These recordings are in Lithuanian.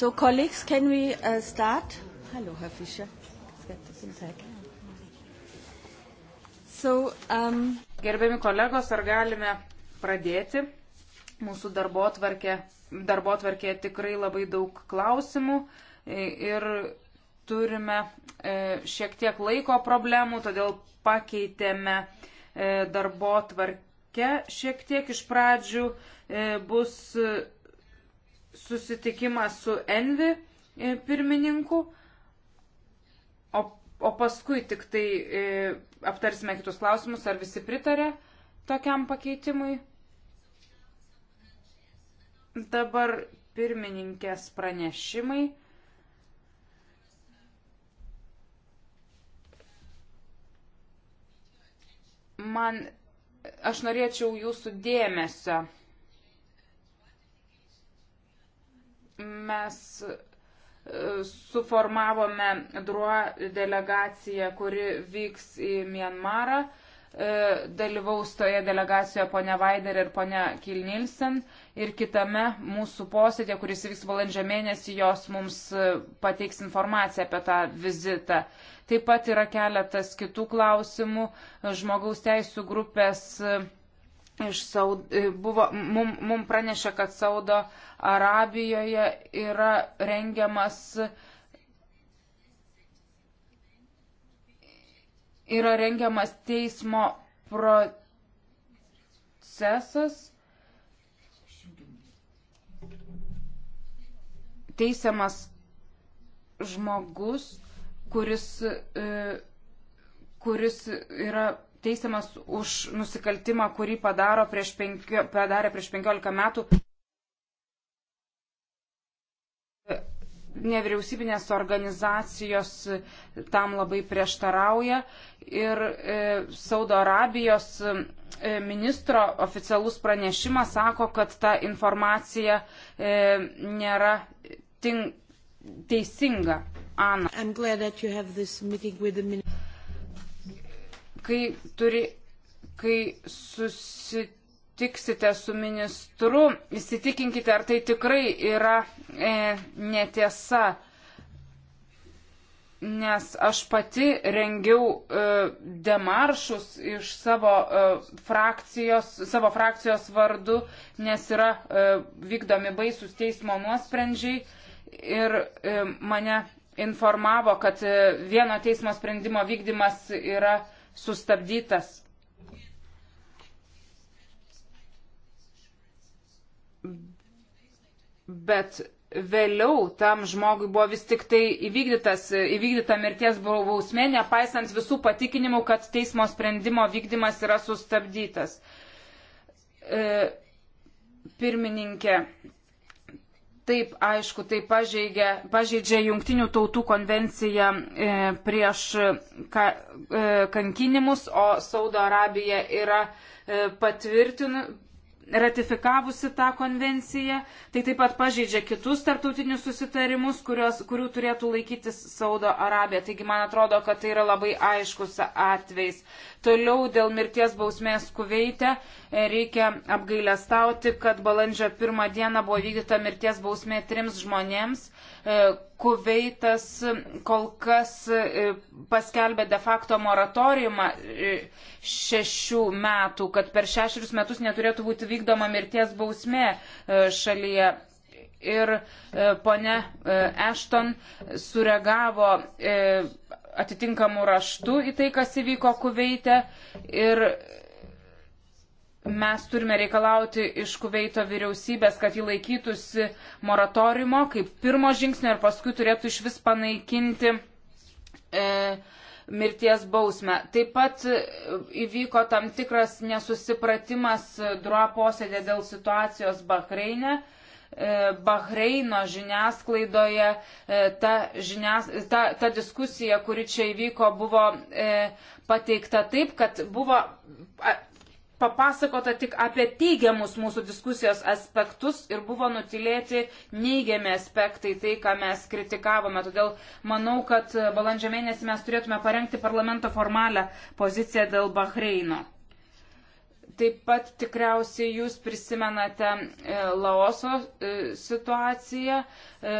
So, colleagues, can we uh, start? Hallo, Herr Fischer. So, um, Gerbiami kolegos, ar galime pradėti? Mūsų darbo tvarkė, darbo tvarkė tikrai labai daug klausimų e, ir turime e, šiek tiek laiko problemų, todėl pakeitėme e, darbo tvarkę šiek tiek iš pradžių bus susitikimą su Envi e, pirmininku, o, o paskui tik tai e, aptarsime kitus klausimus, ar visi pritarė tokiam pakeitimui. Dabar pirmininkės pranešimai. Man, aš norėčiau jūsų dėmesio mes e, suformavome druo delegaciją, kuri vyks į Mianmarą. E, dalyvaus toje delegacijoje ponia Vaider ir ponia Kilnilsen. Ir kitame mūsų posėdė, kuris vyks valandžio mėnesį, jos mums e, pateiks informaciją apie tą vizitą. Taip pat yra keletas kitų klausimų. Žmogaus teisų grupės Iš Saud, e, buvo, mum, mum pranešė, kad Saudo Arabijoje yra rengiamas yra rengiamas teismo procesas, teisiamas žmogus, kuris, e, kuris yra teisiamas už nusikaltimą, kurį prieš penkio, padarė prieš 15 metų nevyriausybinės organizacijos tam labai prieštarauja ir e, Saudo Arabijos e, ministro oficialus pranešimas sako, kad ta informacija e, nėra ting, teisinga. Ana kai, turi, kai susitiksite su ministru, įsitikinkite, ar tai tikrai yra e, netiesa nes aš pati rengiau e, demaršus iš savo, e, frakcijos, savo frakcijos vardu, nes yra e, vykdomi baisus teismo nuosprendžiai ir e, mane informavo, kad e, vieno teismo sprendimo vykdymas yra e, sustabdytas. Bet vėliau tam žmogui buvo vis tik tai įvykdyta mirties bausmė, nepaisant visų patikinimų, kad teismo sprendimo vykdymas yra sustabdytas. E, pirmininkė, Taip, aišku, tai pažeidžia, pažeidžia Junktinių tautų konvenciją e, prieš ka, e, kankinimus, o Saudo Arabija yra e, patvirtinu, ratifikavusi tą konvenciją, tai taip pat pažeidžia kitus tarptautinius susitarimus, kurios, kurių turėtų laikytis Saudo Arabija. Taigi man atrodo, kad tai yra labai aiškus atvejs. Toliau dėl mirties bausmės kuveitė e, reikia apgailestauti, kad balandžio pirmą dieną buvo vykdyta mirties bausmė trims žmonėms. E, Kuveitas kol kas e, paskelbė de facto moratoriumą e, šešių metų, kad per šešerius metus neturėtų būti vykdoma mirties bausmė šalyje. Ir ponia Ešton sureagavo atitinkamų raštų į tai, kas įvyko Kuveite. Ir mes turime reikalauti iš Kuveito vyriausybės, kad jį laikytųsi moratoriumo kaip pirmo žingsnio ir paskui turėtų iš vis panaikinti e, mirties bausmę. Taip pat e, įvyko tam tikras nesusipratimas druo posėdė dėl situacijos Bahreinė. E, Bahreino žiniasklaidoje e, ta, žinias, ta, ta diskusija, kuri čia įvyko, buvo pateikta taip, kad buvo papasakota tik apie teigiamus mūsų diskusijos aspektus ir buvo nutilėti neigiami aspektai, tai, ką mes kritikavome. Todėl manau, kad balandžio mėnesį mes turėtume parengti parlamento formalią poziciją dėl Bahreino. Taip pat tikriausiai jūs prisimenate e, Laoso e, situaciją, e,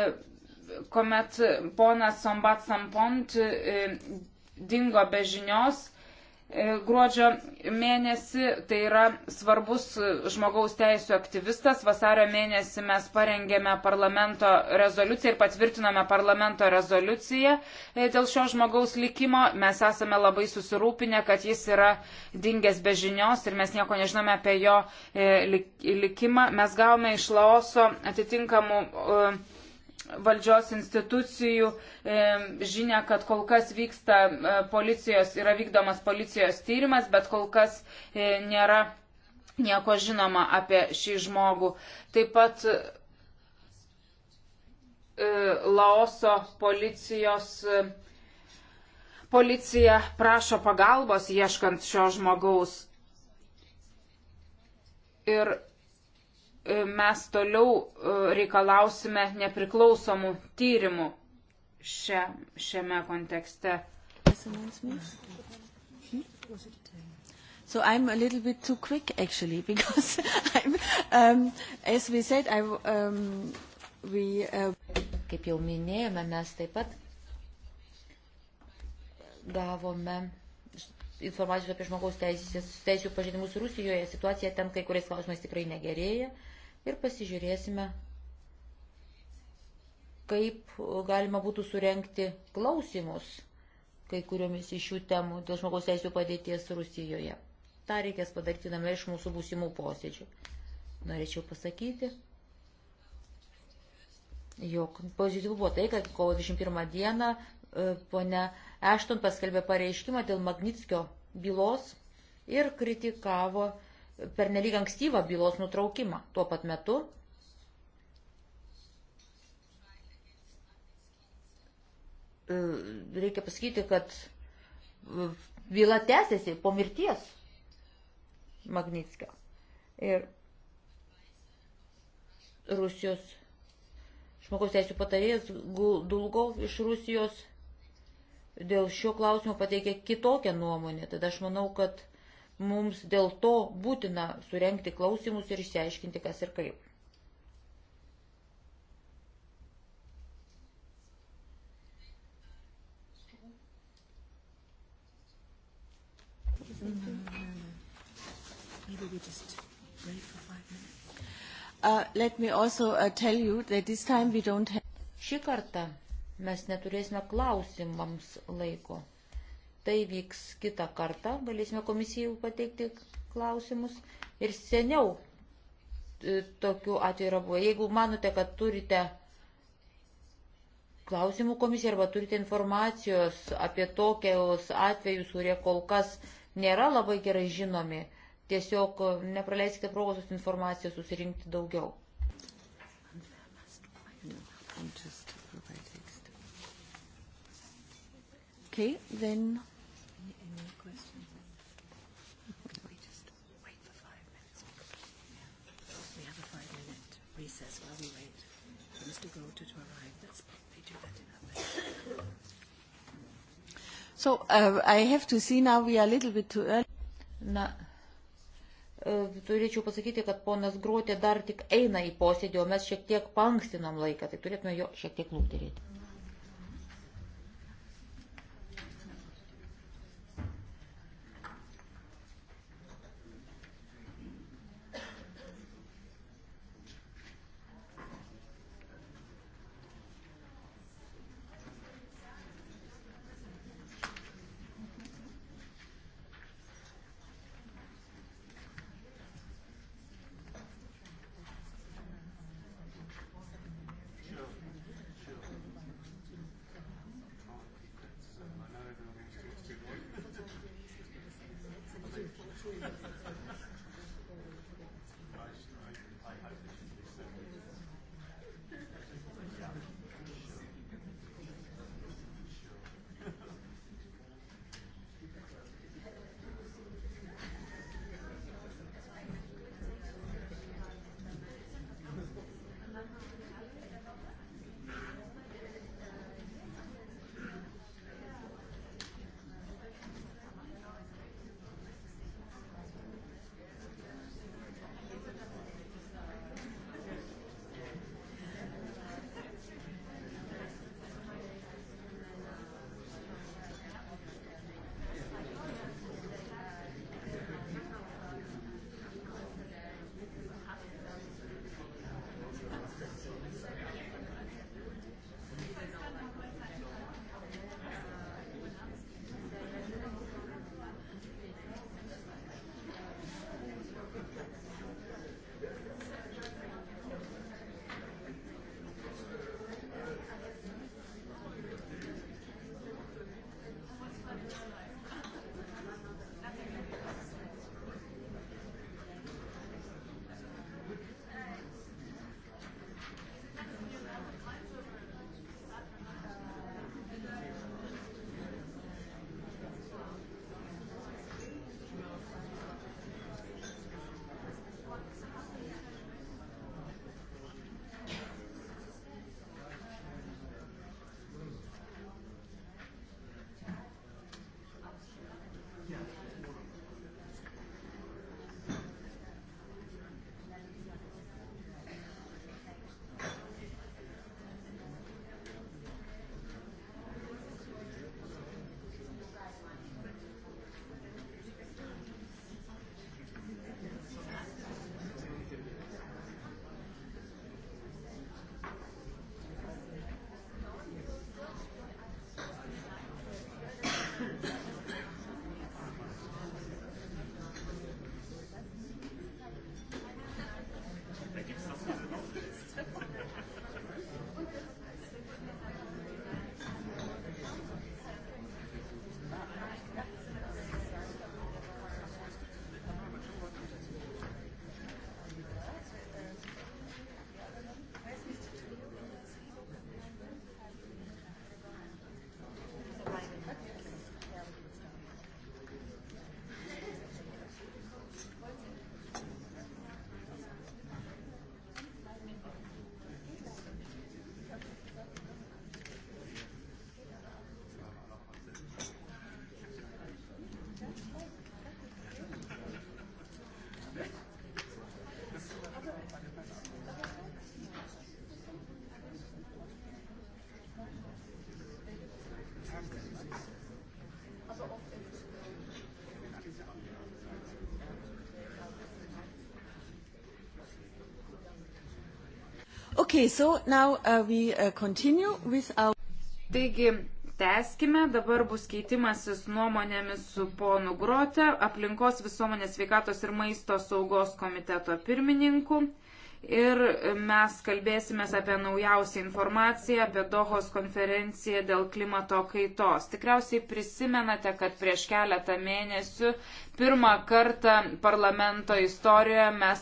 kuomet ponas Sombat Sampont dingo be žinios E, gruodžio mėnesį, tai yra svarbus žmogaus teisų aktyvistas. Vasario mėnesį mes parengėme parlamento rezoliuciją ir patvirtinome parlamento rezoliuciją e, dėl šio žmogaus likimo. Mes esame labai susirūpinę, kad jis yra dingęs be žinios ir mes nieko nežinome apie jo e, likimą. Mes gavome iš Laoso atitinkamų uh, valdžios institucijų e, žinia, kad kol kas vyksta e, policijos, yra vykdomas policijos tyrimas, bet kol kas e, nėra nieko žinoma apie šį žmogų. Taip pat Laoso policijos policija prašo pagalbos ieškant šio žmogaus. Ir mes toliau e, reikalausime nepriklausomų tyrimų šia, šiame kontekste. So I'm a little bit too quick actually because I'm, um, as we said, I, um, we, uh... Kaip jau minėjome, mes taip pat gavome informacijos apie žmogaus teisės, teisų pažeidimus Rusijoje, situacija ten kai kuriais klausimais tikrai negerėja. Uh, ir pasižiūrėsime, kaip galima būtų surenkti klausimus kai kuriomis iš šių temų dėl žmogaus teisų padėties Rusijoje. Ta reikės padaryti name iš mūsų būsimų posėdžių. Norėčiau pasakyti, jog pozityvų buvo tai, kad kovo 21 dieną e, ponia Ešton paskelbė pareiškimą dėl Magnitskio bylos ir kritikavo per nelyg ankstyvą bylos nutraukimą. Tuo pat metu e, reikia pasakyti, kad byla tęsiasi po mirties Magnitskio. Ir Rusijos žmogaus teisų patarėjas Dulgov iš Rusijos dėl šio klausimo pateikė kitokią nuomonę. Tada aš manau, kad Mums dėl to būtina surenkti klausimus ir išsiaiškinti, kas ir kaip. Uh, let me also uh, tell you that this time we don't have. Šį kartą mes neturėsime klausimams laiko. Tai vyks kitą kartą, galėsime komisijai pateikti klausimus. Ir seniau e, tokių atvejų yra buvę. Jeigu manote, kad turite klausimų komisija arba turite informacijos apie tokius atvejus, kurie kol kas nėra labai gerai žinomi, tiesiog nepraleiskite progos informaciją susirinkti daugiau. Okay, then So, uh, I have to see now we are a little bit too early. Na, e, turėčiau pasakyti, kad ponas Gruotė dar tik eina į posėdį, o mes šiek tiek pankstinom laiką, tai turėtume jo šiek tiek lūkterėti. Okay, so now uh, we uh, continue with our... Taigi, tęskime, dabar bus keitimasis nuomonėmis su ponu Grote, aplinkos visuomenės sveikatos ir maisto saugos komiteto pirmininku. Ir e, mes kalbėsime apie naujausią informaciją apie Dohos konferenciją dėl klimato kaitos. Tikriausiai prisimenate, kad prieš keletą mėnesių pirmą kartą parlamento istorijoje mes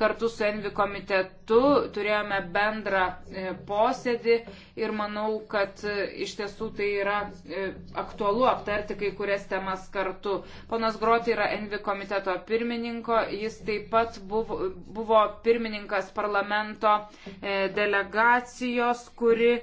kartu su Envi komitetu turėjome bendrą e, posėdį ir manau, kad e, iš tiesų tai yra e, aktualu aptarti kai kurias temas kartu. Ponas Groti yra Envi komiteto pirmininko, jis taip pat buvo, buvo pirmininkas parlamento delegacijos, kuri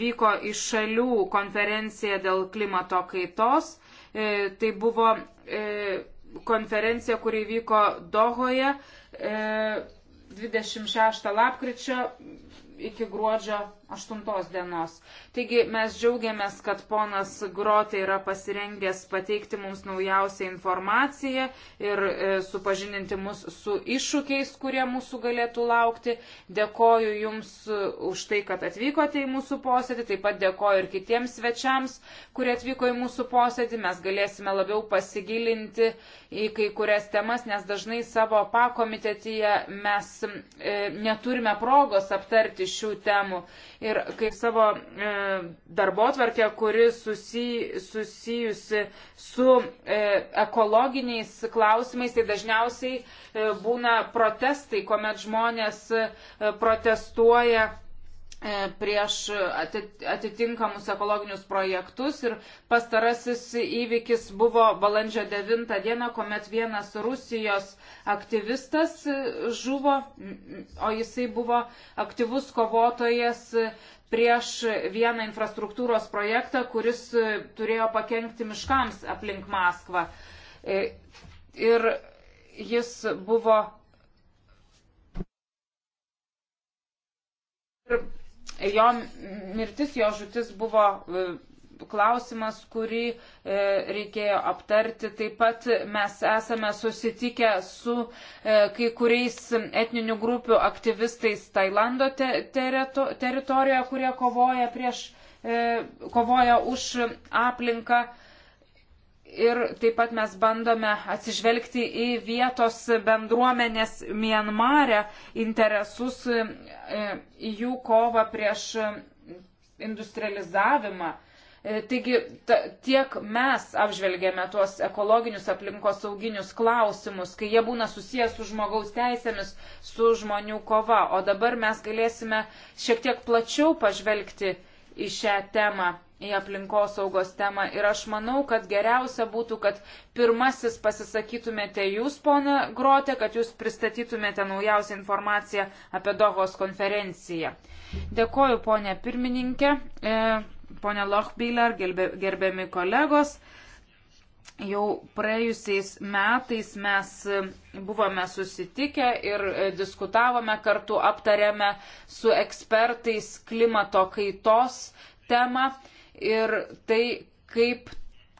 vyko iš šalių konferenciją dėl klimato kaitos. E, tai buvo e, konferencija, kuri vyko Dohoje 26 e, lapkričio iki gruodžio 8 dienos. Taigi mes džiaugiamės, kad ponas Grotė yra pasirengęs pateikti mums naujausią informaciją ir e, supažininti mus su iššūkiais, kurie mūsų galėtų laukti. Dėkoju Jums e, už tai, kad atvykote į mūsų posėdį, taip pat dėkoju ir kitiems svečiams, kurie atvyko į mūsų posėdį. Mes galėsime labiau pasigilinti į kai kurias temas, nes dažnai savo pakomitetyje mes e, neturime progos aptarti šių temų ir kaip savo e, darbo tvarkę, kuri susi, susijusi su e, ekologiniais klausimais, tai dažniausiai e, būna protestai, kuomet žmonės e, protestuoja E, prieš atitinkamus ekologinius projektus ir pastarasis įvykis buvo balandžio 9 dieną, kuomet vienas Rusijos aktyvistas žuvo, o jisai buvo aktyvus kovotojas prieš vieną infrastruktūros projektą, kuris turėjo pakengti miškams aplink Maskvą. E, ir jis buvo. Ir Jo mirtis, jo žutis buvo e, klausimas, kurį e, reikėjo aptarti. Taip pat mes esame susitikę su e, kai kuriais etninių grupių aktyvistais Tailando teritorijoje, kurie kovoja, prieš, kovoja už aplinką ir taip pat mes bandome atsižvelgti į vietos bendruomenės Mienmare interesus, e, į jų kovą prieš industrializavimą. E, taigi ta, tiek mes apžvelgėme tuos ekologinius aplinkosauginius klausimus, kai jie būna susijęs su žmogaus teisėmis, su žmonių kova. O dabar mes galėsime šiek tiek plačiau pažvelgti į šią temą į aplinkosaugos temą. Ir aš manau, kad geriausia būtų, kad pirmasis pasisakytumėte jūs, ponė Grotė, kad jūs pristatytumėte naujausią informaciją apie Dohos konferenciją. Dėkoju, ponė pirmininkė, e, ponė Lochbiller, gerbiami kolegos. Jau praėjusiais metais mes e, buvome susitikę ir e, diskutavome kartu, aptarėme su ekspertais klimato kaitos temą ir tai, kaip,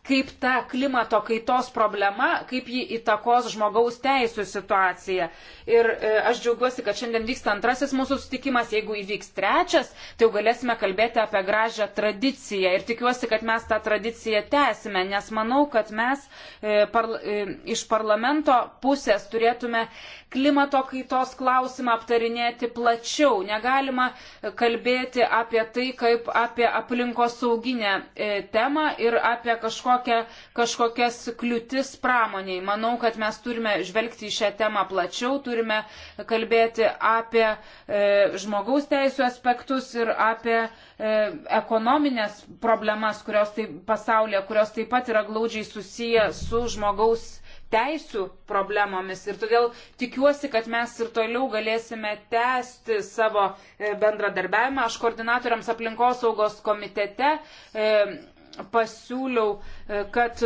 kaip ta klimato kaitos problema, kaip ji įtakos žmogaus teisų situaciją. Ir e, aš džiaugiuosi, kad šiandien vyksta antrasis mūsų sutikimas, jeigu įvyks trečias, tai jau galėsime kalbėti apie gražią tradiciją. Ir tikiuosi, kad mes tą tradiciją tęsime, nes manau, kad mes e, parla, e, iš parlamento pusės turėtume klimato kaitos klausimą aptarinėti plačiau. Negalima kalbėti apie tai kaip apie aplinkosauginę e, temą ir apie kažkokią, kažkokias kliūtis pramoniai. Manau, kad mes turime žvelgti į šią temą plačiau, turime kalbėti apie e, žmogaus teisų aspektus ir apie e, ekonominės problemas, kurios tai pasaulyje, kurios taip pat yra glaudžiai susiję su žmogaus teisų problemomis. Ir todėl tikiuosi, kad mes ir toliau galėsime tęsti savo e, bendradarbiavimą. Aš koordinatoriams aplinkosaugos komitete e, pasiūliau, e, kad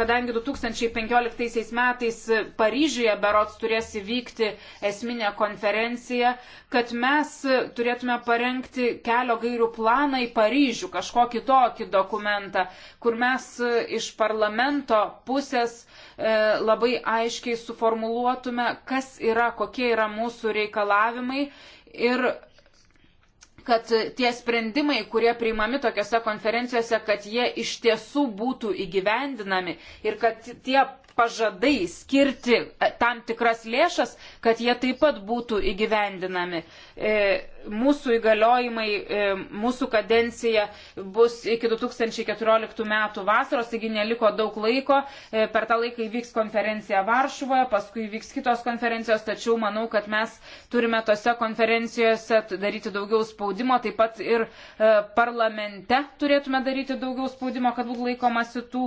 kadangi 2015 metais Paryžiuje berots turės įvykti esminė konferencija, kad mes turėtume parengti kelio gairių planą į Paryžių, kažkokį tokį dokumentą, kur mes iš parlamento pusės E, labai aiškiai suformuluotume, kas yra, kokie yra mūsų reikalavimai ir kad tie sprendimai, kurie priimami tokiuose konferencijose, kad jie iš tiesų būtų įgyvendinami ir kad tie pažadai skirti e, tam tikras lėšas, kad jie taip pat būtų įgyvendinami. E, mūsų įgaliojimai, e, mūsų kadencija bus iki 2014 metų vasaros, taigi neliko daug laiko. Per tą laiką įvyks konferencija Varšuvoje, paskui įvyks kitos konferencijos, tačiau manau, kad mes turime tose konferencijose daryti daugiau spaudimo, taip pat ir parlamente turėtume daryti daugiau spaudimo, kad būtų laikomasi tų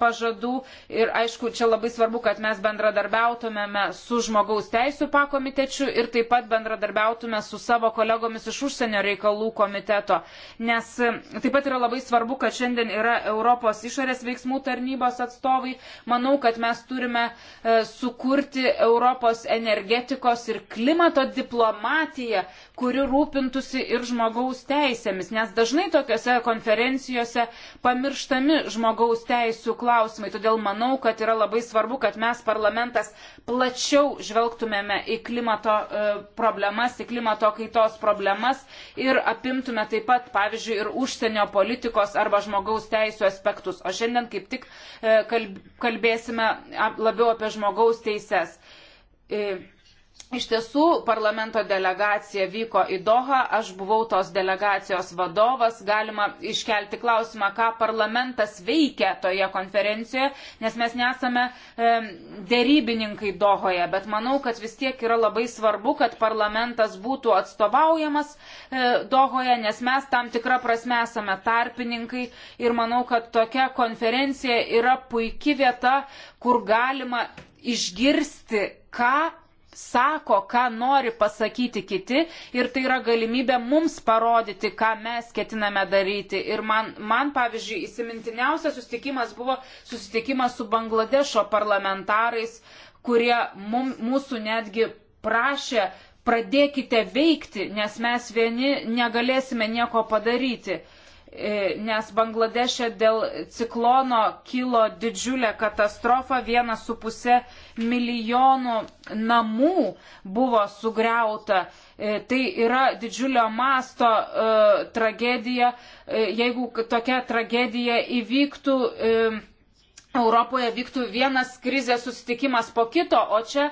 pažadų. Ir aišku, aišku, čia labai svarbu, kad mes bendradarbiautumėme su žmogaus teisų pakomitečiu ir taip pat bendradarbiautume su savo kolegomis iš užsienio reikalų komiteto. Nes e, taip pat yra labai svarbu, kad šiandien yra Europos išorės veiksmų tarnybos atstovai. Manau, kad mes turime e, sukurti Europos energetikos ir klimato diplomatiją, kuri rūpintusi ir žmogaus teisėmis, nes dažnai tokiuose konferencijose pamirštami žmogaus teisų klausimai. Todėl manau, kad yra labai svarbu, kad mes parlamentas plačiau žvelgtumėme į klimato e, problemas, į klimato kaitos problemas ir apimtume taip pat, pavyzdžiui, ir užsienio politikos arba žmogaus teisų aspektus. O šiandien kaip tik e, kalbėsime labiau apie žmogaus teises. E, Iš tiesų, parlamento delegacija vyko į Dohą, aš buvau tos delegacijos vadovas, galima iškelti klausimą, ką parlamentas veikia toje konferencijoje, nes mes nesame e, dėrybininkai Dohoje, bet manau, kad vis tiek yra labai svarbu, kad parlamentas būtų atstovaujamas e, Dohoje, nes mes tam tikrą prasme esame tarpininkai ir manau, kad tokia konferencija yra puikia vieta, kur galima išgirsti, ką sako, ką nori pasakyti kiti ir tai yra galimybė mums parodyti, ką mes ketiname daryti. Ir man, man pavyzdžiui, įsimintiniausias susitikimas buvo susitikimas su Bangladešo parlamentarais, kurie mum, mūsų netgi prašė, pradėkite veikti, nes mes vieni negalėsime nieko padaryti. E, nes Bangladešė dėl ciklono kilo didžiulė katastrofa, vienas su pusė milijonų namų buvo sugriauta. E, tai yra didžiulio masto e, tragedija. Jeigu tokia tragedija įvyktų, Europoje vyktų vienas krizės susitikimas po kito, o čia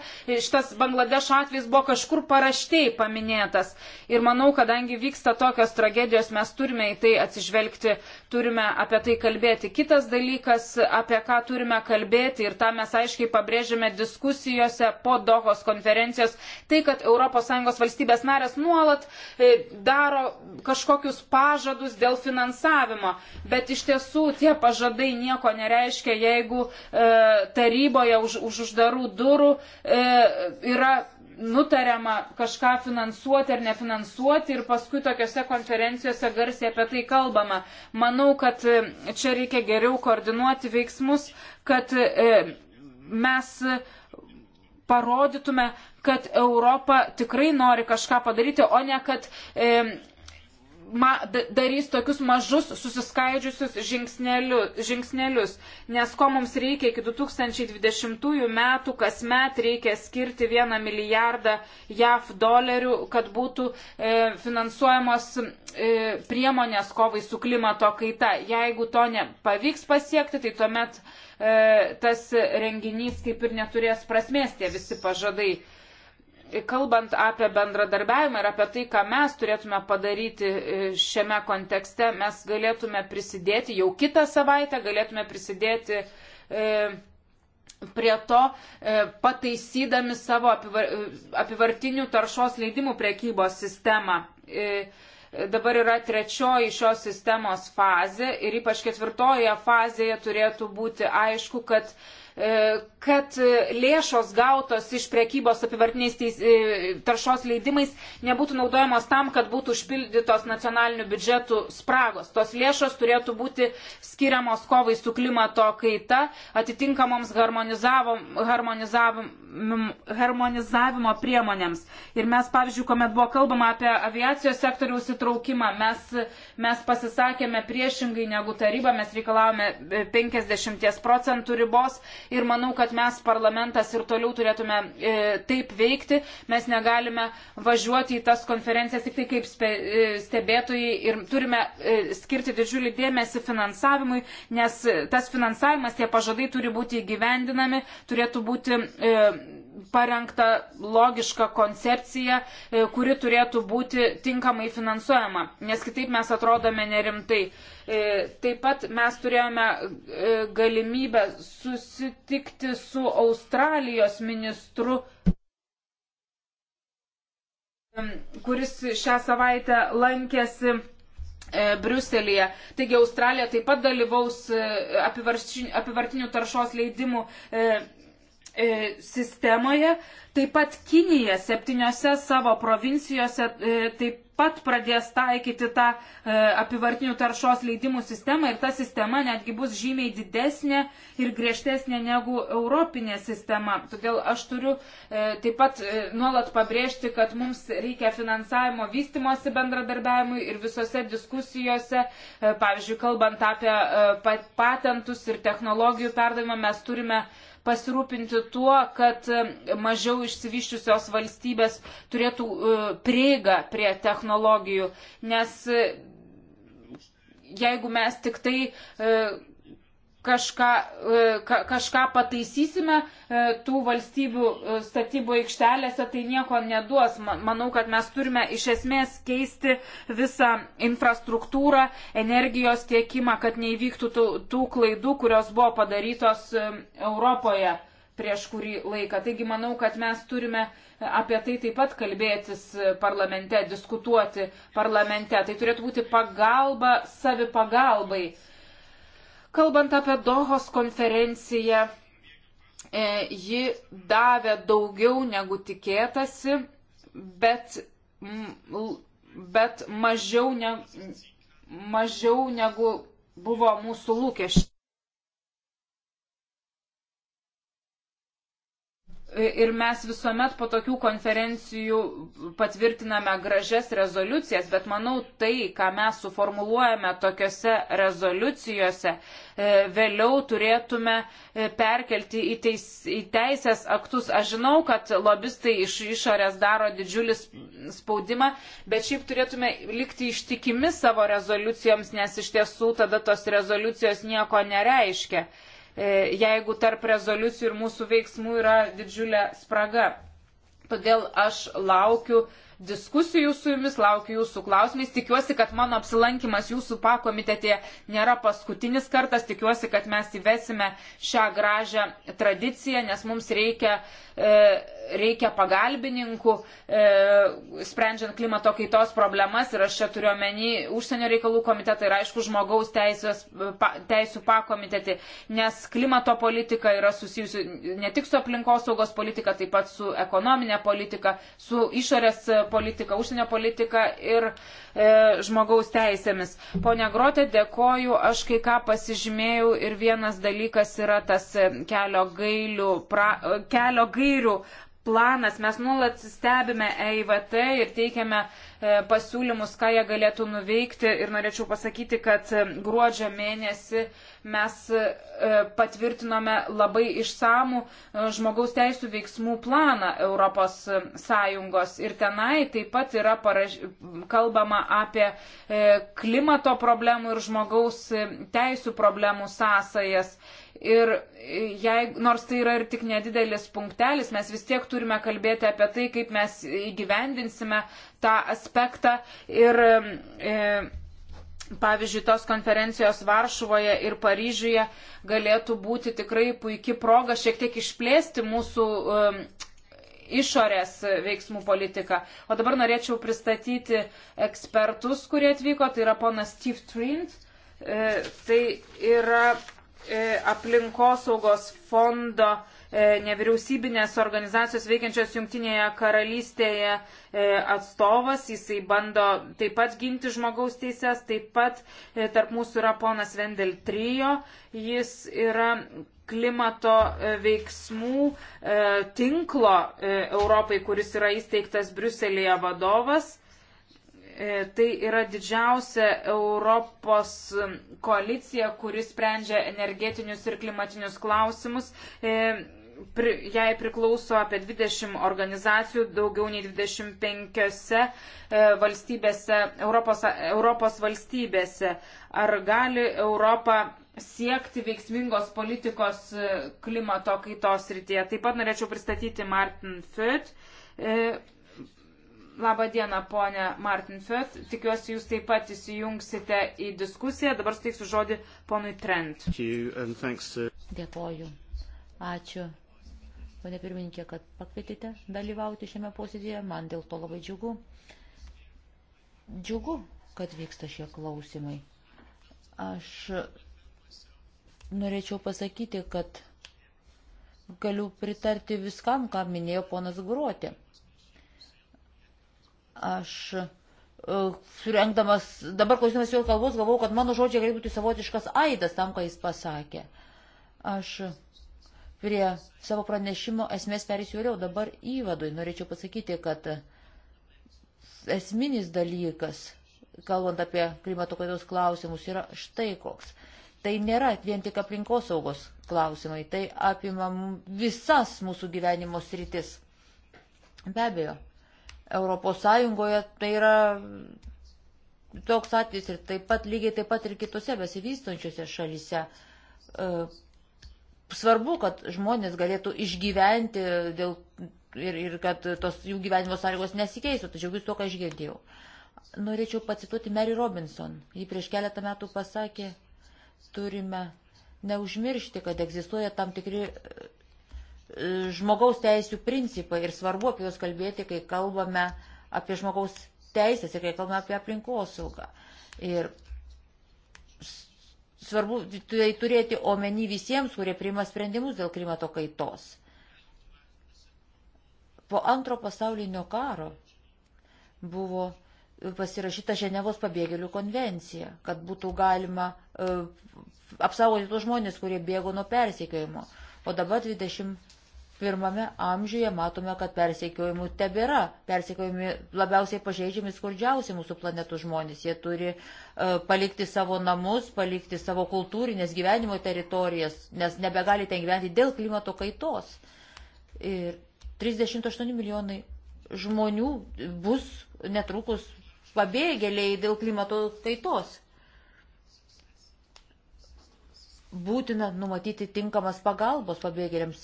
šitas Bangladešo atvejs buvo kažkur paraštei paminėtas. Ir manau, kadangi vyksta tokios tragedijos, mes turime į tai atsižvelgti turime apie tai kalbėti. Kitas dalykas, apie ką turime kalbėti ir tą mes aiškiai pabrėžiame diskusijose po Dohos konferencijos, tai, kad ES valstybės narės nuolat e, daro kažkokius pažadus dėl finansavimo, bet iš tiesų tie pažadai nieko nereiškia, jeigu e, taryboje už, už uždarų durų e, yra nutariama kažką finansuoti ar nefinansuoti ir paskui tokiuose konferencijose garsiai apie tai kalbama. Manau, kad e, čia reikia geriau koordinuoti veiksmus, kad e, mes parodytume, kad Europa tikrai nori kažką padaryti, o ne kad e, ma, darys tokius mažus susiskaidžiusius žingsnelius, žingsnelius, nes ko mums reikia iki 2020 metų, kasmet reikia skirti 1 milijardą JAV dolerių, kad būtų e, finansuojamos e, priemonės kovai su klimato kaita. Jeigu to nepavyks pasiekti, tai tuomet e, tas renginys kaip ir neturės prasmės tie visi pažadai kalbant apie bendradarbiavimą ir apie tai, ką mes turėtume padaryti e, šiame kontekste, mes galėtume prisidėti jau kitą savaitę, galėtume prisidėti e, prie to, e, pataisydami savo apivar, e, apivartinių taršos leidimų priekybos sistemą. E, dabar yra trečioji šios sistemos fazė ir ypač ketvirtoje fazėje turėtų būti aišku, kad e, E, kad lėšos gautos iš prekybos apivartiniais teis, e, taršos leidimais nebūtų naudojamos tam, kad būtų užpildytos nacionalinių biudžetų spragos. Tos lėšos turėtų būti skiriamos kovai su klimato kaita, atitinkamoms harmonizavimo priemonėms. Ir mes, pavyzdžiui, kuomet buvo kalbama apie aviacijos sektoriaus įtraukimą, mes, mes pasisakėme priešingai negu taryba, mes reikalavome 50 e, procentų ribos ir manau, kad mes parlamentas ir toliau turėtume e, taip veikti. Mes negalime važiuoti į tas konferencijas tik tai kaip spe, e, stebėtojai ir turime e, skirti didžiulį dėmesį finansavimui, nes tas finansavimas, tie pažadai turi būti įgyvendinami, turėtų būti. E, parengta logiška koncepcija, e, kuri turėtų būti tinkamai finansuojama, nes kitaip mes atrodome nerimtai. E, taip pat mes turėjome e, galimybę susitikti su Australijos ministru kuris šią savaitę lankėsi Briuselėje. Taigi Australija taip pat dalyvaus apivartinių taršos leidimų E, sistemoje. Taip pat Kinija septyniose savo provincijose e, taip pat pradės taikyti tą e, apivartinių taršos leidimų sistemą ir ta sistema netgi bus žymiai didesnė ir griežtesnė negu europinė sistema. Todėl aš turiu taip pat nuolat pabrėžti, kad mums reikia finansavimo vystimosi bendradarbiavimui ir visose diskusijose, pavyzdžiui, kalbant apie patentus ir technologijų perdavimą, mes turime pasirūpinti tuo, kad e, mažiau išsivyščiusios valstybės turėtų e, prieigą prie technologijų, nes e, jeigu mes tik tai kažką, e, ka, kažką pataisysime e, tų valstybių e, statybų aikštelėse, tai nieko neduos. Manau, kad mes turime iš esmės keisti visą infrastruktūrą, energijos tiekimą, kad neįvyktų tų, tų klaidų, kurios buvo padarytos Europoje prieš kurį laiką. Taigi manau, kad mes turime apie tai taip pat kalbėtis parlamente, diskutuoti parlamente. Tai turėtų būti pagalba savipagalbai. pagalbai Kalbant apie Dohos konferenciją, e, ji davė daugiau negu tikėtasi, bet, bet mažiau, ne, mažiau negu buvo mūsų lūkesčiai. Ir mes visuomet po tokių konferencijų patvirtiname gražias rezoliucijas, bet manau tai, ką mes suformuluojame tokiuose rezoliucijose, e, vėliau turėtume e, perkelti į, teis, į teisės aktus. Aš žinau, kad lobistai iš išorės daro didžiulį spaudimą, bet šiaip turėtume likti ištikimi savo rezoliucijoms, nes iš tiesų tada tos rezoliucijos nieko nereiškia. E, jeigu tarp rezoliucijų ir mūsų veiksmų yra didžiulė spraga. Todėl aš laukiu diskusijų su jumis, laukiu jūsų klausimais. Tikiuosi, kad mano apsilankimas jūsų pakomitetė nėra paskutinis kartas. Tikiuosi, kad mes įvesime šią gražią tradiciją, nes mums reikia, e, reikia pagalbininkų, e, sprendžiant klimato kaitos problemas. Ir aš čia turiu omeny užsienio reikalų komitetą ir aišku žmogaus teisės, pa, teisų pakomitetį, nes klimato politika yra susijusi ne tik su aplinkosaugos politika, taip pat su ekonominė politika, su išorės politika politiką, užsienio politiką ir e, žmogaus teisėmis. Pone Grotė, dėkoju, aš kai ką pasižymėjau ir vienas dalykas yra tas e, kelio, gailių, pra, e, kelio gairių planas. Mes nuolat stebime EIVT ir teikiame e, pasiūlymus, ką jie galėtų nuveikti. Ir norėčiau pasakyti, kad gruodžio mėnesį mes e, patvirtinome labai išsamų e, žmogaus teisų veiksmų planą Europos e, Sąjungos ir tenai taip pat yra paraž... kalbama apie klimato problemų ir žmogaus teisų problemų sąsajas. Ir jei, nors tai yra ir tik nedidelis punktelis, mes vis tiek turime kalbėti apie tai, kaip mes įgyvendinsime tą aspektą. Ir, e, Pavyzdžiui, tos konferencijos Varšuvoje ir Paryžiuje galėtų būti tikrai puikia proga šiek tiek išplėsti mūsų um, išorės veiksmų politiką. O dabar norėčiau pristatyti ekspertus, kurie atvyko. Tai yra ponas Steve Trint, e, tai yra e, aplinkosaugos fondo E, nevyriausybinės organizacijos veikiančios Junktinėje karalystėje e, atstovas, jisai bando taip pat ginti žmogaus teises, taip pat e, tarp mūsų yra ponas Vendel Trijo, jis yra klimato veiksmų tinklo Europai, kuris yra įsteigtas Bruselėje vadovas. E, tai yra didžiausia Europos koalicija, kuris sprendžia energetinius ir klimatinius klausimus. E, jai priklauso apie 20 organizacijų, daugiau nei 25 e, valstybėse, Europos, Europos valstybėse. Ar gali Europa siekti veiksmingos politikos klimato kaitos rytyje? Taip pat norėčiau pristatyti Martin Fütt Labą dieną, ponė Martin Fett. Tikiuosi, jūs taip pat įsijungsite į diskusiją. Dabar steiksiu žodį ponui Trent. Dėkoju. Ačiū, ponė pirmininkė, kad pakvietėte dalyvauti šiame posėdėje. Man dėl to labai džiugu. Džiugu, kad vyksta šie klausimai. Aš norėčiau pasakyti, kad galiu pritarti viskam, ką minėjo ponas Gruotė Aš e, surengdamas, dabar klausydamas jo kalbos, galvau, kad mano žodžiai gali būti savotiškas aidas tam, ką jis pasakė. Aš prie savo pranešimo esmės perėsiu vėliau, dabar įvadui norėčiau pasakyti, kad esminis dalykas, kalbant apie klimato kaitos klausimus, yra štai koks. Tai nėra vien tik aplinkosaugos klausimai, tai apima visas mūsų gyvenimo sritis. Be abejo, Europos Sąjungoje tai yra toks atvejis ir taip pat lygiai taip pat ir kitose besivystančiose šalise. E, svarbu, kad žmonės galėtų išgyventi dėl, ir, ir kad tos jų gyvenimo sąlygos nesikeistų, tačiau vis to, ką aš girdėjau. Norėčiau pacituoti Mary Robinson. Ji prieš keletą metų pasakė, turime neužmiršti, kad egzistuoja tam tikri žmogaus teisų principai ir svarbu apie juos kalbėti, kai kalbame apie žmogaus teisės ir kai kalbame apie aplinkosaugą. Ir svarbu tai turėti omeny visiems, kurie priima sprendimus dėl klimato kaitos. Po antro pasaulinio karo buvo pasirašyta Ženevos pabėgėlių konvencija, kad būtų galima uh, apsaugoti tos žmonės, kurie bėgo nuo persikėjimo. O dabar 20 21 amžiuje matome, kad persekiojimų tebėra. Persekiojami labiausiai pažeidžiami skurdžiausi mūsų planetų žmonės. Jie turi uh, palikti savo namus, palikti savo kultūrinės gyvenimo teritorijas, nes nebegali ten gyventi dėl klimato kaitos. Ir 38 milijonai žmonių bus netrukus pabėgėliai dėl klimato kaitos. Būtina numatyti tinkamas pagalbos pabėgėliams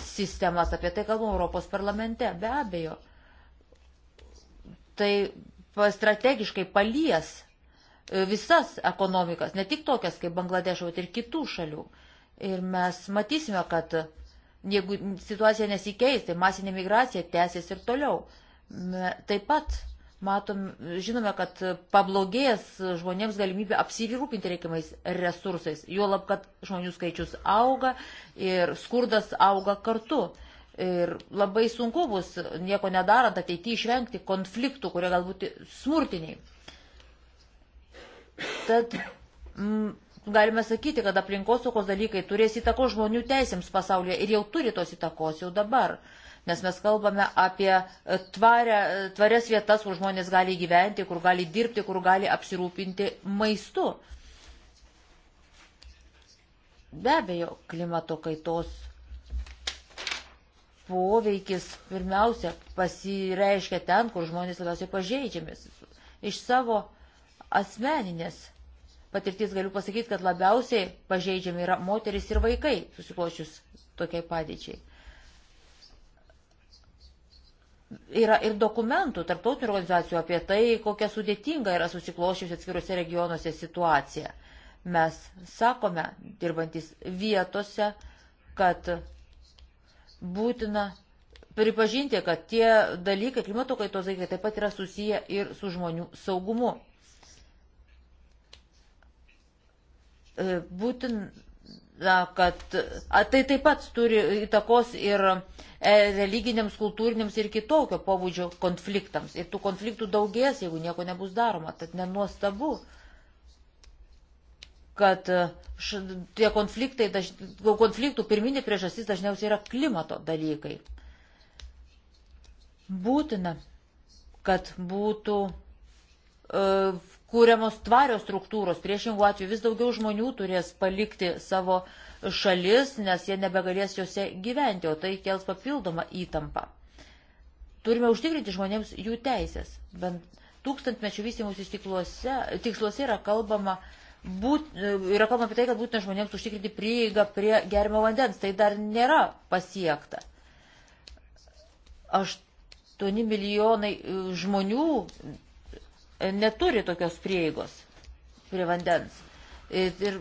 sistemas, apie tai kalbam Europos parlamente, be abejo. Tai strategiškai palies e, visas ekonomikas, ne tik tokias kaip Bangladešo, bet ir kitų šalių. Ir mes matysime, kad jeigu situacija nesikeis, tai masinė migracija tęsis ir toliau. Taip pat matom, žinome, kad pablogės žmonėms galimybė apsirūpinti reikiamais resursais, juolab, kad žmonių skaičius auga ir skurdas auga kartu. Ir labai sunku bus nieko nedarant ateityje išvengti konfliktų, kurie galbūt smurtiniai. Tad mm, galime sakyti, kad aplinkosaugos dalykai turės įtakos žmonių teisėms pasaulyje ir jau turi tos įtakos jau dabar. Uh, nes mes kalbame apie e, tvarę, e, tvarias vietas, kur žmonės gali gyventi, kur gali dirbti, kur gali apsirūpinti maistu. Be abejo, klimato kaitos poveikis pirmiausia pasireiškia ten, kur žmonės labiausiai pažeidžiamis. Iš savo asmeninės patirties galiu pasakyti, kad labiausiai pažeidžiami yra moteris ir vaikai, susiklošius tokiai padėčiai. Yra ir dokumentų, tarptautinių organizacijų apie tai, kokia sudėtinga yra susiklošiusi atskiruose regionuose situacija. Mes sakome, dirbantis vietose, kad būtina pripažinti, kad tie dalykai, klimato kaitos dalykai taip pat yra susiję ir su žmonių saugumu. E, būtin na, kad a, tai taip pat turi įtakos ir e, religiniams, kultūriniams ir kitokio pobūdžio konfliktams. Ir tų konfliktų daugės, jeigu nieko nebus daroma. Tad nenuostabu, kad e, š, tie konfliktai, daž, konfliktų pirminė priežastis dažniausiai yra klimato dalykai. Būtina, kad būtų uh, kūriamos tvarios struktūros. Priešingų atveju vis daugiau žmonių turės palikti savo šalis, nes jie nebegalės juose gyventi, o tai kels papildomą įtampą. Turime užtikrinti žmonėms jų teisės. Bent tūkstantmečių vystimusis tiksluose yra kalbama būt, yra kalbama apie tai, kad būtina žmonėms užtikrinti prieigą prie gerimo vandens. Tai dar nėra pasiekta. 8 milijonai žmonių neturi tokios prieigos prie vandens. Ir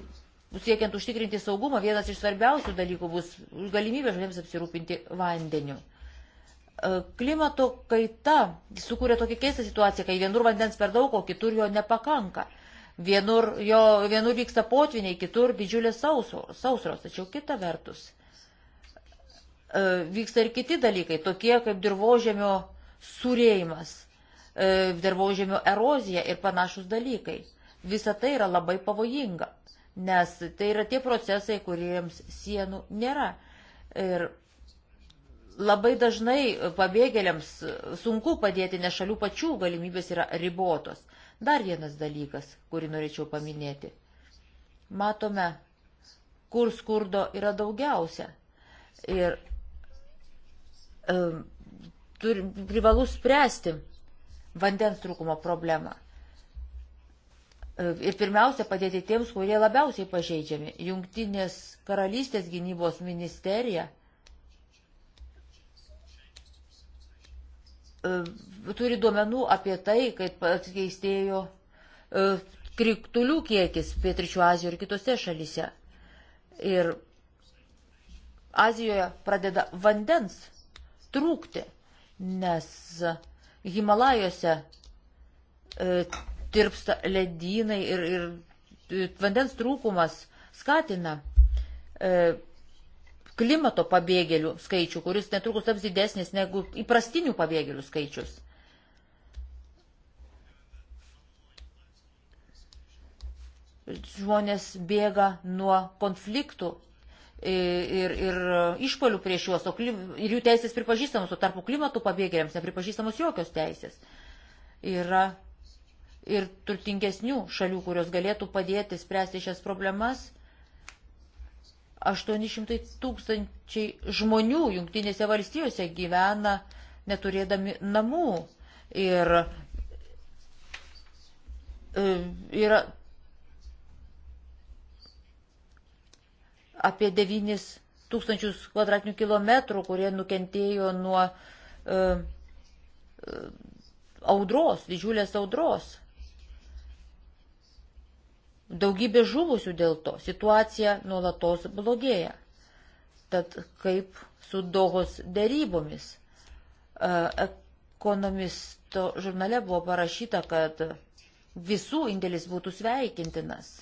siekiant užtikrinti saugumą, vienas iš svarbiausių dalykų bus galimybė žmonėms apsirūpinti vandeniu. E, klimato kaita sukūrė tokią keistą situaciją, kai vienur vandens per daug, o kitur jo nepakanka. Vienur, jo, vienur vyksta potviniai, kitur didžiulės sausros, tačiau kita vertus e, vyksta ir kiti dalykai, tokie kaip dirbožėmio surėjimas E, dirbožėmio erozija ir panašus dalykai. Visa tai yra labai pavojinga, nes tai yra tie procesai, kuriems sienų nėra. Ir labai dažnai pabėgėliams sunku padėti, nes šalių pačių galimybės yra ribotos. Dar vienas dalykas, kurį norėčiau paminėti. Matome, kur skurdo yra daugiausia. Ir um, e, turi, privalu spręsti vandens trūkumo problemą. Ir pirmiausia, padėti tiems, kurie labiausiai pažeidžiami. Jungtinės karalystės gynybos ministerija e, turi duomenų apie tai, kaip atskeistėjo e, kriktulių kiekis Pietričių Azijoje ir kitose šalyse. Ir Azijoje pradeda vandens trūkti, nes Himalajose e, tirpsta ledynai ir, ir e, vandens trūkumas skatina e, klimato pabėgėlių skaičių, kuris netrukus taps didesnis negu įprastinių pabėgėlių skaičius. Žmonės bėga nuo konfliktų ir, ir išpolių prieš juos, o klim, ir jų teisės pripažįstamos, o tarpu klimatų pabėgėliams nepripažįstamos jokios teisės. Yra ir turtingesnių šalių, kurios galėtų padėti spręsti šias problemas. 800 tūkstančiai žmonių jungtinėse valstijose gyvena neturėdami namų. Ir e, yra apie 9 tūkstančius kvadratinių kilometrų, kurie nukentėjo nuo uh, audros, didžiulės audros. Daugybė žuvusių dėl to. Situacija nuolatos blogėja. Tad kaip su Dohos dėrybomis? E, ekonomisto žurnale buvo parašyta, kad visų indėlis būtų sveikintinas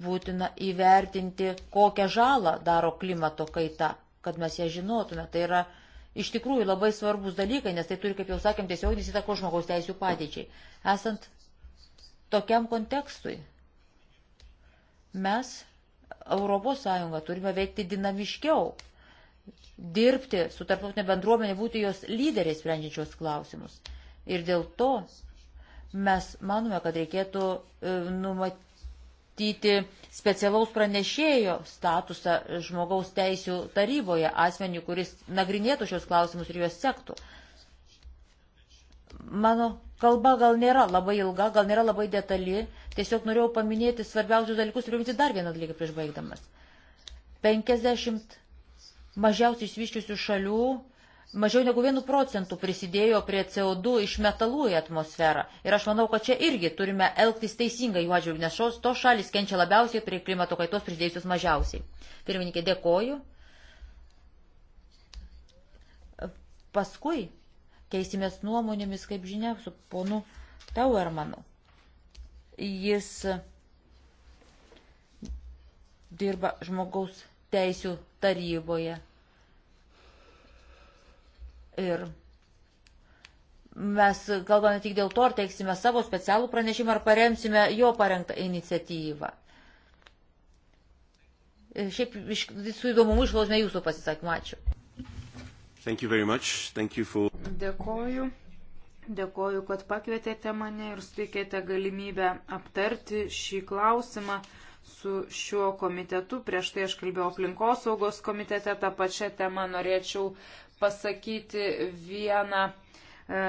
būtina įvertinti, kokią žalą daro klimato kaita, kad mes ją žinotume. Tai yra iš tikrųjų labai svarbus dalykai, nes tai turi, kaip jau sakėm, tiesioginis įtako žmogaus teisų padėčiai. Esant tokiam kontekstui, mes ES turime veikti dinamiškiau, dirbti su tarptautinė bendruomenė, būti jos lyderiai sprendžiančios klausimus. Ir dėl to mes manome, kad reikėtų e, numatyti numatyti specialaus pranešėjo statusą žmogaus teisų taryboje, asmenį, kuris nagrinėtų šios klausimus ir juos sektų. Mano kalba gal nėra labai ilga, gal nėra labai detali, tiesiog norėjau paminėti svarbiausius dalykus ir priminti dar vieną dalyką prieš baigdamas. 50 mažiausiai išvyščiusių šalių mažiau negu 1 procentų prisidėjo prie CO2 iš metalų į atmosferą. Ir aš manau, kad čia irgi turime elgtis teisingai jų atžvilgiu, nes šios to šalis kenčia labiausiai prie klimato kaitos prisidėjusius mažiausiai. Pirmininkė, dėkoju. Paskui keisimės nuomonėmis, kaip žinia, su ponu Tauermanu. Jis dirba žmogaus teisų taryboje Ir mes kalbame tik dėl to, ar teiksime savo specialų pranešimą, ar paremsime jo parengtą iniciatyvą. Šiaip iš, su įdomumu išklausime jūsų pasisakymą. Ačiū. For... Dėkoju. Dėkoju, kad pakvietėte mane ir suteikėte galimybę aptarti šį klausimą su šiuo komitetu. Prieš tai aš kalbėjau aplinkosaugos komitete tą pačią temą. Norėčiau pasakyti vieną e,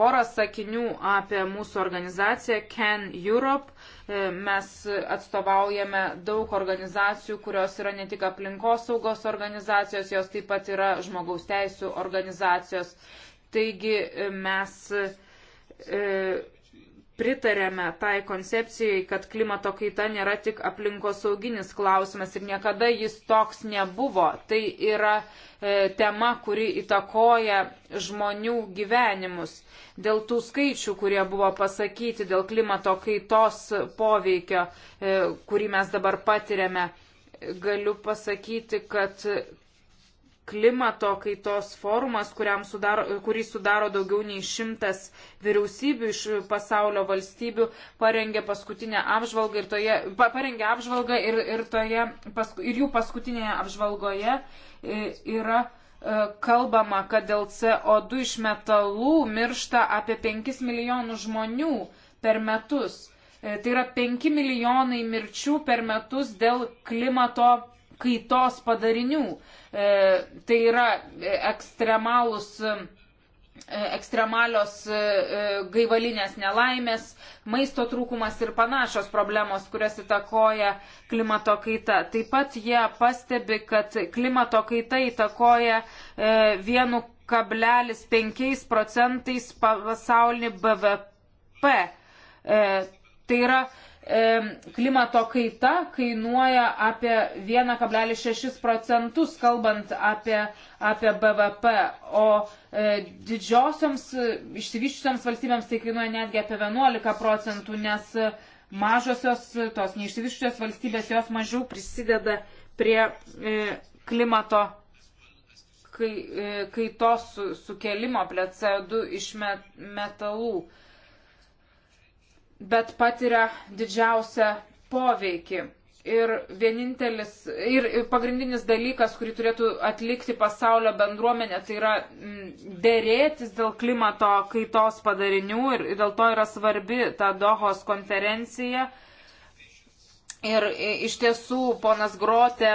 porą sakinių apie mūsų organizaciją Can Europe. E, mes atstovaujame daug organizacijų, kurios yra ne tik aplinkosaugos organizacijos, jos taip pat yra žmogaus teisų organizacijos. Taigi e, mes e, pritarėme tai koncepcijai, kad klimato kaita nėra tik aplinkosauginis klausimas ir niekada jis toks nebuvo. Tai yra e, tema, kuri įtakoja žmonių gyvenimus. Dėl tų skaičių, kurie buvo pasakyti, dėl klimato kaitos poveikio, e, kurį mes dabar patiriame, galiu pasakyti, kad klimato kaitos forumas, sudaro, kurį sudaro daugiau nei šimtas vyriausybių iš pasaulio valstybių, parengė paskutinę apžvalgą ir toje, pa, parengė apžvalgą ir, ir, toje, pasku, ir jų paskutinėje apžvalgoje e, yra e, kalbama, kad dėl CO2 iš metalų miršta apie 5 milijonus žmonių per metus. E, tai yra 5 milijonai mirčių per metus dėl klimato kaitos padarinių. E, tai yra e, ekstremalus e, ekstremalios e, gaivalinės nelaimės, maisto trūkumas ir panašios problemos, kurias įtakoja klimato kaita. Taip pat jie pastebi, kad klimato kaita įtakoja vienu kablelis penkiais procentais pasaulinį BVP. Tai yra E, klimato kaita kainuoja apie 1,6 procentus, kalbant apie, apie BVP, o e, didžiosioms e, išsivyščiusiams valstybėms tai kainuoja netgi apie 11 procentų, nes mažosios, tos neišsivyščiusios valstybės jos mažiau prisideda prie klimato kaitos kai sukelimo, prie CO2 iš metalų bet patiria didžiausią poveikį. Ir vienintelis ir pagrindinis dalykas, kurį turėtų atlikti pasaulio bendruomenė, tai yra mm, dėrėtis dėl klimato kaitos padarinių ir dėl to yra svarbi ta Dohos konferencija. Ir iš tiesų ponas Grote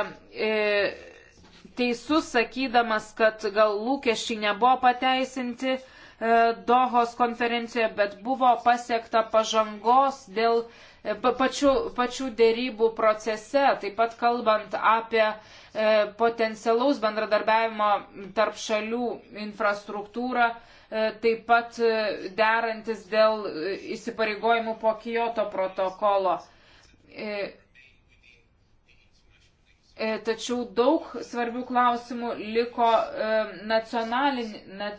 teisus sakydamas, kad gal lūkesčiai nebuvo pateisinti E, Dohos konferencijoje, bet buvo pasiekta pažangos dėl e, pačių, pačių dėrybų procese, taip pat kalbant apie e, potencialaus bendradarbiavimo tarp šalių infrastruktūrą, taip pat derantis dėl įsipareigojimų po Kyoto protokolo E, tačiau daug svarbių klausimų liko e, nacionalini,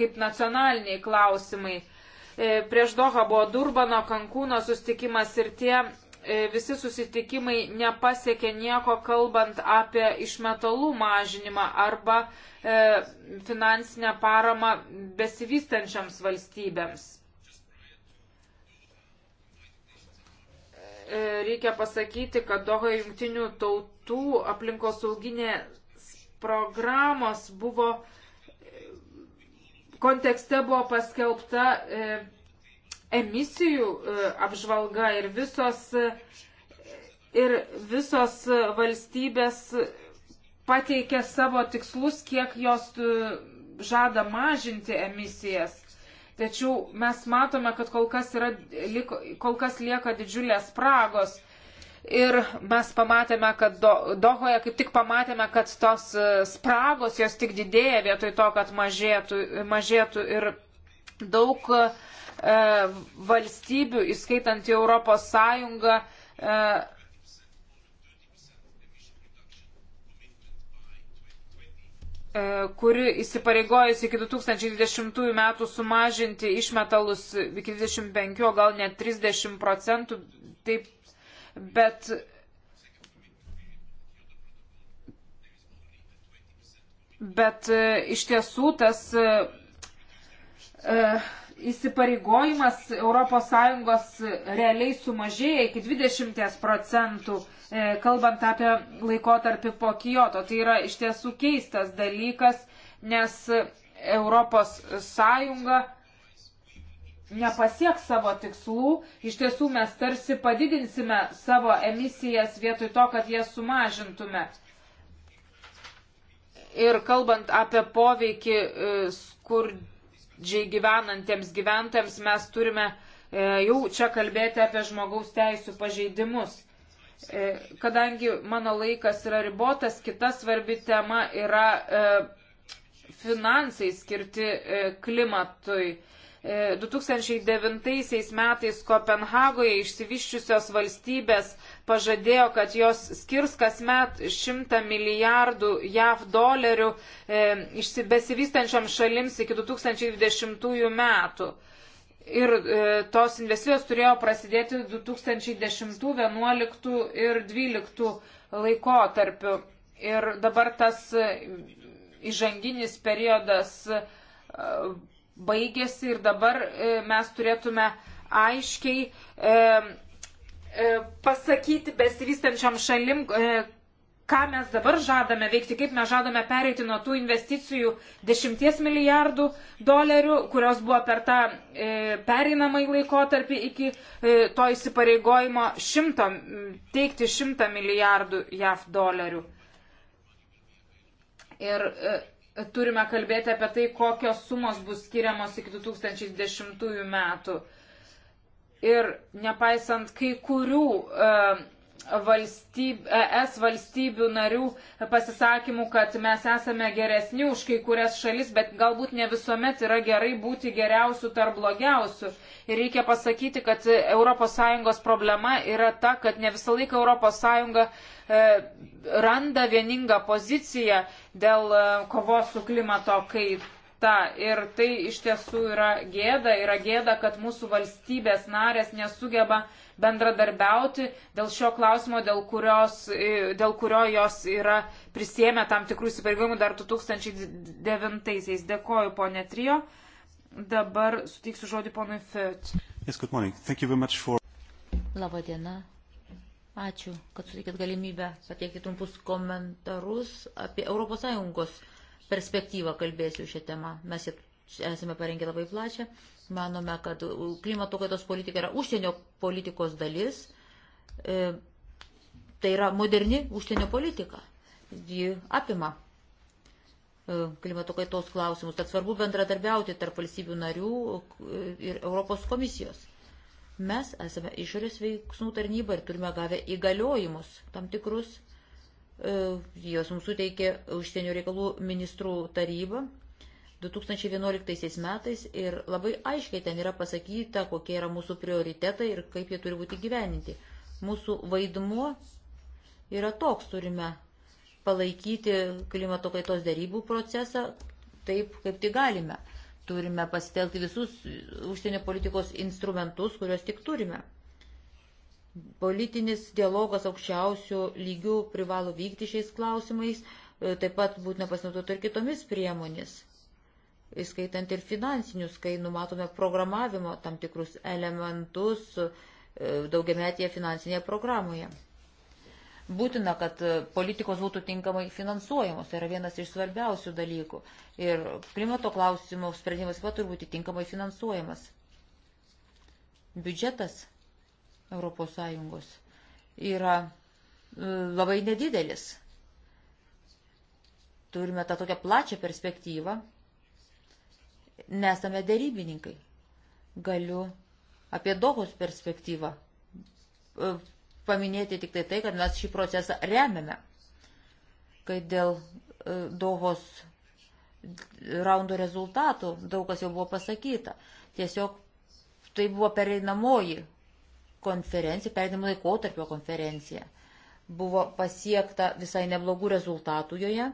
kaip nacionaliniai klausimai. E, prieš Doha buvo Durbano, Kankūno sustikimas ir tie visi susitikimai nepasiekė nieko kalbant apie išmetalų mažinimą arba finansinę paramą besivystančiams valstybėms. Reikia pasakyti, kad Doha jungtinių tautų metų aplinkosauginės programos buvo kontekste buvo paskelbta e, emisijų e, apžvalga ir visos, e, ir visos valstybės pateikė savo tikslus, kiek jos žada mažinti emisijas. Tačiau mes matome, kad kol kas, yra, kol kas lieka didžiulės spragos ir mes pamatėme, kad do, Dohoje kaip tik pamatėme, kad tos e, spragos jos tik didėja vietoj to, kad mažėtų, mažėtų ir daug e, valstybių, įskaitant į Europos Sąjungą, e, e, kuri įsipareigojusi iki 2020 metų sumažinti išmetalus iki 25, o gal net 30 procentų, taip bet Bet e, iš tiesų tas uh, įsipareigojimas ES realiai sumažėja iki 20 procentų, kalbant apie laikotarpį po Kyoto. Tai yra iš tiesų keistas dalykas, nes ES nepasieks savo tikslų, iš tiesų mes tarsi padidinsime savo emisijas vietoj to, kad jas sumažintume. Ir kalbant apie poveikį e, skurdžiai gyvenantiems gyventojams, mes turime e, jau čia kalbėti apie žmogaus teisų pažeidimus. E, kadangi mano laikas yra ribotas, kita svarbi tema yra finansai skirti klimatui 2009 metais Kopenhagoje išsivyščiusios valstybės pažadėjo, kad jos skirs kasmet 100 milijardų JAV dolerių e, besivystančiam šalims iki 2020 metų. Ir e, tos investicijos turėjo prasidėti 2010, 2011 ir 2012 laikotarpiu. Ir dabar tas e, įžanginis periodas e, baigėsi ir dabar e, mes turėtume aiškiai e, e, pasakyti besivystančiam šalim, ką mes dabar žadame veikti, kaip mes žadame pereiti nuo tų investicijų 10 milijardų dolerių, kurios buvo per tą e, pereinamąjį laikotarpį iki e, to įsipareigojimo šimto, teikti 100 milijardų JAV dolerių. Ir e, turime kalbėti apie tai, kokios sumos bus skiriamos iki 2010 metų. Ir nepaisant kai kurių uh, valstyb, ES valstybių narių pasisakymų, kad mes esame geresni už kai kurias šalis, bet galbūt ne visuomet yra gerai būti geriausių tarp blogiausių. Ir reikia pasakyti, kad ES problema yra ta, kad ne visą laiką ES e, randa vieningą poziciją dėl e, kovos su klimato kaita. Ir tai iš tiesų yra gėda, yra gėda, kad mūsų valstybės narės nesugeba bendradarbiauti dėl šio klausimo, dėl, kurios, dėl kurio jos yra prisėmę tam tikrų įsipareigojimų dar 2009-aisiais. Dėkoju, ponė Trijo. Dabar suteiksiu žodį ponui Fet. Yes, good morning. Thank you very much for. Labą dieną. Ačiū, kad suteikėt galimybę pateikti trumpus komentarus apie ES perspektyvą kalbėsiu šią temą. Mes esame parengę labai plačią Manome, kad klimato kaitos politika yra užsienio politikos dalis. E, tai yra moderni užsienio politika. Ji apima e, klimato kaitos klausimus. Tad svarbu bendradarbiauti tarp valstybių narių e, ir Europos komisijos. Mes esame išorės veiksmų tarnyba ir turime gavę įgaliojimus tam tikrus. E, jos mums suteikė užsienio reikalų ministrų taryba 2011 metais ir labai aiškiai ten yra pasakyta, kokie yra mūsų prioritetai ir kaip jie turi būti gyveninti. Mūsų vaidmuo yra toks, turime palaikyti klimato kaitos darybų procesą taip, kaip tik galime. Turime pasitelkti visus užsienio politikos instrumentus, kuriuos tik turime. Politinis dialogas aukščiausių lygių privalo vykti šiais klausimais, e, taip pat būtina pasinaudoti ir kitomis priemonės įskaitant ir finansinius, kai numatome programavimo tam tikrus elementus e, daugiametėje finansinėje programoje. Būtina, kad politikos būtų tinkamai finansuojamos, tai yra vienas iš svarbiausių dalykų. Ir klimato klausimų sprendimas pat turi būti tinkamai finansuojamas. Biudžetas ES yra e, labai nedidelis. Turime tą tokią plačią perspektyvą, nesame dėrybininkai. Galiu apie Dohos perspektyvą e, paminėti tik tai tai, kad mes šį procesą remiame. Kai dėl e, Dohos raundo rezultatų daug kas jau buvo pasakyta. Tiesiog tai buvo pereinamoji konferencija, pereinamo laikotarpio konferencija. Buvo pasiekta visai neblogų rezultatų joje,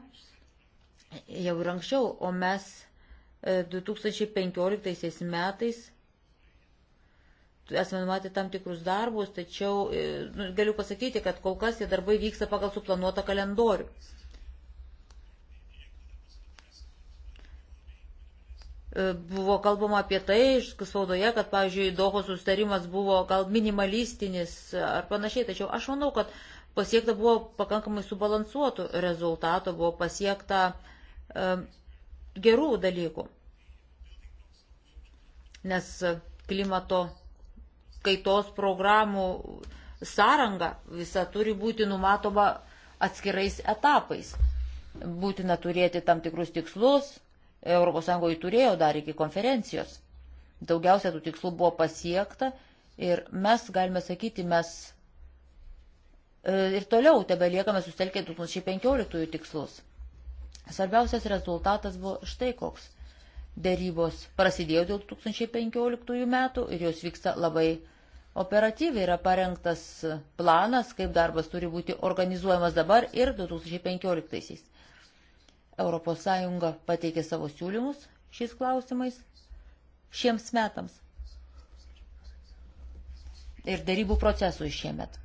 jau ir anksčiau, o mes 2015 metais esame numatę tam tikrus darbus, tačiau e, nu, galiu pasakyti, kad kol kas tie darbai vyksta pagal suplanuotą kalendorių. E, buvo kalbama apie tai spaudoje, kad, pavyzdžiui, Doho sustarimas buvo gal minimalistinis ar panašiai, tačiau aš manau, kad pasiekta buvo pakankamai subalansuotų rezultatų, buvo pasiekta um, e, gerų dalykų. Nes klimato kaitos programų sąranga visa turi būti numatoma atskirais etapais. Būtina turėti tam tikrus tikslus, ES turėjo dar iki konferencijos. Daugiausia tų tikslų buvo pasiekta ir mes, galime sakyti, mes e, ir toliau tebe liekame sustelkę 2015 tikslus. Svarbiausias rezultatas buvo štai koks. Dėrybos prasidėjo 2015 metų ir jos vyksta labai operatyviai yra parengtas planas, kaip darbas turi būti organizuojamas dabar ir 2015-aisiais. ES pateikė savo siūlymus šiais klausimais šiems metams ir darybų procesui šiemet.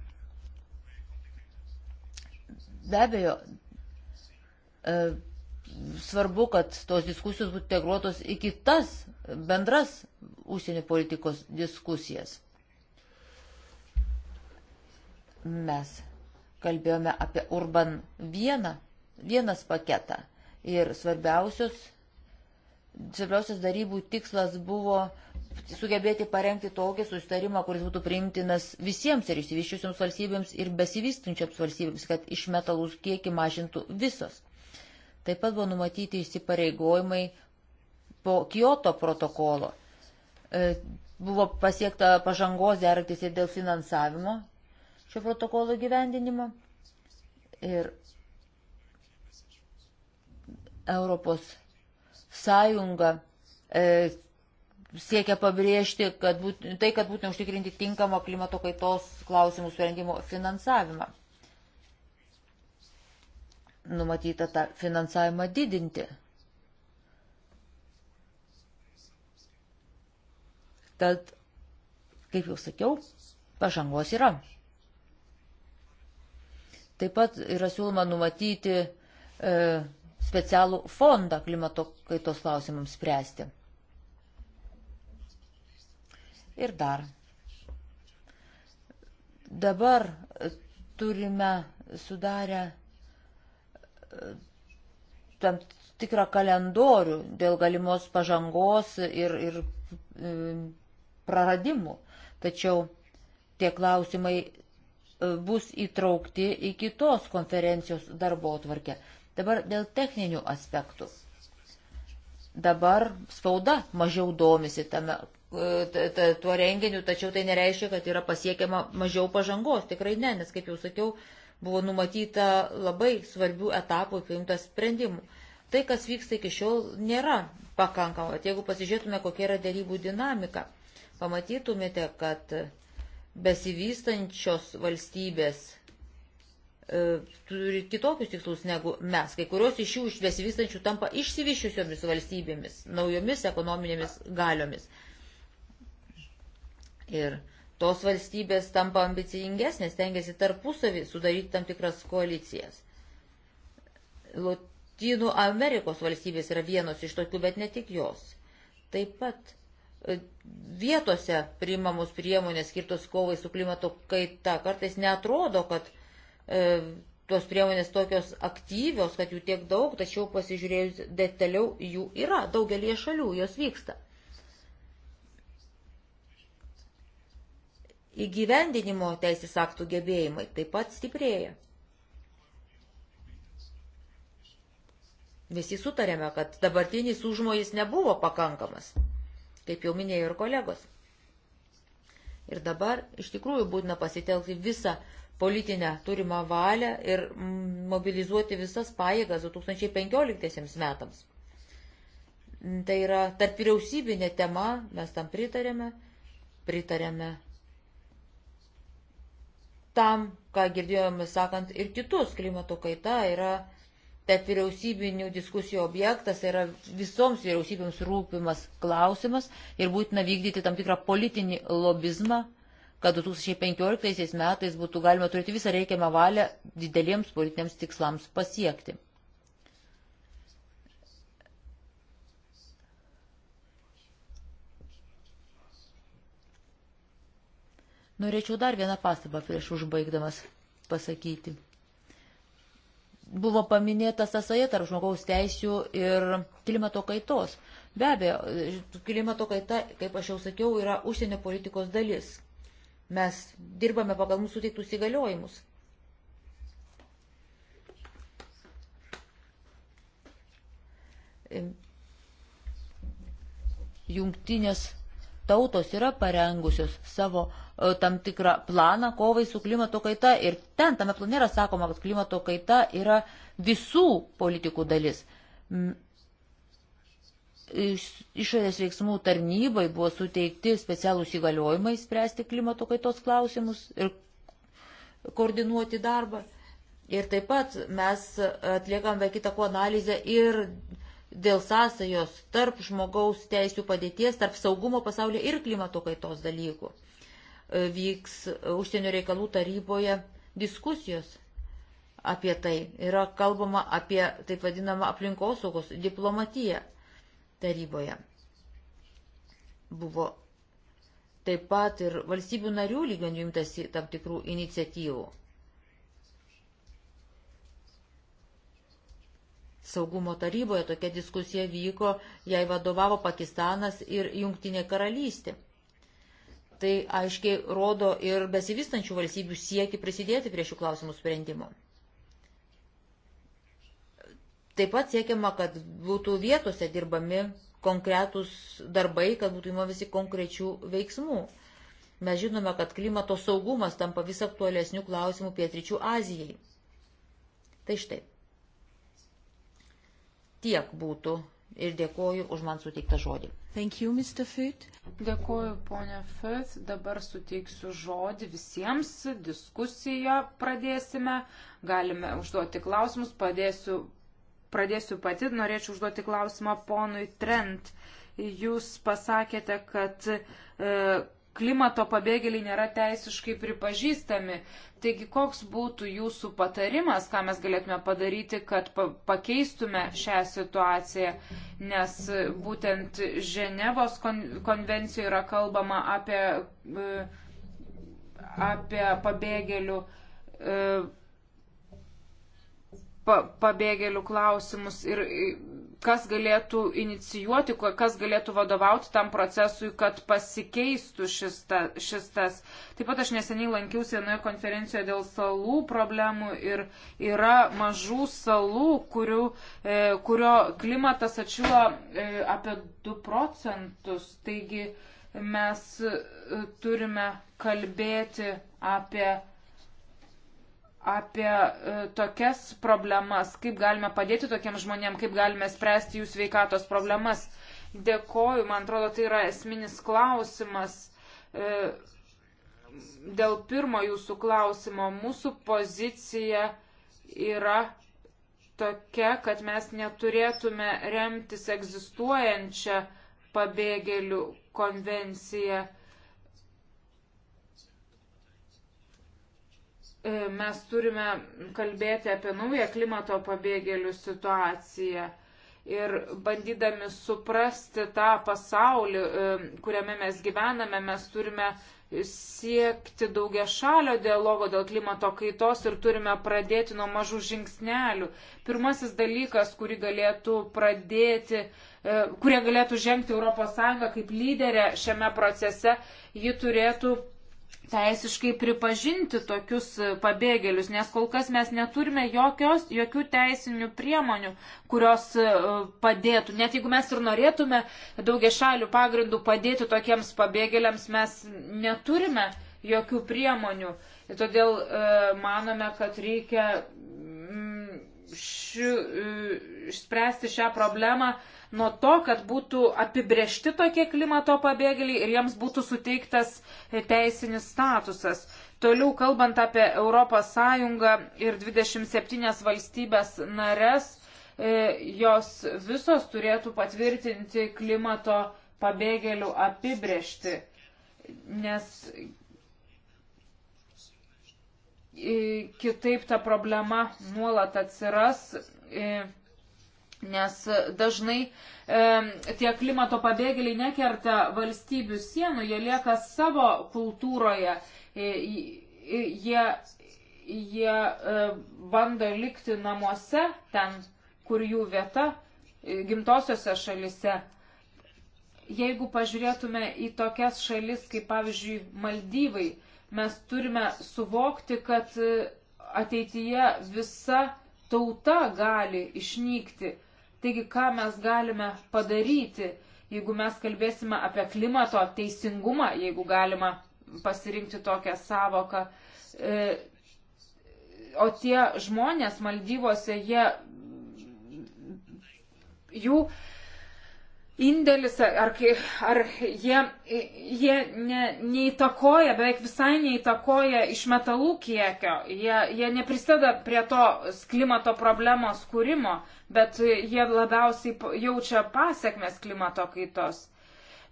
Be abejo, e, svarbu, kad tos diskusijos būtų integruotos į kitas bendras užsienio politikos diskusijas. Mes kalbėjome apie Urban vieną, vienas paketą ir svarbiausios, svarbiausias darybų tikslas buvo sugebėti parengti tokį susitarimą, kuris būtų priimtinas visiems ir išsivyščiusiams valstybėms ir besivystinčiams valstybėms, kad išmetalus kiekį mažintų visos Taip pat buvo numatyti įsipareigojimai po Kyoto protokolo. E, buvo pasiekta pažangos derantis ir dėl finansavimo šio protokolo gyvendinimo. Ir Europos Sąjunga e, siekia pabrėžti, kad būt, tai, kad būtina užtikrinti tinkamą klimato kaitos klausimų sprendimo finansavimą numatyta tą finansavimą didinti. Tad, kaip jau sakiau, pažangos yra. Taip pat yra siūloma numatyti e, specialų fondą klimato kaitos klausimams spręsti. Ir dar. Dabar turime sudarę tam tikrą kalendorių dėl galimos pažangos ir, ir e, praradimų. Tačiau tie klausimai e, bus įtraukti į kitos konferencijos darbo atvarkę. Dabar dėl techninių aspektų. Dabar spauda mažiau domisi tame, e, tuo renginiu, tačiau tai nereiškia, kad yra pasiekiama mažiau pažangos. Tikrai ne, nes, kaip jau sakiau, buvo numatyta labai svarbių etapų priimtas sprendimų. Tai, kas vyksta iki šiol, nėra pakankama. Jeigu pasižiūrėtume, kokia yra dėrybų dinamika, pamatytumėte, kad besivystančios valstybės e, turi kitokius tikslus negu mes. Kai kurios iš jų iš besivystančių tampa išsivyščiusiomis valstybėmis, naujomis ekonominėmis galiomis. Ir tos valstybės tampa ambicingesnės, tengiasi tarpusavį sudaryti tam tikras koalicijas. Lotynų Amerikos valstybės yra vienos iš tokių, bet ne tik jos. Taip pat e, vietose priimamos priemonės skirtos kovai su klimato kaita kartais netrodo, kad e, tos priemonės tokios aktyvios, kad jų tiek daug, tačiau pasižiūrėjus detaliau jų yra, daugelie šalių jos vyksta. įgyvendinimo teisės aktų gebėjimai taip pat stiprėja. Visi sutarėme, kad dabartinis užmojis nebuvo pakankamas, kaip jau minėjo ir kolegos. Ir dabar iš tikrųjų būtina pasitelkti visą politinę turimą valią ir mobilizuoti visas pajėgas 2015 metams. Tai yra tarp vyriausybinė tema, mes tam pritarėme, pritarėme tam, ką girdėjome sakant, ir kitus klimato kaita yra tarp vyriausybinių diskusijų objektas, yra visoms vyriausybėms rūpimas klausimas ir būtina vykdyti tam tikrą politinį lobizmą, kad 2015 metais būtų galima turėti visą reikiamą valią dideliems politiniams tikslams pasiekti. Norėčiau dar vieną pastabą prieš užbaigdamas pasakyti. Buvo paminėta sąsaja tarp žmogaus teisių ir klimato kaitos. Be abejo, klimato kaita, kaip aš jau sakiau, yra užsienio politikos dalis. Mes dirbame pagal mūsų teiktus įgaliojimus. Jungtinės tautos yra parengusios savo e, tam tikrą planą kovai su klimato kaita ir ten tame plane yra sakoma, kad klimato kaita yra visų politikų dalis. Iš, išorės veiksmų tarnybai buvo suteikti specialūs įgaliojimai spręsti klimato kaitos klausimus ir koordinuoti darbą. Ir taip pat mes atliekam be kitą ko analizę ir dėl sąsajos tarp žmogaus teisų padėties, tarp saugumo pasaulyje ir klimato kaitos dalykų. E, vyks užsienio reikalų taryboje diskusijos apie tai. Yra kalbama apie taip vadinamą aplinkosaugos diplomatiją taryboje. Buvo taip pat ir valstybių narių lygmenių imtasi tam tikrų iniciatyvų. Saugumo taryboje tokia diskusija vyko, jai vadovavo Pakistanas ir Jungtinė karalystė. Tai aiškiai rodo ir besivystančių valstybių sieki prisidėti prie šių klausimų sprendimo. Taip pat siekiama, kad būtų vietose dirbami konkretus darbai, kad būtų įmavisi konkrečių veiksmų. Mes žinome, kad klimato saugumas tampa vis aktualesnių klausimų pietryčių Azijai. Tai štai tiek būtų ir dėkoju už man suteiktą žodį. Thank you, Mr. Fit. Dėkoju, ponia Fit. Dabar suteiksiu žodį visiems. Diskusiją pradėsime. Galime užduoti klausimus. Padėsiu, pradėsiu pati. Norėčiau užduoti klausimą ponui Trent. Jūs pasakėte, kad e, klimato pabėgėliai nėra teisiškai pripažįstami. Taigi, koks būtų jūsų patarimas, ką mes galėtume padaryti, kad pa pakeistume šią situaciją, nes e, būtent Ženevos kon konvencijoje yra kalbama apie, e, apie pabėgėlių e, pabėgėlių klausimus ir kas galėtų inicijuoti, kas galėtų vadovauti tam procesui, kad pasikeistų šis, ta, šis tas. Taip pat aš neseniai lankiausi vienoje konferencijoje dėl salų problemų ir yra mažų salų, kurių, e, kurio klimatas atšilo e, apie 2 procentus. Taigi mes e, turime kalbėti apie apie e, tokias problemas, kaip galime padėti tokiem žmonėm, kaip galime spręsti jų sveikatos problemas. Dėkoju, man atrodo, tai yra esminis klausimas. E, dėl pirmo jūsų klausimo mūsų pozicija yra tokia, kad mes neturėtume remtis egzistuojančią pabėgėlių konvenciją E, mes turime kalbėti apie naują klimato pabėgėlių situaciją. Ir bandydami suprasti tą pasaulį, e, kuriame mes gyvename, mes turime siekti daugia šalio dialogo dėl klimato kaitos ir turime pradėti nuo mažų žingsnelių. Pirmasis dalykas, kurį galėtų pradėti, e, kurie galėtų žengti ES kaip lyderė šiame procese, ji turėtų teisiškai pripažinti tokius pabėgėlius, nes kol kas mes neturime jokios, jokių teisinių priemonių, kurios e, padėtų. Net jeigu mes ir norėtume daugia šalių pagrindų padėti tokiems pabėgėliams, mes neturime jokių priemonių. Ir todėl e, manome, kad reikia mm, ši, e, išspręsti šią problemą nuo to, kad būtų apibriešti tokie klimato pabėgėliai ir jiems būtų suteiktas e, teisinis statusas. Toliau kalbant apie ES ir 27 valstybės nares, e, jos visos turėtų patvirtinti klimato pabėgėlių apibriešti, nes kitaip ta problema nuolat atsiras Nes dažnai e, tie klimato pabėgėliai nekerta valstybių sienų, jie lieka savo kultūroje, e, e, jie, jie e, bando likti namuose ten, kur jų vieta, e, gimtosiose šalise. Jeigu pažiūrėtume į tokias šalis kaip pavyzdžiui Maldyvai, mes turime suvokti, kad e, ateityje visa tauta gali išnykti Taigi, ką mes galime padaryti, jeigu mes kalbėsime apie klimato teisingumą, jeigu galima pasirinkti tokią savoką. E, o tie žmonės Maldyvose, jie, jų indėlis, ar, ar jie, jie ne, neįtakoja, beveik visai neįtakoja iš metalų kiekio, jie, jie neprisėda prie to klimato problemos kūrimo, bet jie labiausiai jaučia pasiekmes klimato kaitos.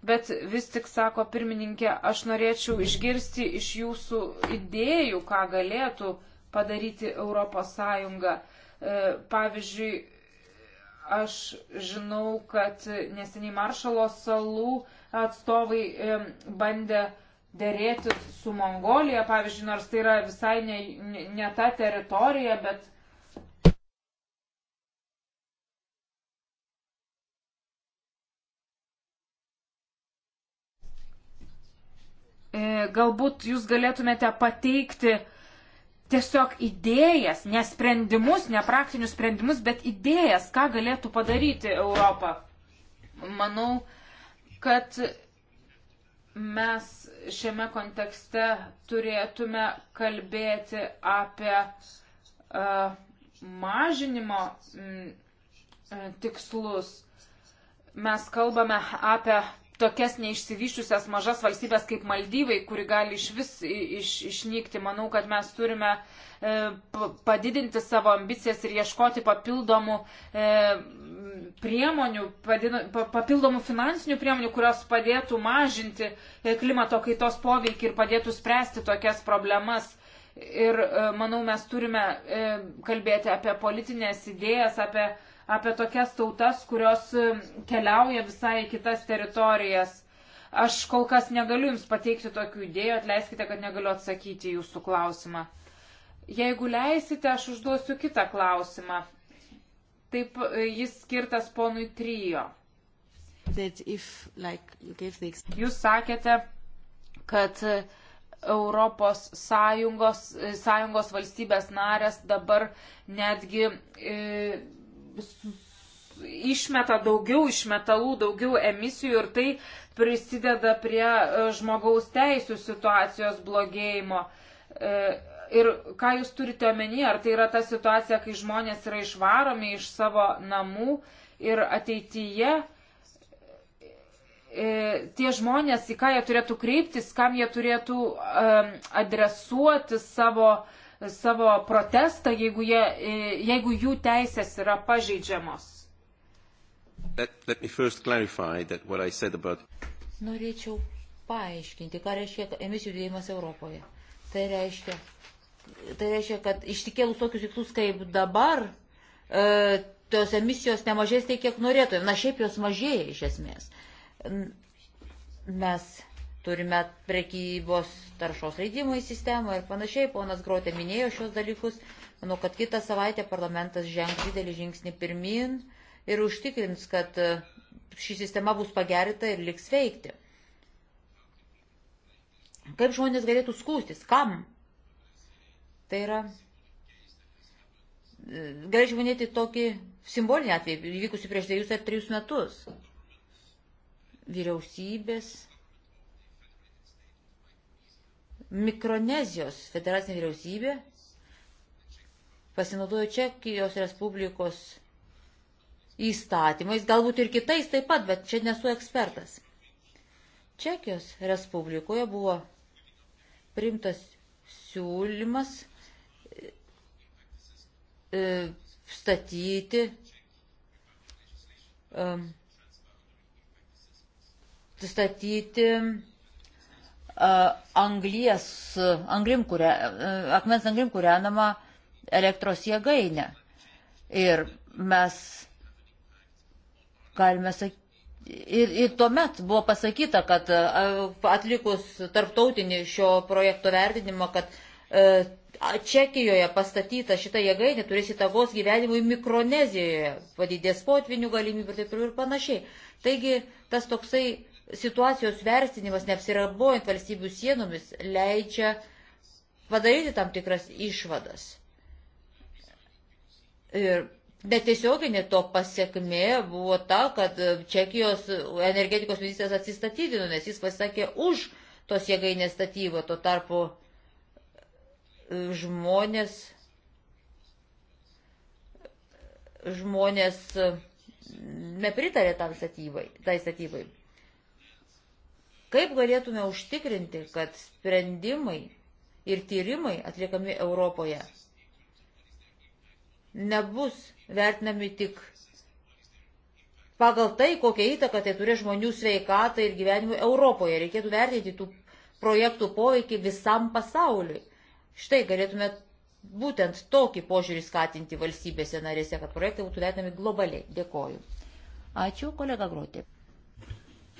Bet vis tik, sako pirmininkė, aš norėčiau išgirsti iš jūsų idėjų, ką galėtų padaryti Europos Sąjunga. E, pavyzdžiui, Aš žinau, kad neseniai Maršalo salų atstovai bandė dėrėti su Mongolija, pavyzdžiui, nors tai yra visai ne, ne ta teritorija, bet e, galbūt jūs galėtumėte pateikti tiesiog idėjas, ne sprendimus, ne praktinius sprendimus, bet idėjas, ką galėtų padaryti Europą. Manau, kad mes šiame kontekste turėtume kalbėti apie uh, mažinimo m, e, tikslus. Mes kalbame apie tokias neišsivyščiusias mažas valstybės kaip Maldyvai, kuri gali iš vis iš, išnykti. Manau, kad mes turime e, padidinti savo ambicijas ir ieškoti papildomų e, priemonių, padino, papildomų finansinių priemonių, kurios padėtų mažinti e, klimato kaitos poveikį ir padėtų spręsti tokias problemas. Ir e, manau, mes turime e, kalbėti apie politinės idėjas, apie e, apie tokias tautas, kurios e, keliauja visai į kitas teritorijas. Aš kol kas negaliu Jums pateikti tokių idėjų, atleiskite, kad negaliu atsakyti Jūsų klausimą. Jeigu leisite, aš užduosiu kitą klausimą. Taip, e, jis skirtas ponui Trijo. If, like, the... Jūs sakėte, kad e, Europos sąjungos, sąjungos valstybės narės dabar netgi e, išmeta daugiau iš metalų, daugiau emisijų ir tai prisideda prie e, žmogaus teisų situacijos blogėjimo. E, ir ką jūs turite omenyje, ar tai yra ta situacija, kai žmonės yra išvaromi iš savo namų ir ateityje e, tie žmonės, į ką jie turėtų kreiptis, kam jie turėtų adresuoti savo uh, savo protestą, jeigu, jie, e, jeigu jų teisės yra pažeidžiamos. Let, let about... Norėčiau paaiškinti, ką reiškia emisijų didėjimas Europoje. Tai reiškia, tai reiškia kad ištikėlus tokius tikslus kaip dabar, e, tos emisijos nemažės tiek, kiek norėtumėm. Na šiaip jos mažėja iš esmės. Mes Turime prekybos taršos leidimų į sistemą ir panašiai. Ponas Grotė minėjo šios dalykus. Manau, kad kitą savaitę parlamentas žengs didelį žingsnį pirmin ir užtikrins, kad e, ši sistema bus pagerita ir liks veikti. Kaip žmonės galėtų skūstis? Kam? Tai yra e, galėčiau minėti tokį simbolinį atvejį, įvykusi prieš dviejus ar trijus metus. Vyriausybės Mikronezijos federacinė vyriausybė pasinaudojo Čekijos Respublikos įstatymais, galbūt ir kitais taip pat, bet čia nesu ekspertas. Čekijos Respublikoje buvo primtas siūlymas e, statyti e, statyti Uh, anglies, uh, anglim, kuria, uh, akmens anglim kūrenama elektros jėgainė. Ir mes galime sakyti. Ir, ir tuomet buvo pasakyta, kad atlikus tarptautinį šio projekto vertinimą, kad Čekijoje pastatyta šita jėgainė turės įtagos gyvenimui Mikronezijoje, padidės potvinių galimybių ir taip toliau ir panašiai. Taigi tas toksai situacijos vertinimas, neapsirabojant valstybių sienomis, leidžia padaryti tam tikras išvadas. Ir netiesioginė to pasiekmė buvo ta, kad Čekijos energetikos ministras atsistatydino, nes jis pasakė už tos jėgainės statybą, tuo tarpu e, žmonės, žmonės e, nepritarė tam statybai, tai statybai. Kaip galėtume užtikrinti, kad sprendimai ir tyrimai atliekami Europoje nebus vertinami tik pagal tai, kokią įtaką tai turi žmonių sveikatai ir gyvenimui Europoje. Reikėtų vertinti tų projektų poveikį visam pasauliui. Štai galėtume būtent tokį požiūrį skatinti valstybėse narėse, kad projektai būtų vertinami globaliai. Dėkoju. Ačiū, kolega Grotė.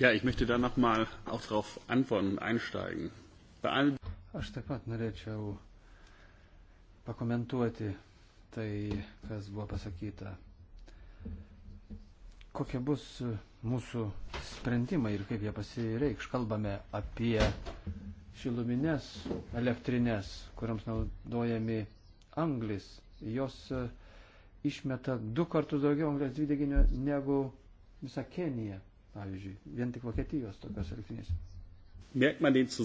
Ja, ich möchte da nochmal auch drauf antworten und einsteigen. Bei allen Aš taip pat norėčiau pakomentuoti tai, kas buvo pasakyta. Kokie bus mūsų sprendimai ir kaip jie pasireikš. Kalbame apie šiluminės elektrinės, kuriams naudojami anglis. Jos e, išmeta du kartus daugiau anglės dvideginio negu visa Kenija pavyzdžiui, vien tik Vokietijos tokios elektrinės.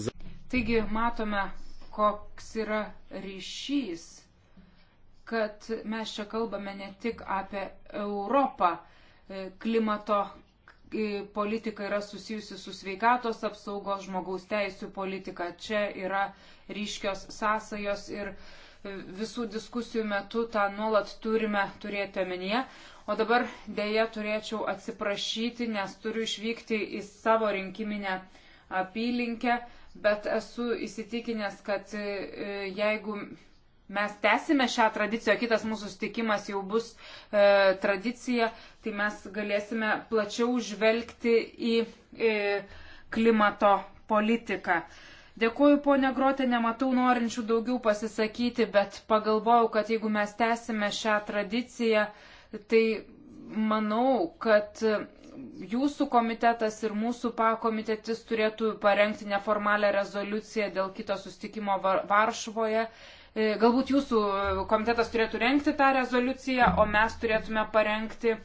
Taigi matome, koks yra ryšys, kad mes čia kalbame ne tik apie Europą, e, klimato e, politika yra susijusi su sveikatos apsaugos žmogaus teisų politika. Čia yra ryškios sąsajos ir e, visų diskusijų metu tą nuolat turime turėti omenyje. O dabar dėja turėčiau atsiprašyti, nes turiu išvykti į savo rinkiminę apylinkę, bet esu įsitikinęs, kad e, jeigu mes tęsime šią tradiciją, kitas mūsų sustikimas jau bus e, tradicija, tai mes galėsime plačiau žvelgti į e, klimato politiką. Dėkuoju, ponė Grotė, nematau norinčių daugiau pasisakyti, bet pagalvojau, kad jeigu mes tęsime šią tradiciją, e, tai manau, kad jūsų komitetas ir mūsų pakomitetis turėtų parengti neformalią rezoliuciją dėl kito sustikimo Varšuvoje. E, galbūt jūsų komitetas turėtų renkti tą rezoliuciją, o mes turėtume parengti e,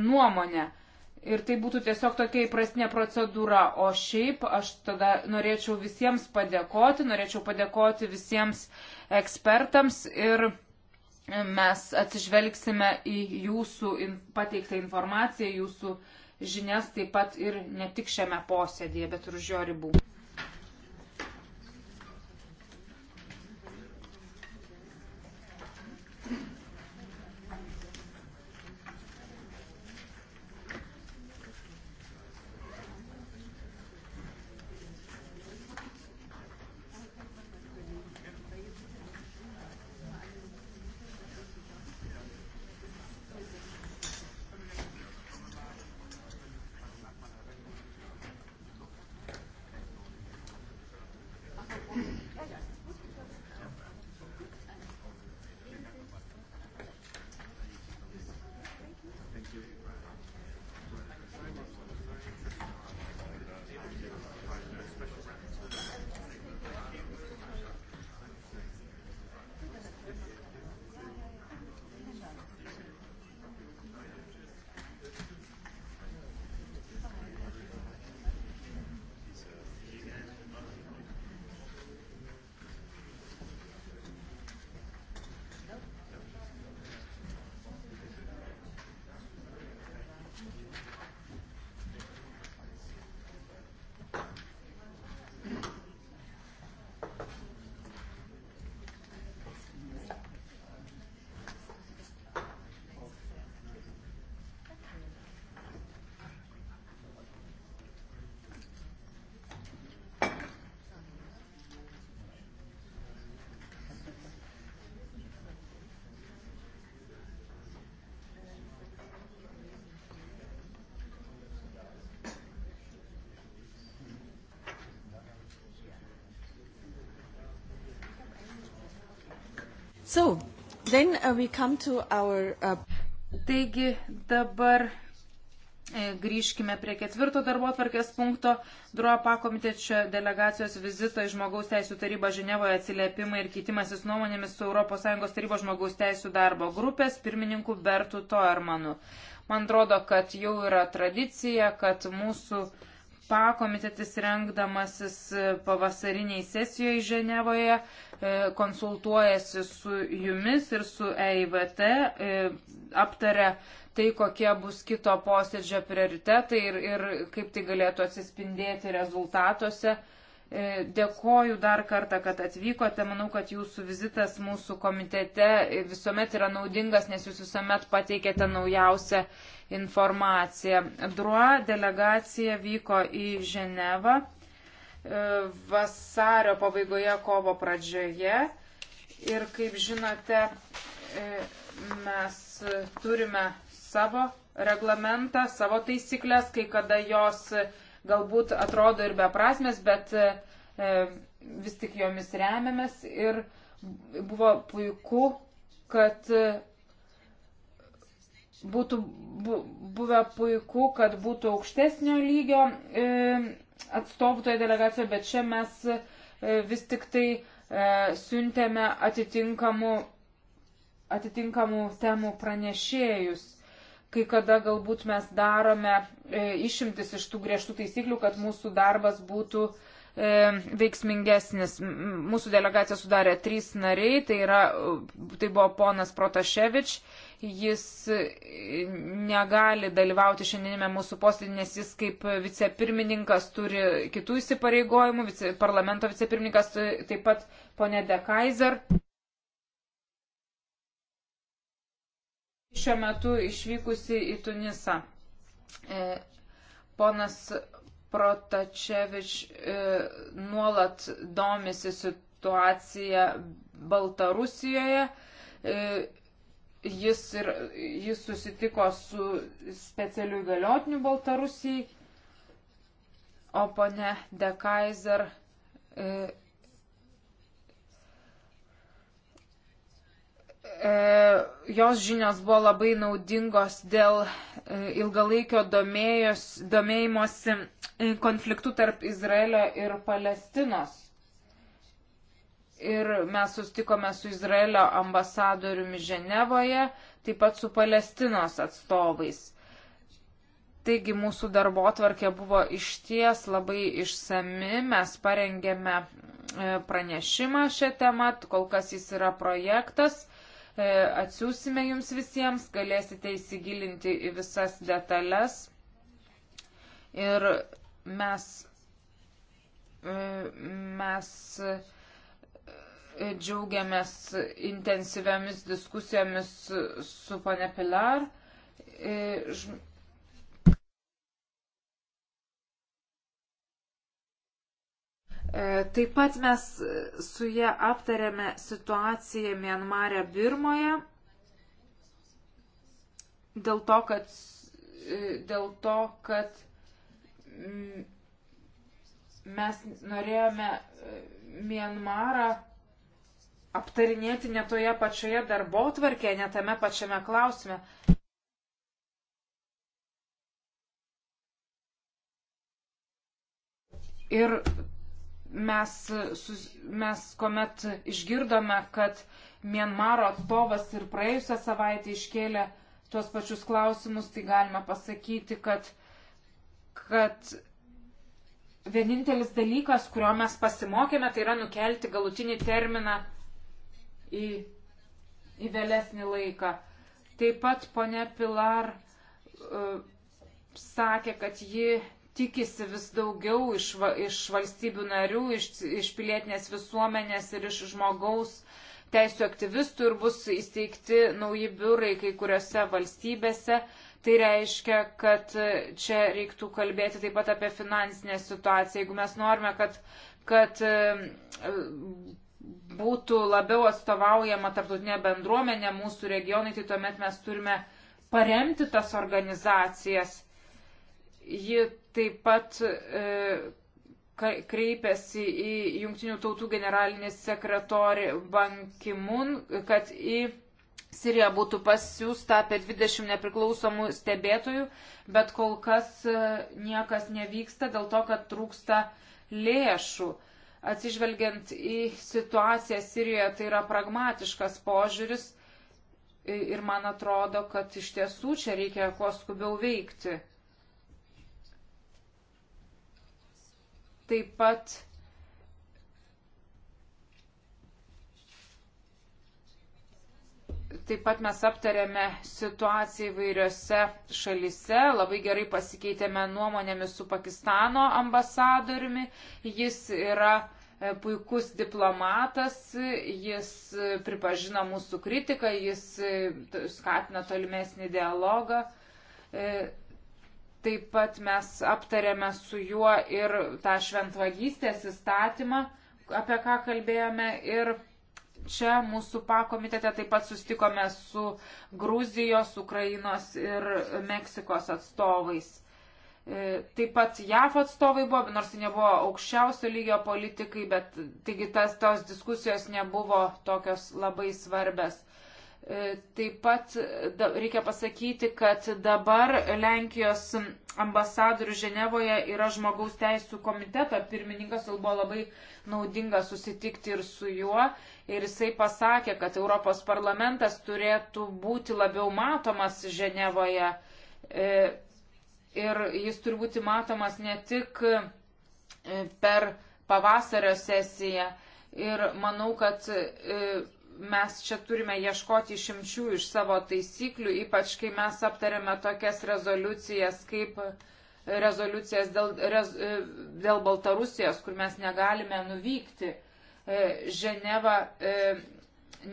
nuomonę. Ir tai būtų tiesiog tokia įprastinė procedūra. O šiaip aš tada norėčiau visiems padėkoti, norėčiau padėkoti visiems ekspertams ir mes atsižvelgsime į jūsų pateiktą informaciją, jūsų žinias taip pat ir ne tik šiame posėdėje, bet ir už jo ribų. So, then uh, we come to our. Uh... Taigi dabar e, Grįžkime prie ketvirto darbo atvarkės punkto. Druopa komitečio delegacijos vizito į žmogaus teisų tarybą Ženevoje atsiliepimai ir keitimasis nuomonėmis su ES tarybos žmogaus teisų darbo grupės pirmininku Bertu Toermanu. Man atrodo, kad jau yra tradicija, kad mūsų uh, pakomitetis rengdamasis e, pavasariniai sesijoje Ženevoje e, konsultuojasi su jumis ir su EIVT, e, aptarė tai, kokie bus kito posėdžio prioritetai ir, ir kaip tai galėtų atsispindėti rezultatuose. Dėkoju dar kartą, kad atvykote. Manau, kad jūsų vizitas mūsų komitete visuomet yra naudingas, nes jūs visuomet pateikėte naujausią informaciją. Drua delegacija vyko į Ženevą e, vasario pabaigoje, kovo pradžioje. Ir kaip žinote, e, mes turime savo reglamentą, savo taisyklės, kai kada jos galbūt atrodo ir beprasmės, bet e, vis tik jomis remiamės ir buvo puiku, kad būtų buvę puiku, kad būtų aukštesnio lygio e, atstovų toje delegacijoje, bet čia mes e, vis tik tai e, siuntėme atitinkamų, atitinkamų temų pranešėjus. Kai kada galbūt mes darome išimtis iš tų griežtų taisyklių, kad mūsų darbas būtų uh, E, veiksmingesnis. Mūsų delegacija sudarė trys nariai, tai, yra, e, tai buvo ponas Protaševič, jis e, negali dalyvauti šiandienime mūsų posėdį, nes jis kaip vicepirmininkas turi kitų įsipareigojimų, vice, parlamento vicepirmininkas taip pat ponė De Kaiser. Šiuo metu išvykusi į Tunisą. Ponas Protačevič e, nuolat domisi situacija Baltarusijoje. E, jis, ir, jis susitiko su specialiu įgaliotiniu Baltarusijai, o pone De Kaiser e, E, jos žinios buvo labai naudingos dėl e, ilgalaikio domėjos, domėjimosi e, konfliktų tarp Izraelio ir Palestinos. Ir mes sustikome su Izraelio ambasadoriumi Ženevoje, taip pat su Palestinos atstovais. Taigi mūsų darbo tvarkė buvo išties labai išsami, mes parengėme pranešimą šią temą, kol kas jis yra projektas E, atsiūsime jums visiems, galėsite įsigilinti į visas detalės. Ir mes, e, mes e, džiaugiamės intensyviamis diskusijomis su pane Pilar. E, taip pat mes su jie aptarėme situaciją Mianmarė Birmoje dėl to, kad, e, dėl to, kad mes norėjome e, Mianmarą aptarinėti ne toje pačioje darbo tvarkėje, ne tame pačiame klausime. Ir mes, mes kuomet išgirdome, kad Mienmaro atstovas ir praėjusią savaitę iškėlė tuos pačius klausimus, tai galime pasakyti, kad, kad vienintelis dalykas, kurio mes pasimokėme, tai yra nukelti galutinį terminą į, į vėlesnį laiką. Taip pat ponia Pilar uh, sakė, kad ji tikisi vis daugiau iš, iš valstybių narių, iš, iš pilietinės visuomenės ir iš žmogaus teisų aktyvistų ir bus įsteigti nauji biurai kai kuriuose valstybėse. Tai reiškia, kad čia reiktų kalbėti taip pat apie finansinę situaciją. Jeigu mes norime, kad, kad e, būtų labiau atstovaujama tarptautinė bendruomenė mūsų regionai, tai tuomet mes turime paremti tas organizacijas Ji taip pat e, kreipėsi į Junktinių tautų generalinį sekretorį Bankimun, kad į Siriją būtų pasiūsta apie 20 nepriklausomų stebėtojų, bet kol kas e, niekas nevyksta dėl to, kad trūksta lėšų. Atsižvelgiant į situaciją Sirijoje, tai yra pragmatiškas požiūris ir man atrodo, kad iš tiesų čia reikia kuo skubiau veikti. taip pat Taip pat mes aptarėme situaciją įvairiose šalise, labai gerai pasikeitėme nuomonėmis su Pakistano ambasadoriumi. Jis yra e, puikus diplomatas, jis e, pripažino mūsų kritiką, jis e, skatina tolimesnį dialogą. Taip pat mes aptarėme su juo ir tą šventvagystės įstatymą, apie ką kalbėjome. Ir čia mūsų pakomitete taip pat sustikome su Gruzijos, Ukrainos ir Meksikos atstovais. E, taip pat JAF atstovai buvo, nors jie nebuvo aukščiausio lygio politikai, bet taigi tas tos diskusijos nebuvo tokios labai svarbės. E, taip pat e, da, reikia pasakyti, kad dabar Lenkijos ambasadorių Ženevoje yra žmogaus teisų komiteto pirmininkas, jau buvo labai naudinga susitikti ir su juo. Ir jisai pasakė, kad Europos parlamentas turėtų būti labiau matomas Ženevoje. E, ir jis turi būti matomas ne tik per pavasario sesiją. Ir manau, kad mes čia turime ieškoti išimčių iš savo taisyklių, ypač kai mes aptarėme tokias rezoliucijas kaip e, rezoliucijas dėl, rez, e, dėl Baltarusijos, kur mes negalime nuvykti. E, Ženeva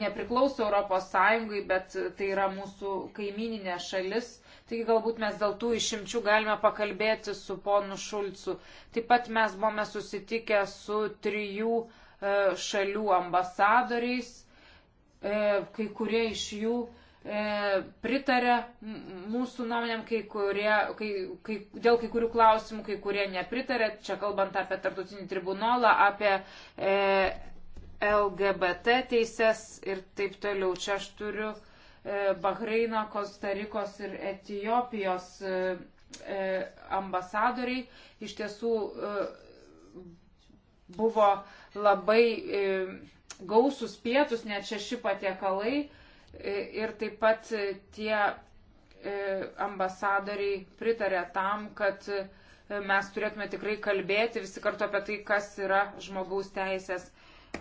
nepriklauso Europos Sąjungai, bet tai yra mūsų kaimininė šalis. Taigi galbūt mes dėl tų išimčių galime pakalbėti su ponu Šulcu. Taip pat mes buvome susitikę su trijų šalių ambasadoriais E, kai kurie iš jų e, pritarė mūsų nuomonėm, kai kurie, kai, kai, dėl kai kurių klausimų, kai kurie nepritarė, čia kalbant apie tartutinį tribunolą, apie e, LGBT teises ir taip toliau. Čia aš turiu e, Bahreino, Kostarikos ir Etijopijos e, e, ambasadoriai. Iš tiesų e, buvo labai. E, gausus pietus, net šeši patiekalai e, ir taip pat e, tie e, ambasadoriai pritarė tam, kad mes turėtume tikrai kalbėti visi kartu apie tai, kas yra žmogaus teisės.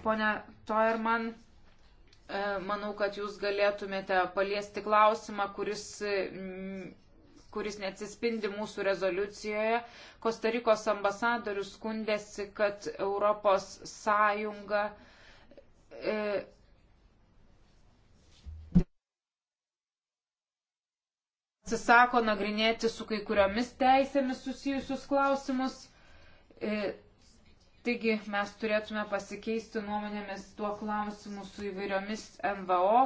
Pone Toerman, manau, kad jūs galėtumėte paliesti klausimą, kuris kuris neatsispindi mūsų rezoliucijoje. Kostarikos ambasadorius skundėsi, kad Europos Sąjunga uh, E, atsisako nagrinėti su kai kuriomis teisėmis susijusius klausimus. E, taigi mes turėtume pasikeisti nuomonėmis tuo klausimu su įvairiomis NVO.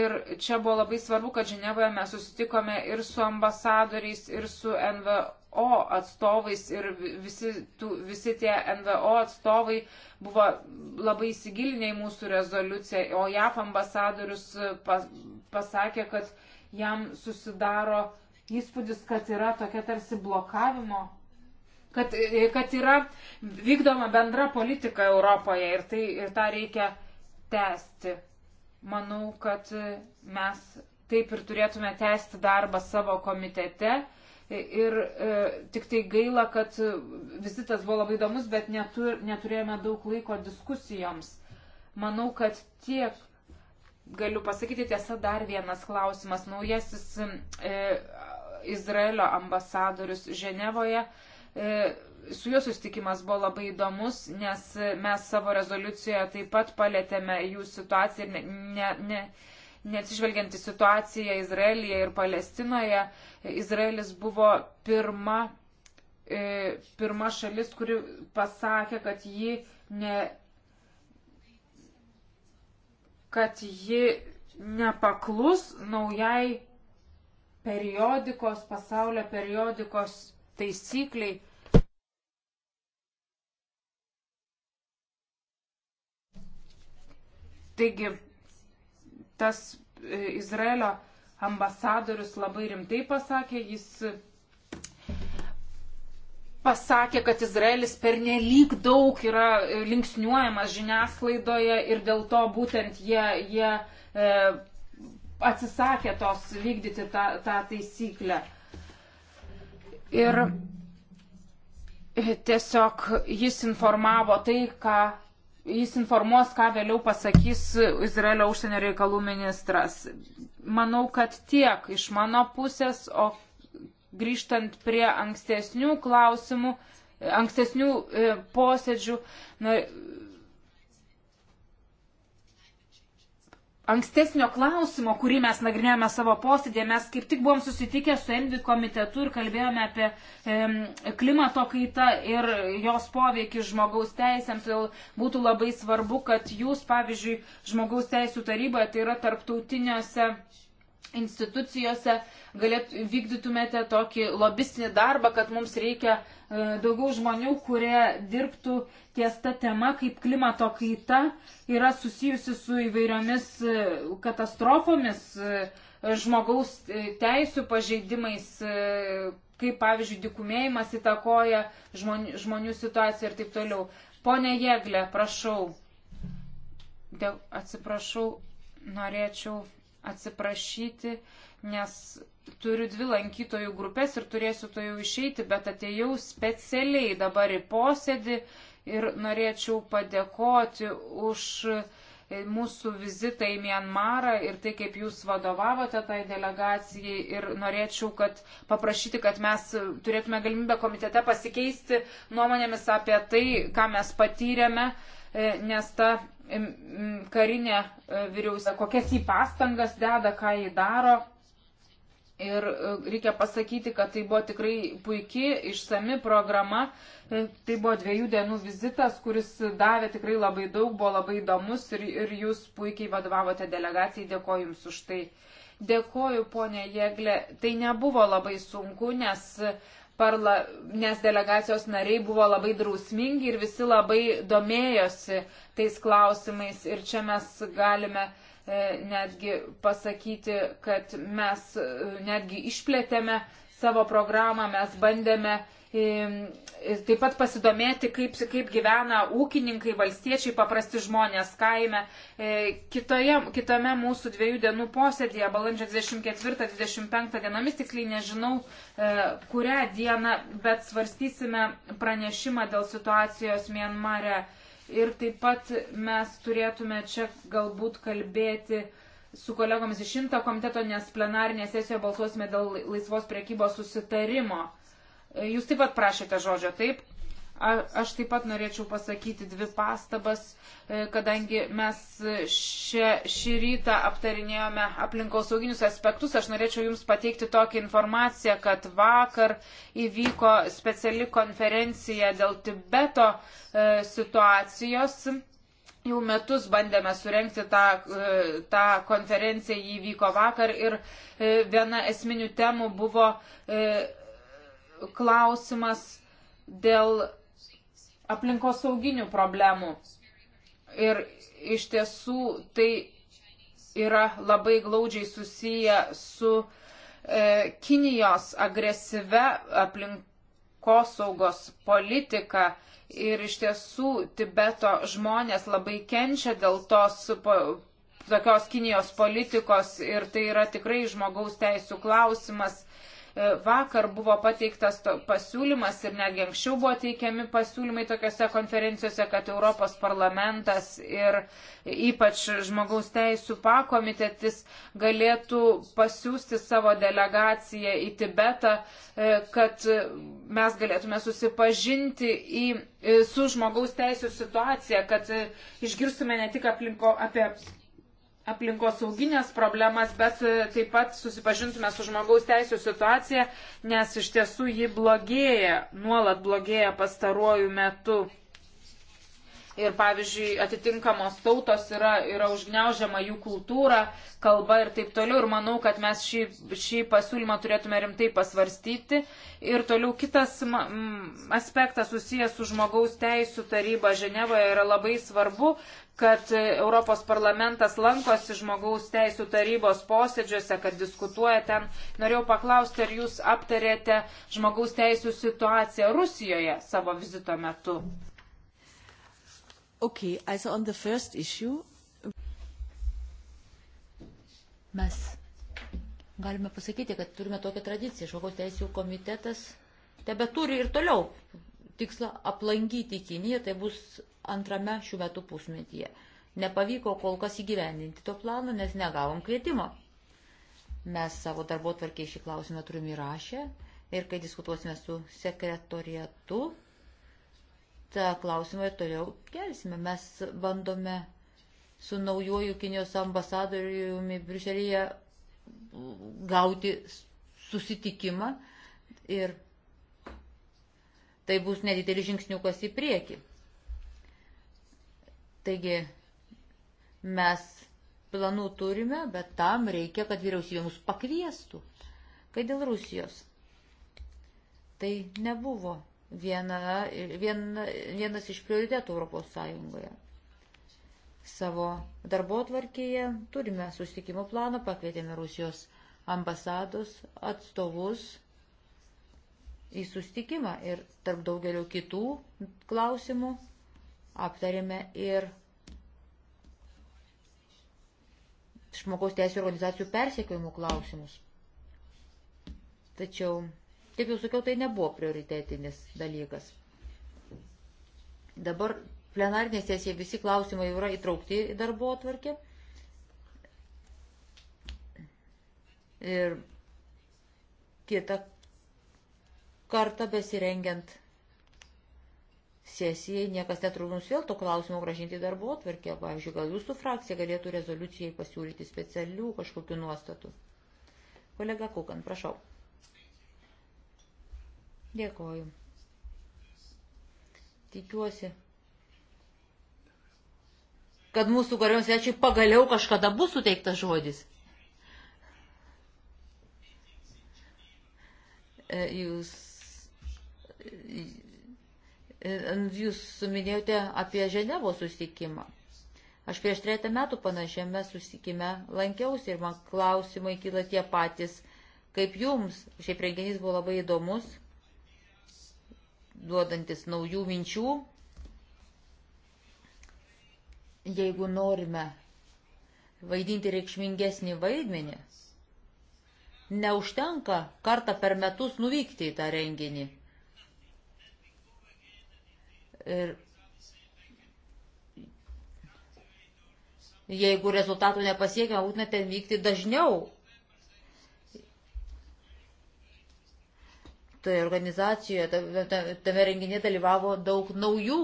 Ir čia buvo labai svarbu, kad Ženevoje mes susitikome ir su ambasadoriais, ir su NVO NVO atstovais ir visi, tų, visi tie NVO atstovai buvo labai įsigilinę į mūsų rezoliuciją, o JAF ambasadorius e, pas, pasakė, kad jam susidaro įspūdis, kad yra tokia tarsi blokavimo, kad, e, kad yra vykdoma bendra politika Europoje ir, tai, ir tą reikia tęsti. Manau, kad e, mes taip ir turėtume tęsti darbą savo komitete Ir e, tik tai gaila, kad vizitas buvo labai įdomus, bet netur, neturėjome daug laiko diskusijoms. Manau, kad tiek galiu pasakyti tiesa dar vienas klausimas. Naujasis e, Izraelio ambasadorius Ženevoje. E, su juo sustikimas buvo labai įdomus, nes mes savo rezoliucijoje taip pat palėtėme jų situaciją ir ne, ne, ne, neatsižvelgiant į situaciją Izraelyje ir Palestinoje, Izraelis buvo pirma, e, pirma šalis, kuri pasakė, kad ji ne kad ji nepaklus naujai periodikos, pasaulio periodikos taisykliai. Taigi, tas e, Izraelio ambasadorius labai rimtai pasakė, jis pasakė, kad Izraelis pernelyg daug yra e, linksniuojamas žiniasklaidoje ir dėl to būtent jie, jie e, atsisakė tos vykdyti tą, tą taisyklę. Ir e, tiesiog jis informavo tai, ką jis informuos, ką vėliau pasakys Izraelio užsienio reikalų ministras. Manau, kad tiek iš mano pusės, o grįžtant prie ankstesnių klausimų, ankstesnių e, posėdžių, na, ankstesnio klausimo, kurį mes nagrinėjome savo posėdėje, mes kaip tik buvom susitikę su Envi komitetu ir kalbėjome apie e, klimato kaitą ir jos poveikį žmogaus teisėms. Jau būtų labai svarbu, kad jūs, pavyzdžiui, žmogaus teisų taryboje, tai yra tarptautiniuose institucijose galėtų, vykdytumėte tokį lobistinį darbą, kad mums reikia e, daugiau žmonių, kurie dirbtų ties ta tema, kaip klimato kaita yra susijusi su įvairiomis e, katastrofomis, e, žmogaus e, teisų pažeidimais, e, kaip pavyzdžiui dikumėjimas įtakoja žmonių, žmonių situaciją ir taip toliau. Pone Jėglė, prašau. Dėl, atsiprašau, norėčiau atsiprašyti, nes turiu dvi lankytojų grupės ir turėsiu to jau išeiti, bet atėjau specialiai dabar į posėdį ir norėčiau padėkoti už e, mūsų vizitą į Mianmarą ir tai, kaip jūs vadovavote tai delegacijai ir norėčiau, kad paprašyti, kad mes turėtume galimybę komitete pasikeisti nuomonėmis apie tai, ką mes patyrėme, e, nes ta karinė e, vyriausybė, kokias jį pastangas deda, ką jį daro. Ir e, reikia pasakyti, kad tai buvo tikrai puikiai išsami programa. E, tai buvo dviejų dienų vizitas, kuris davė tikrai labai daug, buvo labai įdomus ir, ir jūs puikiai vadovavote delegacijai. Dėkoju Jums už tai. Dėkoju, ponė Jėglė. Tai nebuvo labai sunku, nes parla, nes delegacijos nariai buvo labai drausmingi ir visi labai domėjosi tais klausimais. Ir čia mes galime e, netgi pasakyti, kad mes e, netgi išplėtėme savo programą, mes bandėme e, taip pat pasidomėti, kaip, kaip gyvena ūkininkai, valstiečiai, paprasti žmonės kaime. E, kitoje, kitame mūsų dviejų dienų posėdėje, balandžio 24-25 dienomis, tiksliai nežinau, e, kurią dieną, bet svarstysime pranešimą dėl situacijos Mienmare. Ir taip pat mes turėtume čia galbūt kalbėti su kolegomis iš šimto komiteto, nes plenarinė sesijoje balsuosime dėl laisvos priekybos susitarimo. Jūs taip pat prašėte žodžio, taip? Aš taip pat norėčiau pasakyti dvi pastabas, e, kadangi mes šią, šį rytą aptarinėjome aplinkosauginius aspektus. Aš norėčiau Jums pateikti tokią informaciją, kad vakar įvyko speciali konferencija dėl Tibeto e, situacijos. Jau metus bandėme surenkti tą, e, tą konferenciją, jį vyko vakar ir viena esminių temų buvo klausimas dėl aplinkosauginių problemų. Ir iš tiesų tai yra labai glaudžiai susiję su e, Kinijos agresyve aplinkosaugos politika. Ir iš tiesų Tibeto žmonės labai kenčia dėl tos po, tokios Kinijos politikos ir tai yra tikrai žmogaus teisų klausimas. E, vakar buvo pateiktas pasiūlymas ir netgi anksčiau buvo teikiami pasiūlymai tokiuose konferencijose, kad Europos parlamentas ir ypač žmogaus teisų pakomitetis galėtų pasiūsti savo delegaciją į Tibetą, e, kad mes galėtume susipažinti į, e, su žmogaus teisų situacija, kad išgirstume ne tik aplinko, apie aplinkosauginės problemas, bet e, taip pat susipažintume su žmogaus teisų situacija, nes iš tiesų ji blogėja, nuolat blogėja pastaruoju metu ir, pavyzdžiui, atitinkamos tautos yra, yra užgneužiama jų kultūra, kalba ir taip toliau. Ir manau, kad mes šį, šį pasiūlymą turėtume rimtai pasvarstyti. Ir toliau kitas aspektas susijęs su žmogaus teisų taryba Ženevoje yra labai svarbu, kad Europos parlamentas lankosi žmogaus teisų tarybos posėdžiuose, kad diskutuoja ten. Norėjau paklausti, ar jūs aptarėte žmogaus teisų situaciją Rusijoje savo vizito metu. Okay, also on the first issue. Mes galime pasakyti, kad turime tokią tradiciją. Žmogaus teisų komitetas tebe turi ir toliau tikslą aplankyti Kiniją, tai bus antrame šių metų pusmetyje. Nepavyko kol kas įgyvendinti to plano, nes negavom kvietimo. Mes savo darbo tvarkiai šį klausimą turime įrašę ir kai diskutuosime su sekretoriatu, tą klausimą ir toliau kelsime. Mes bandome su naujoju Kinijos ambasadoriumi Briuselėje gauti susitikimą ir tai bus nedidelis žingsniukas į priekį. Taigi mes planų turime, bet tam reikia, kad vyriausybė mus pakviestų. Kai dėl Rusijos. Tai nebuvo viena, viena, vienas iš prioritetų Europos Sąjungoje. Savo darbo tvarkėje turime susitikimo planą, pakvietėme Rusijos ambasados atstovus į sustikimą ir tarp daugelio kitų klausimų aptarėme ir žmogaus teisų organizacijų persekiojimų klausimus. Tačiau Kaip jau sakiau, tai nebuvo prioritetinis dalykas. Dabar plenarinė sesija visi klausimai yra įtraukti į darbo atvarkę. Ir kitą kartą besirengiant sesijai niekas netrūkums vėl to klausimo gražinti darbo atvarkę. Pavyzdžiui, gal jūsų frakcija galėtų rezoliucijai pasiūlyti specialių kažkokių nuostatų. Kolega Kukan, prašau. Dėkoju. Tikiuosi, kad mūsų garbėms svečiui pagaliau kažkada bus suteiktas žodis. E, jūs, e, jūs minėjote apie Ženevos susitikimą. Aš prieš trejata metų panašiame susitikime lankiausi ir man klausimai kyla tie patys, kaip jums. Šiaip renginys buvo labai įdomus duodantis naujų minčių. Jeigu norime vaidinti reikšmingesnį vaidmenį, neužtenka kartą per metus nuvykti į tą renginį. Ir jeigu rezultatų nepasiekia, būtina ten vykti dažniau, toje organizacijoje, tame renginėje dalyvavo daug naujų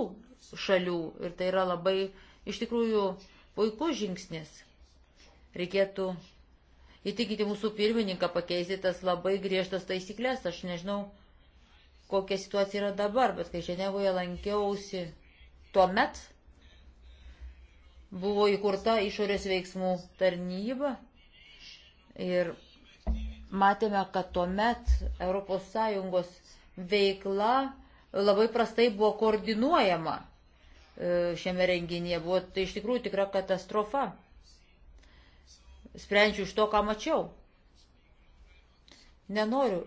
šalių ir tai yra labai iš tikrųjų puikus žingsnis. Reikėtų įtikinti mūsų pirmininką pakeisti tas labai griežtas taisyklės. Aš nežinau, kokia situacija yra dabar, bet kai Ženevoje lankiausi tuo met, buvo įkurta išorės veiksmų tarnyba ir matėme, kad tuo met ES veikla labai prastai buvo koordinuojama e, šiame renginyje. Buvo tai iš tikrųjų tikra katastrofa. Sprendžiu iš to, ką mačiau. Nenoriu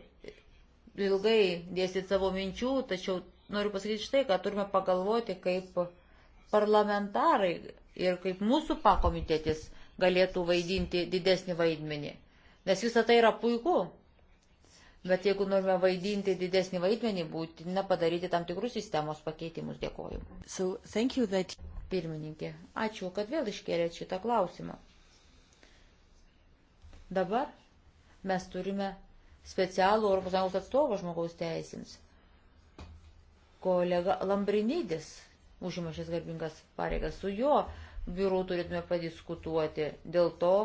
ilgai dėstyti savo minčių, tačiau noriu pasakyti štai, kad turime pagalvoti, kaip parlamentarai ir kaip mūsų pakomitėtis galėtų vaidinti didesnį vaidmenį. Nes visa tai yra puiku. Bet jeigu norime vaidinti didesnį vaidmenį, būtina padaryti tam tikrus sistemos pakeitimus. Dėkoju. So, that... Pirmininkė, ačiū, kad vėl iškėlėt šitą klausimą. Dabar mes turime specialų Europos Sąjungos atstovą žmogaus teisėms. Kolega Lambrinidis užima šias garbingas pareigas. Su juo biuru turėtume padiskutuoti dėl to,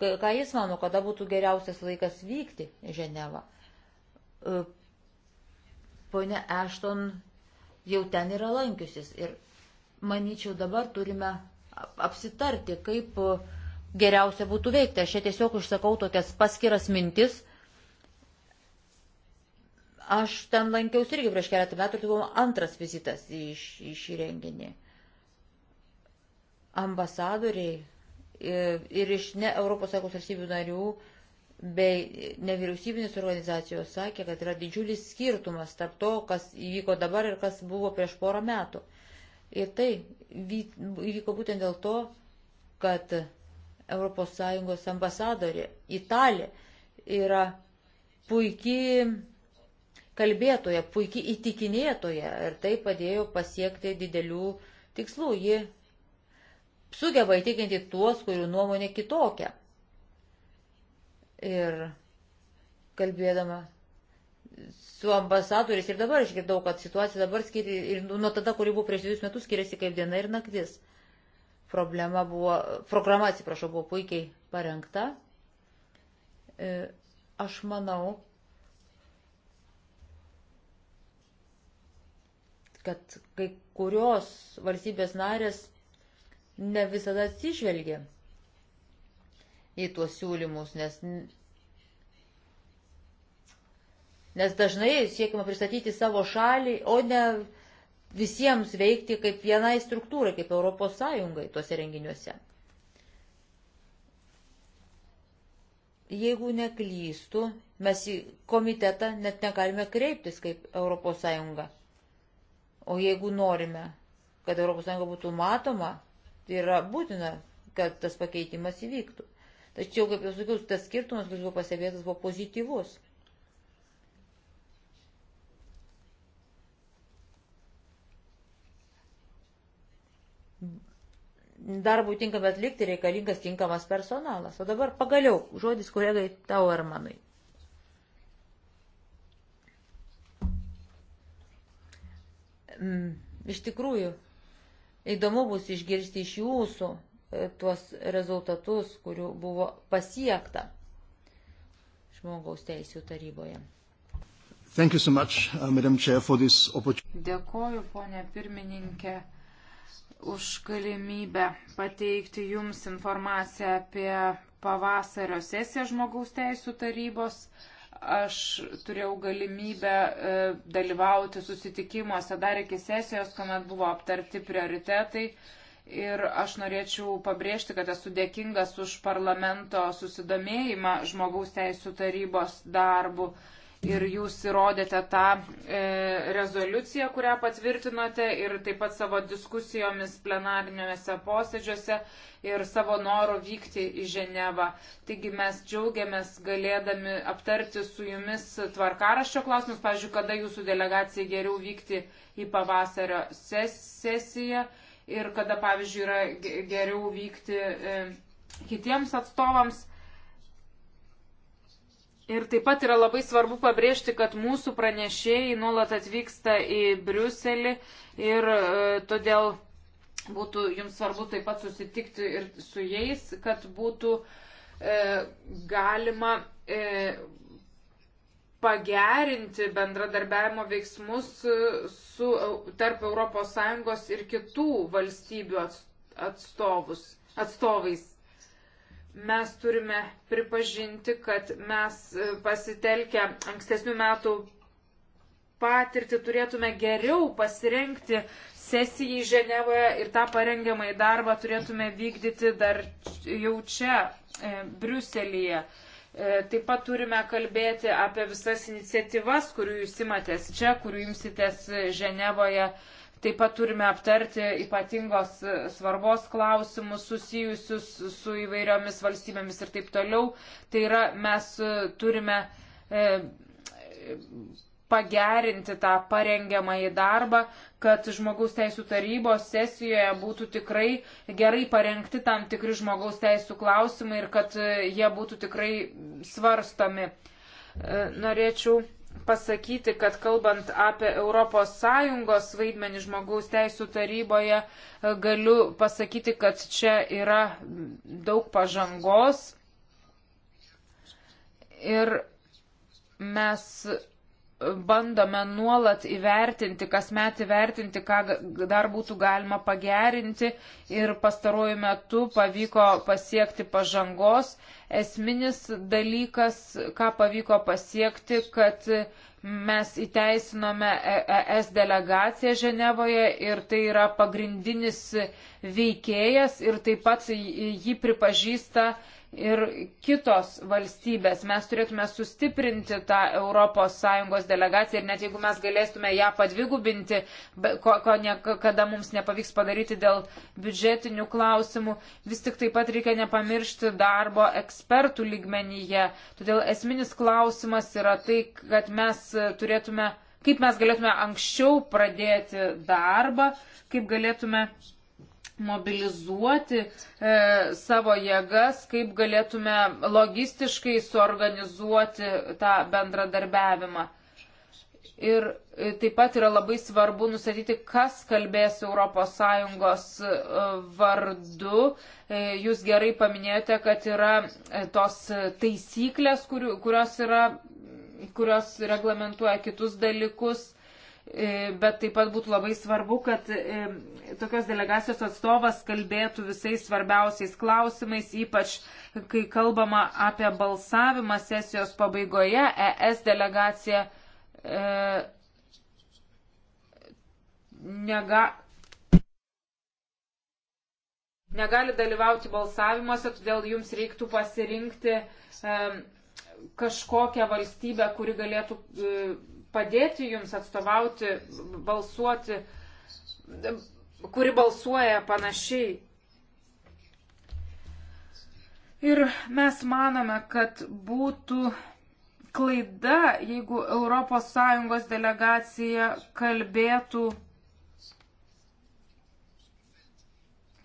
ką jis mano, kada būtų geriausias laikas vykti į Ženevą. E, pone Ešton jau ten yra lankiusis ir manyčiau dabar turime apsitarti, kaip e, geriausia būtų veikti. Aš čia tiesiog išsakau tokias paskiras mintis. Aš ten lankiausi irgi prieš keletą metų ir tai buvo antras vizitas į, į šį renginį. Ambasadoriai ir iš ne ES valstybių narių bei nevyriausybinės organizacijos sakė, kad yra didžiulis skirtumas tarp to, kas įvyko dabar ir kas buvo prieš porą metų. Ir tai įvyko būtent dėl to, kad ES ambasadorė Italija yra puikiai kalbėtoja, puikiai įtikinėtoja ir tai padėjo pasiekti didelių tikslų. Ji sugeba įtikinti tuos, kurių nuomonė kitokia. Ir kalbėdama su ambasadoriais ir dabar išgirdau, kad situacija dabar skiriasi ir nuo tada, kuri buvo prieš dviejus metus, skiriasi kaip diena ir naktis. Problema buvo, programa, atsiprašau, buvo puikiai parengta. E, aš manau, kad kai kurios valstybės narės ne visada atsižvelgia į tuos siūlymus, nes, nes dažnai siekima pristatyti savo šalį, o ne visiems veikti kaip vienai struktūrai, kaip Europos Sąjungai tuose renginiuose. Jeigu neklystu, mes į komitetą net negalime kreiptis kaip Europos Sąjunga. O jeigu norime, kad Europos Sąjunga būtų matoma, Tai yra būtina, kad tas pakeitimas įvyktų. Tačiau, kaip jau sakiau, tas skirtumas, kuris buvo pastebėtas, buvo pozityvus. darbų tinkamai atlikti reikalingas tinkamas personalas. O dabar pagaliau žodis kolegai tau ar manui. Mm, iš tikrųjų, Įdomu bus išgirsti iš jūsų e, tuos rezultatus, kurių buvo pasiekta žmogaus teisų taryboje. So much, uh, Chair, Dėkoju, ponė pirmininkė, už galimybę pateikti Jums informaciją apie pavasario sesiją žmogaus teisų tarybos aš turėjau galimybę e, dalyvauti susitikimuose dar iki sesijos, kuomet buvo aptarti prioritetai. Ir aš norėčiau pabrėžti, kad esu dėkingas už parlamento susidomėjimą žmogaus teisų tarybos darbu ir jūs įrodėte tą e, rezoliuciją, kurią patvirtinote ir taip pat savo diskusijomis plenariniuose posėdžiuose ir savo noru vykti į Ženevą. Taigi mes džiaugiamės galėdami aptarti su jumis tvarkaraščio klausimus, pavyzdžiui, kada jūsų delegacijai geriau vykti į pavasario ses sesiją ir kada, pavyzdžiui, yra geriau vykti e, kitiems atstovams. Ir taip pat yra labai svarbu pabrėžti, kad mūsų pranešėjai nuolat atvyksta į Briuselį ir e, todėl būtų jums svarbu taip pat susitikti ir su jais, kad būtų e, galima e, pagerinti bendradarbiavimo veiksmus e, su, e, tarp ES ir kitų valstybių atstovus, atstovais mes turime pripažinti, kad mes e, pasitelkę ankstesnių metų patirtį turėtume geriau pasirenkti sesijai Ženevoje ir tą parengiamą į darbą turėtume vykdyti dar jau čia, e, Briuselyje. E, taip pat turime kalbėti apie visas iniciatyvas, kurių jūs imatės čia, kurių imsitės Ženevoje. E, Taip pat turime aptarti ypatingos e, svarbos klausimus susijusius su įvairiomis valstybėmis ir taip toliau. Tai yra, mes e, turime e, pagerinti tą parengiamąjį darbą, kad žmogaus teisų tarybos sesijoje būtų tikrai gerai parengti tam tikri žmogaus teisų klausimai ir kad e, jie būtų tikrai svarstomi. Norėčiau pasakyti, kad kalbant apie ES vaidmenį žmogaus teisų taryboje, e, galiu pasakyti, kad čia yra daug pažangos. Ir mes bandome nuolat įvertinti, kasmet įvertinti, ką dar būtų galima pagerinti ir pastaruoju metu pavyko pasiekti pažangos. Esminis dalykas, ką pavyko pasiekti, kad mes įteisinome ES e delegaciją Ženevoje ir tai yra pagrindinis veikėjas ir taip pat jį pripažįsta ir kitos valstybės. Mes turėtume sustiprinti tą ES delegaciją ir net jeigu mes galėtume ją padvigubinti, ko, ko ne, kada mums nepavyks padaryti dėl biudžetinių klausimų, vis tik taip pat reikia nepamiršti darbo ekspertų lygmenyje. Todėl esminis klausimas yra tai, kad mes turėtume, kaip mes galėtume anksčiau pradėti darbą, kaip galėtume mobilizuoti e, savo jėgas, kaip galėtume logistiškai suorganizuoti tą bendradarbiavimą. Ir e, taip pat yra labai svarbu nustatyti, kas kalbės ES e, vardu. E, jūs gerai paminėjote, kad yra tos taisyklės, kurios, yra, kurios reglamentuoja kitus dalykus. E, bet taip pat būtų labai svarbu, kad e, tokios delegacijos atstovas kalbėtų visais svarbiausiais klausimais, ypač kai kalbama apie balsavimą sesijos pabaigoje. ES delegacija e, nega, negali dalyvauti balsavimuose, todėl jums reiktų pasirinkti e, kažkokią valstybę, kuri galėtų. E, padėti jums atstovauti, balsuoti, kuri balsuoja panašiai. Ir mes manome, kad būtų klaida, jeigu ES delegacija kalbėtų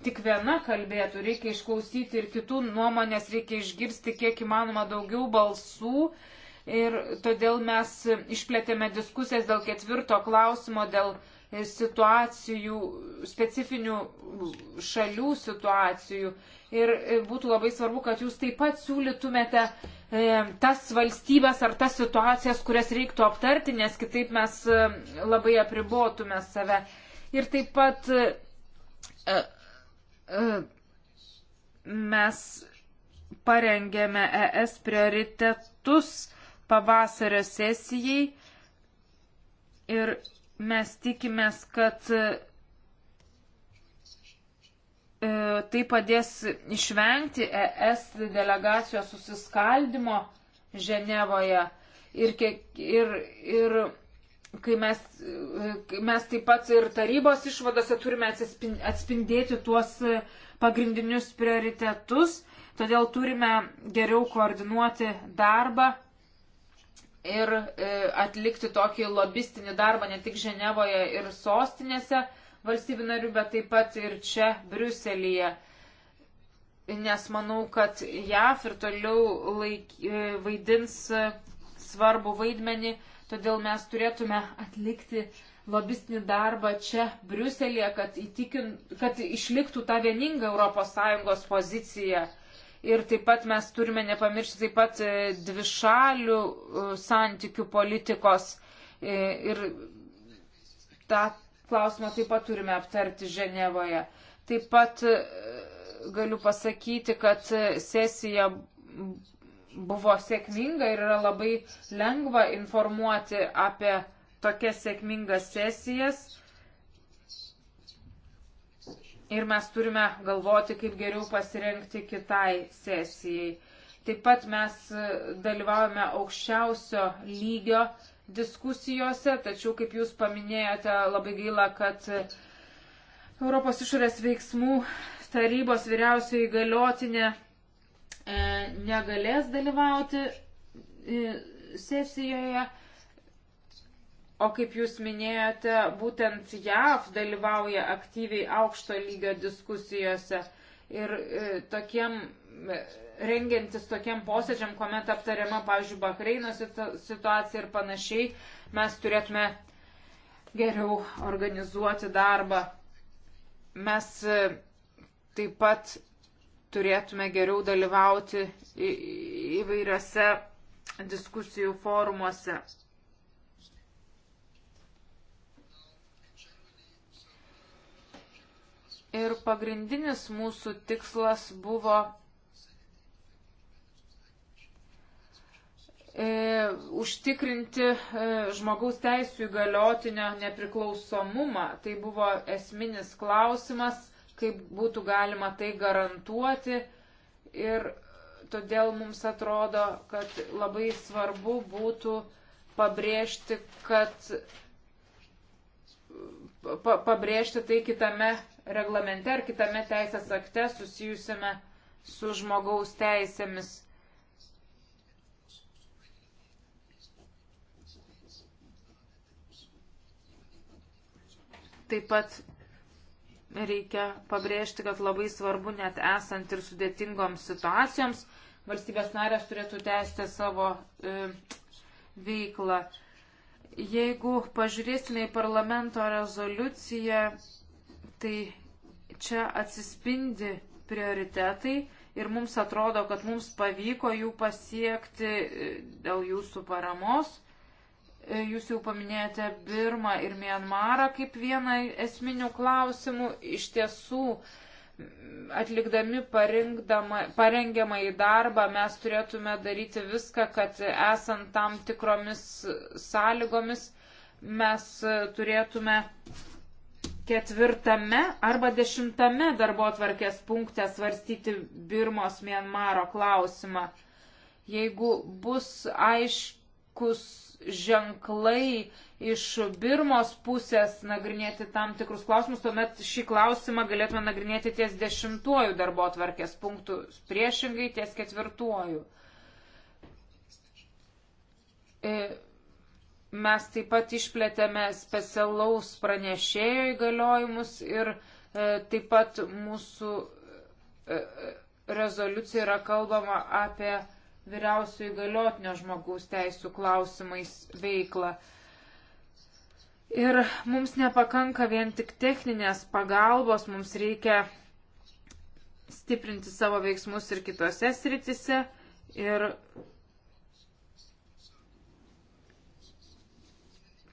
tik viena kalbėtų, reikia išklausyti ir kitų nuomonės, reikia išgirsti kiek įmanoma daugiau balsų, ir todėl mes išplėtėme diskusijas dėl ketvirto klausimo, dėl situacijų, specifinių šalių situacijų. Ir e, būtų labai svarbu, kad jūs taip pat siūlytumėte e, tas valstybės ar tas situacijas, kurias reiktų aptarti, nes kitaip mes e, labai apribotume save. Ir taip pat e, e, e mes parengėme ES prioritetus pavasario sesijai ir mes tikimės, kad e, tai padės išvengti ES delegacijos susiskaldimo Ženevoje. Ir, kiek, ir, ir kai mes, e, mes taip pat ir tarybos išvadose turime atspindėti tuos e, pagrindinius prioritetus, todėl turime geriau koordinuoti darbą ir e, atlikti tokį lobistinį darbą ne tik Ženevoje ir sostinėse valstybių narių, bet taip pat ir čia Briuselyje. Nes manau, kad JAF ir toliau laik, e, vaidins e, svarbu vaidmenį, todėl mes turėtume atlikti lobistinį darbą čia Briuselėje, kad, įtikin, kad išliktų ta vieninga ES pozicija ir taip pat mes turime nepamiršti taip pat e, dvišalių e, santykių politikos e, ir tą klausimą taip pat turime aptarti Ženevoje. Taip pat galiu pasakyti, kad sesija buvo sėkminga ir yra labai lengva informuoti apie tokias sėkmingas sesijas ir mes turime galvoti, kaip geriau pasirenkti kitai sesijai. Taip pat mes e, dalyvaujame aukščiausio lygio diskusijose, tačiau, kaip jūs paminėjote, labai gaila, kad e, Europos išorės veiksmų tarybos vyriausioji galiotinė e, negalės dalyvauti e, sesijoje. O kaip jūs minėjote, būtent JAV dalyvauja aktyviai aukšto lygio diskusijose ir e, tokiem, e, rengiantis tokiem posėdžiam, kuomet aptariama, pavyzdžiui, Bahreino situacija ir panašiai, mes turėtume geriau organizuoti darbą. Mes e, taip pat turėtume geriau dalyvauti į, įvairiose diskusijų forumuose. Ir pagrindinis mūsų tikslas buvo e, užtikrinti e, žmogaus teisų įgaliotinio nepriklausomumą. Tai buvo esminis klausimas, kaip būtų galima tai garantuoti. Ir todėl mums atrodo, kad labai svarbu būtų pabrėžti, kad pabrėžti tai kitame reglamente ar kitame teisės akte susijusime su žmogaus teisėmis. Taip pat reikia pabrėžti, kad labai svarbu net esant ir sudėtingoms situacijoms, valstybės narės turėtų tęsti savo e, veiklą. E, Jeigu pažiūrėsime į parlamento rezoliuciją, tai čia atsispindi prioritetai ir mums atrodo, kad mums pavyko jų pasiekti e, dėl jūsų paramos. E, jūs jau paminėjote Birmą ir Mianmarą kaip vieną esminių klausimų. Iš tiesų, atlikdami parengiamą į darbą mes turėtume daryti viską, kad esant tam tikromis sąlygomis mes turėtume ketvirtame arba dešimtame darbo atvarkės punkte svarstyti Birmos Mienmaro klausimą. Jeigu bus aiškus ženklai iš Birmos pusės nagrinėti tam tikrus klausimus, tuomet šį klausimą galėtume nagrinėti ties dešimtuoju darbo atvarkės punktų, priešingai ties ketvirtuoju. E, mes taip pat išplėtėme specialaus pranešėjo įgaliojimus ir e, taip pat mūsų e, rezoliucija yra kalbama apie vyriausiųjų galiotinio žmogaus teisų klausimais veiklą. Ir mums nepakanka vien tik techninės pagalbos, mums reikia stiprinti savo veiksmus ir kitose sritise. Ir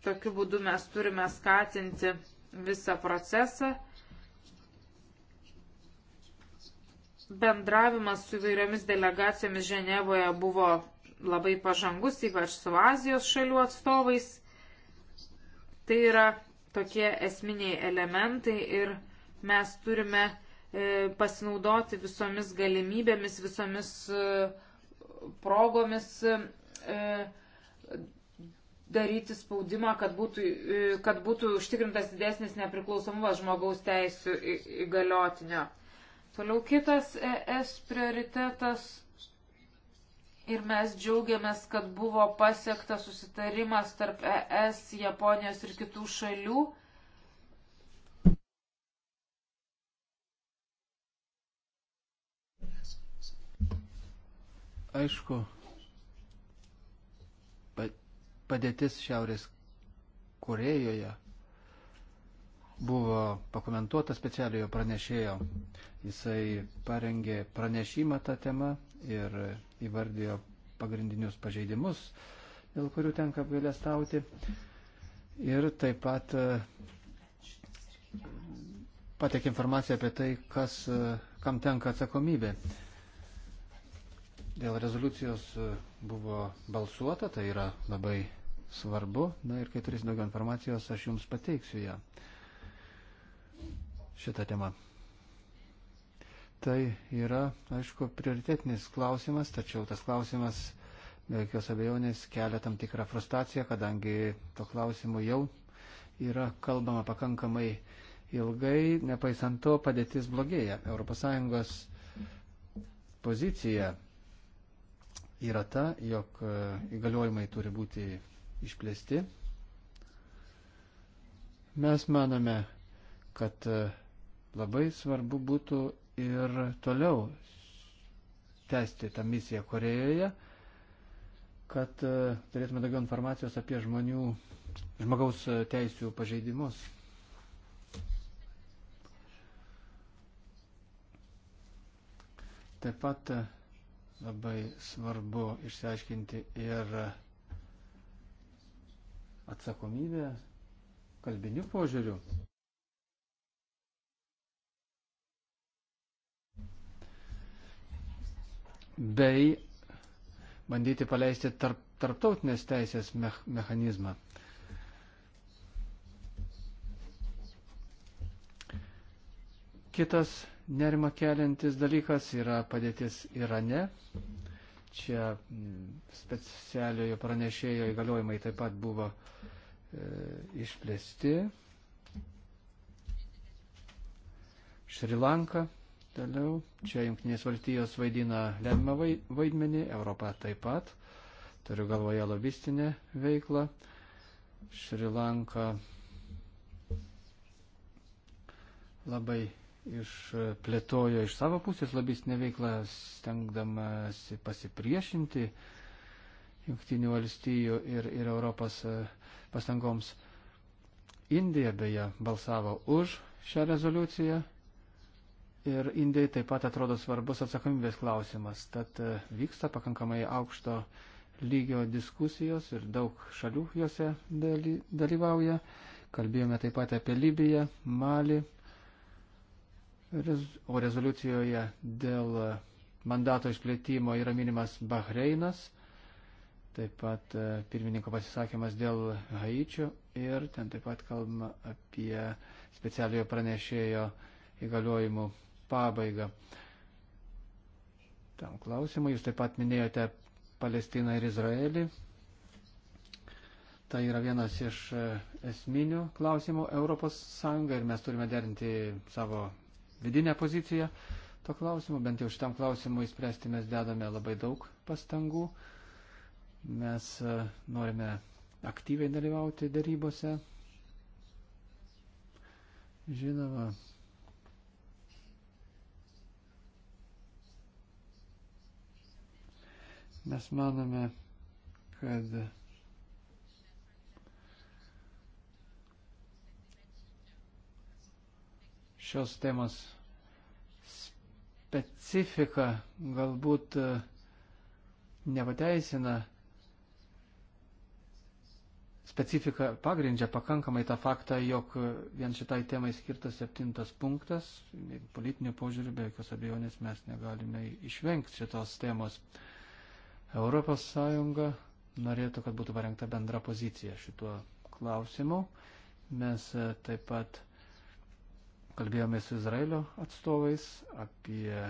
tokiu būdu mes turime skatinti visą procesą. Bendravimas su įvairiomis delegacijomis Ženevoje buvo labai pažangus, ypač su Azijos šalių atstovais Tai yra tokie esminiai elementai ir mes turime e, pasinaudoti visomis galimybėmis, visomis e, progomis e, daryti spaudimą, kad būtų, kad būtų užtikrintas didesnis nepriklausomumas žmogaus teisų įgaliotinio. Toliau kitas ES prioritetas ir mes džiaugiamės, kad buvo pasiektas susitarimas tarp ES, Japonijos ir kitų šalių. Aišku, padėtis Šiaurės Korejoje buvo pakomentuota specialiojo pranešėjo. Jisai parengė pranešimą tą temą ir įvardijo pagrindinius pažeidimus, dėl kurių tenka apgailestauti. Ir taip pat e, patek informaciją apie tai, kas, e, kam tenka atsakomybė. Dėl rezoliucijos e, buvo balsuota, tai yra labai svarbu. Na ir kai turėsite daugiau informacijos, aš jums pateiksiu ją. Šitą temą. Tai yra, aišku, prioritetinis klausimas, tačiau tas klausimas be jokios abejonės kelia tam tikrą frustraciją, kadangi to klausimu jau yra kalbama pakankamai ilgai, nepaisant to padėtis blogėja. ES pozicija yra ta, jog e, įgaliojimai turi būti išplėsti. Mes manome, kad e, labai svarbu būtų ir toliau tęsti tą misiją Korejoje, kad e, turėtume daugiau informacijos apie žmonių, žmogaus e, teisų pažeidimus. Taip pat e, labai svarbu išsiaiškinti ir atsakomybę kalbinių požiūrių. bei bandyti paleisti tarp, tarptautinės teisės me, mechanizmą. Kitas nerima keliantis dalykas yra padėtis Irane. Čia mm, specialiojo pranešėjo įgaliojimai taip pat buvo e, išplėsti. Šrilanka. Toliau, čia Junktinės valstijos vaidina lemiamą vaidmenį, Europa taip pat, turiu galvoje lobistinę veiklą, Šri Lanka labai išplėtojo iš savo pusės lobistinę veiklą, stengdamasi pasipriešinti Junktinių valstijų ir, ir Europos e, pastangoms. Indija beje balsavo už šią rezoliuciją ir Indijai taip pat atrodo svarbus atsakomybės klausimas. Tad e, vyksta pakankamai aukšto lygio diskusijos ir daug šalių juose dalyvauja. Kalbėjome taip pat apie Libiją, Mali, o rezoliucijoje dėl e, mandato išplėtimo yra minimas Bahreinas, taip pat e, pirmininko pasisakymas dėl Haičio ir ten taip pat kalbama apie specialiojo pranešėjo įgaliojimų pabaigą. Tam klausimui jūs taip pat minėjote Palestiną ir Izraelį. Tai yra vienas iš e, esminių klausimų Europos Sąjunga ir mes turime derinti savo vidinę poziciją to klausimu. Bent jau šitam klausimui spręsti mes dedame labai daug pastangų. Mes e, norime aktyviai dalyvauti darybose. Žinoma, Mes manome, kad šios temos specifika galbūt e, nepateisina, specifika pagrindžia pakankamai tą faktą, jog vien šitai temai skirtas septintas punktas, politinių požiūrių be jokios abejonės mes negalime išvengti šitos temos. Europos Sąjunga norėtų, kad būtų parengta bendra pozicija šituo klausimu. Mes e, taip pat kalbėjome su Izraelio atstovais apie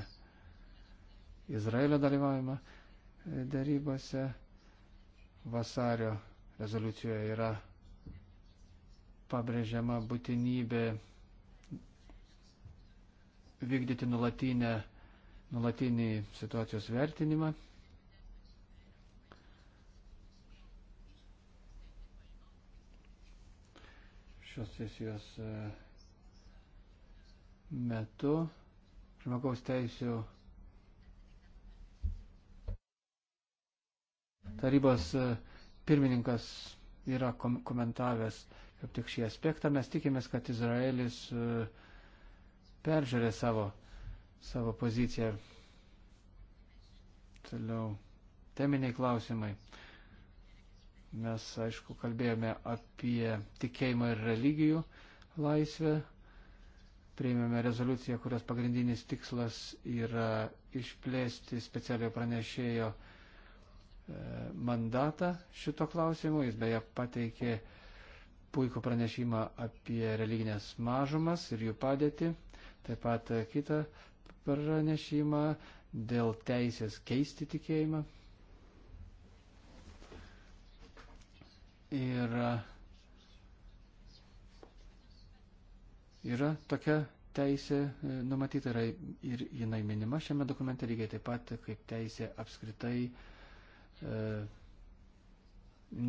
Izraelio dalyvavimą e, darybose. Vasario rezoliucijoje yra pabrėžiama būtinybė vykdyti nulatinę, nulatinį situacijos vertinimą šios sesijos e, metu žmogaus teisų tarybos e, pirmininkas yra komentavęs kaip tik šį aspektą. Mes tikimės, kad Izraelis e, peržiūrė savo, savo poziciją. Toliau teminiai klausimai. Mes, aišku, kalbėjome apie tikėjimą ir religijų laisvę. Priėmėme rezoliuciją, kurios pagrindinis tikslas yra išplėsti specialiojo pranešėjo e, mandatą šito klausimu. Jis beje pateikė puikų pranešimą apie religinės mažumas ir jų padėtį. Taip pat kitą pranešimą dėl teisės keisti tikėjimą. yra, yra tokia teisė e, numatyta yra ir jinai minima šiame dokumente lygiai taip pat kaip teisė apskritai e,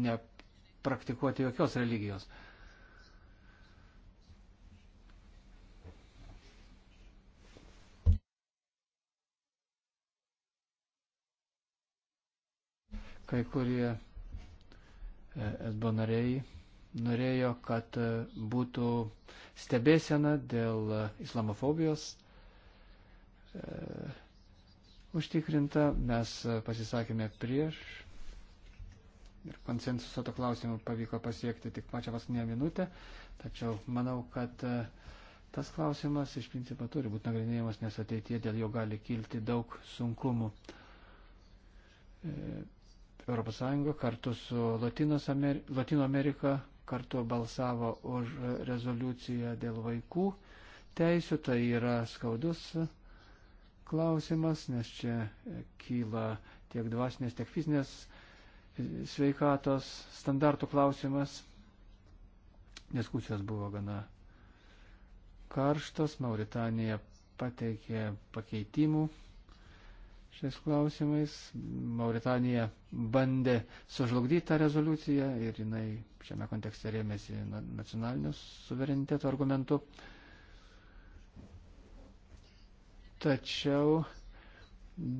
nepraktikuoti jokios religijos. Kai kurie SBO nariai norėjo, kad būtų stebėsena dėl islamofobijos e, užtikrinta. Mes pasisakėme prieš ir konsensuso to klausimu pavyko pasiekti tik pačią paskutinę minutę. Tačiau manau, kad e, tas klausimas iš principo turi būti nagrinėjimas, nes ateitie dėl jo gali kilti daug sunkumų. E, ES kartu su Amer Latino Amerika kartu balsavo už rezoliuciją dėl vaikų teisų. Tai yra skaudus klausimas, nes čia kyla tiek dvasinės, tiek fizinės sveikatos standartų klausimas. Diskusijos buvo gana karštos, Mauritanija pateikė pakeitimų šiais klausimais. Mauritanija bandė sužlugdyti tą rezoliuciją ir jinai šiame kontekste rėmėsi nacionalinio suvereniteto argumentu. Tačiau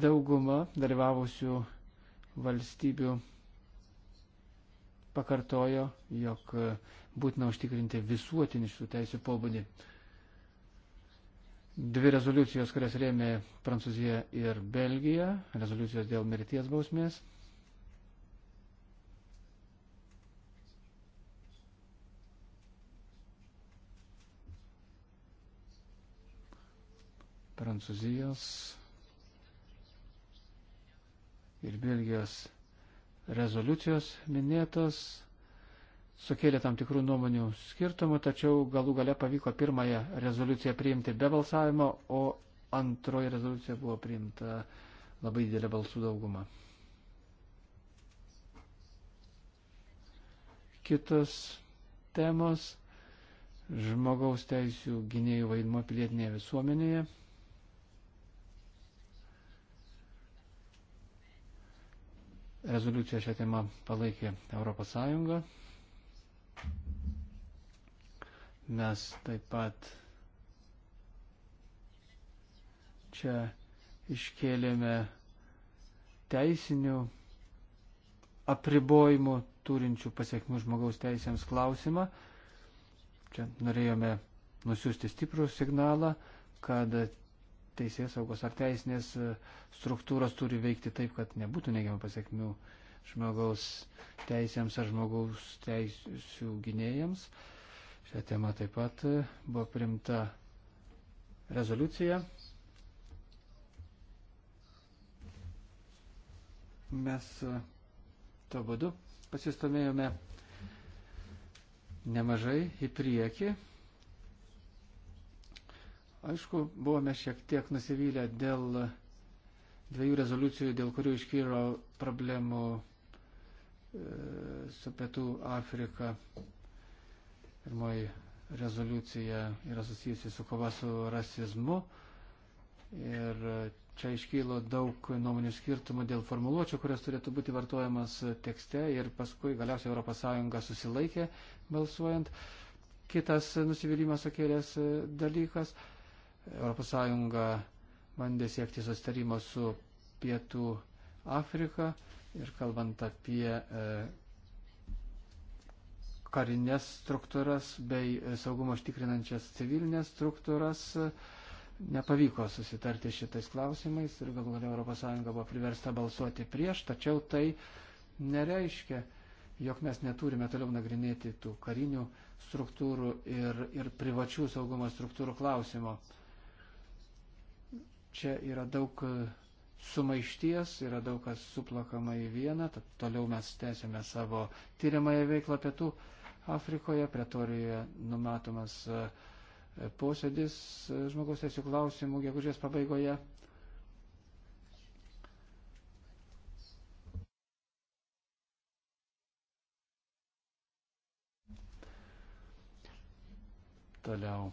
dauguma dalyvavusių valstybių pakartojo, jog būtina užtikrinti visuotinį šių teisų pobūdį. Dvi rezoliucijos, kurias rėmė Prancūzija ir Belgija, rezoliucijos dėl mirties bausmės. Prancūzijos ir Belgijos rezoliucijos minėtos sukėlė tam tikrų nuomonių skirtumų, tačiau galų gale pavyko pirmąją rezoliuciją priimti be balsavimo, o antroji rezoliucija buvo priimta labai didelė balsų dauguma. Kitos temos - žmogaus teisų gynėjų vaidmo pilietinėje visuomenėje. Rezoliuciją šią temą palaikė Europos Sąjunga. Mes taip pat čia iškėlėme teisinių apribojimų turinčių pasiekmių žmogaus teisėms klausimą. Čia norėjome nusiųsti stiprų signalą, kad teisės saugos ar teisinės struktūros turi veikti taip, kad nebūtų neigiamų pasiekmių žmogaus teisėms ar žmogaus teisų gynėjams. Uh, Šią temą taip pat e, buvo primta rezoliucija. Mes e, to būdu pasistumėjome nemažai į priekį. Aišku, buvome šiek tiek nusivylę dėl dviejų rezoliucijų, dėl kurių iškyro problemų e, su Pietų Afrika Pirmoji rezoliucija yra susijusi su kova su rasizmu. Ir čia iškylo daug nuomonių skirtumų dėl formuluočių, kurios turėtų būti vartojamas tekste ir paskui galiausiai ES susilaikė balsuojant. Kitas nusivylimą sukėlęs dalykas. ES bandė siekti sustarimo su Pietų Afrika ir kalbant apie e, karinės struktūras bei saugumo užtikrinančias civilinės struktūras. Nepavyko susitarti šitais klausimais ir galų galia ES buvo priversta balsuoti prieš, tačiau tai nereiškia, jog mes neturime toliau nagrinėti tų karinių struktūrų ir, ir privačių saugumo struktūrų klausimo. Čia yra daug sumaišties, yra daug kas suplakama į vieną, tad toliau mes tęsime savo tyriamąją veiklą pietų Afrikoje, pretorijoje numatomas e, posėdis e, žmogaus teisų klausimų gegužės pabaigoje. Toliau.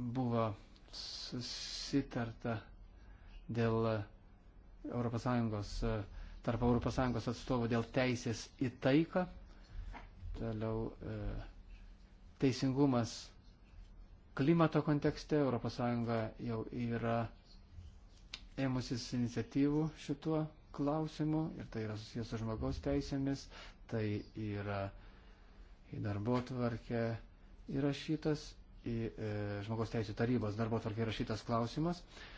Buvo susitarta dėl ES tarp ES atstovų dėl teisės į taiką. Toliau e, teisingumas klimato kontekste. ES jau yra ėmusis iniciatyvų šituo klausimu ir tai yra susijęs su žmogaus teisėmis. Tai yra į darbo tvarkę įrašytas, į e, žmogaus teisų tarybos darbo tvarkę įrašytas klausimas. E,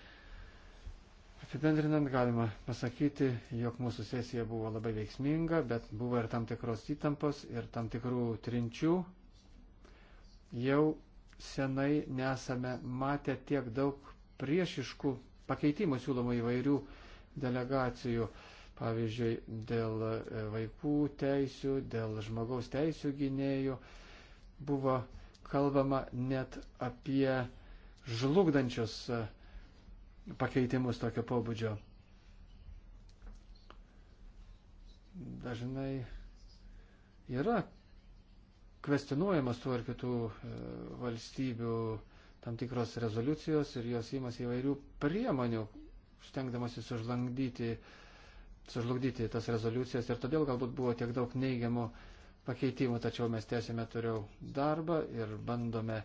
Apibendrinant galima pasakyti, jog mūsų sesija buvo labai veiksminga, bet buvo ir tam tikros įtampos ir tam tikrų trinčių. Jau senai nesame matę tiek daug priešiškų pakeitimų siūlomų įvairių delegacijų, pavyzdžiui, dėl e, vaikų teisių, dėl žmogaus teisių gynėjų. Buvo kalbama net apie žlugdančius uh, pakeitimus tokio pobūdžio. Dažnai yra kvestionuojamas tų ar kitų e, valstybių tam tikros rezoliucijos ir jos įmas įvairių priemonių, stengdamasi sužlugdyti, sužlugdyti tas rezoliucijas ir todėl galbūt buvo tiek daug neigiamų pakeitimų, tačiau mes tęsime toliau darbą ir bandome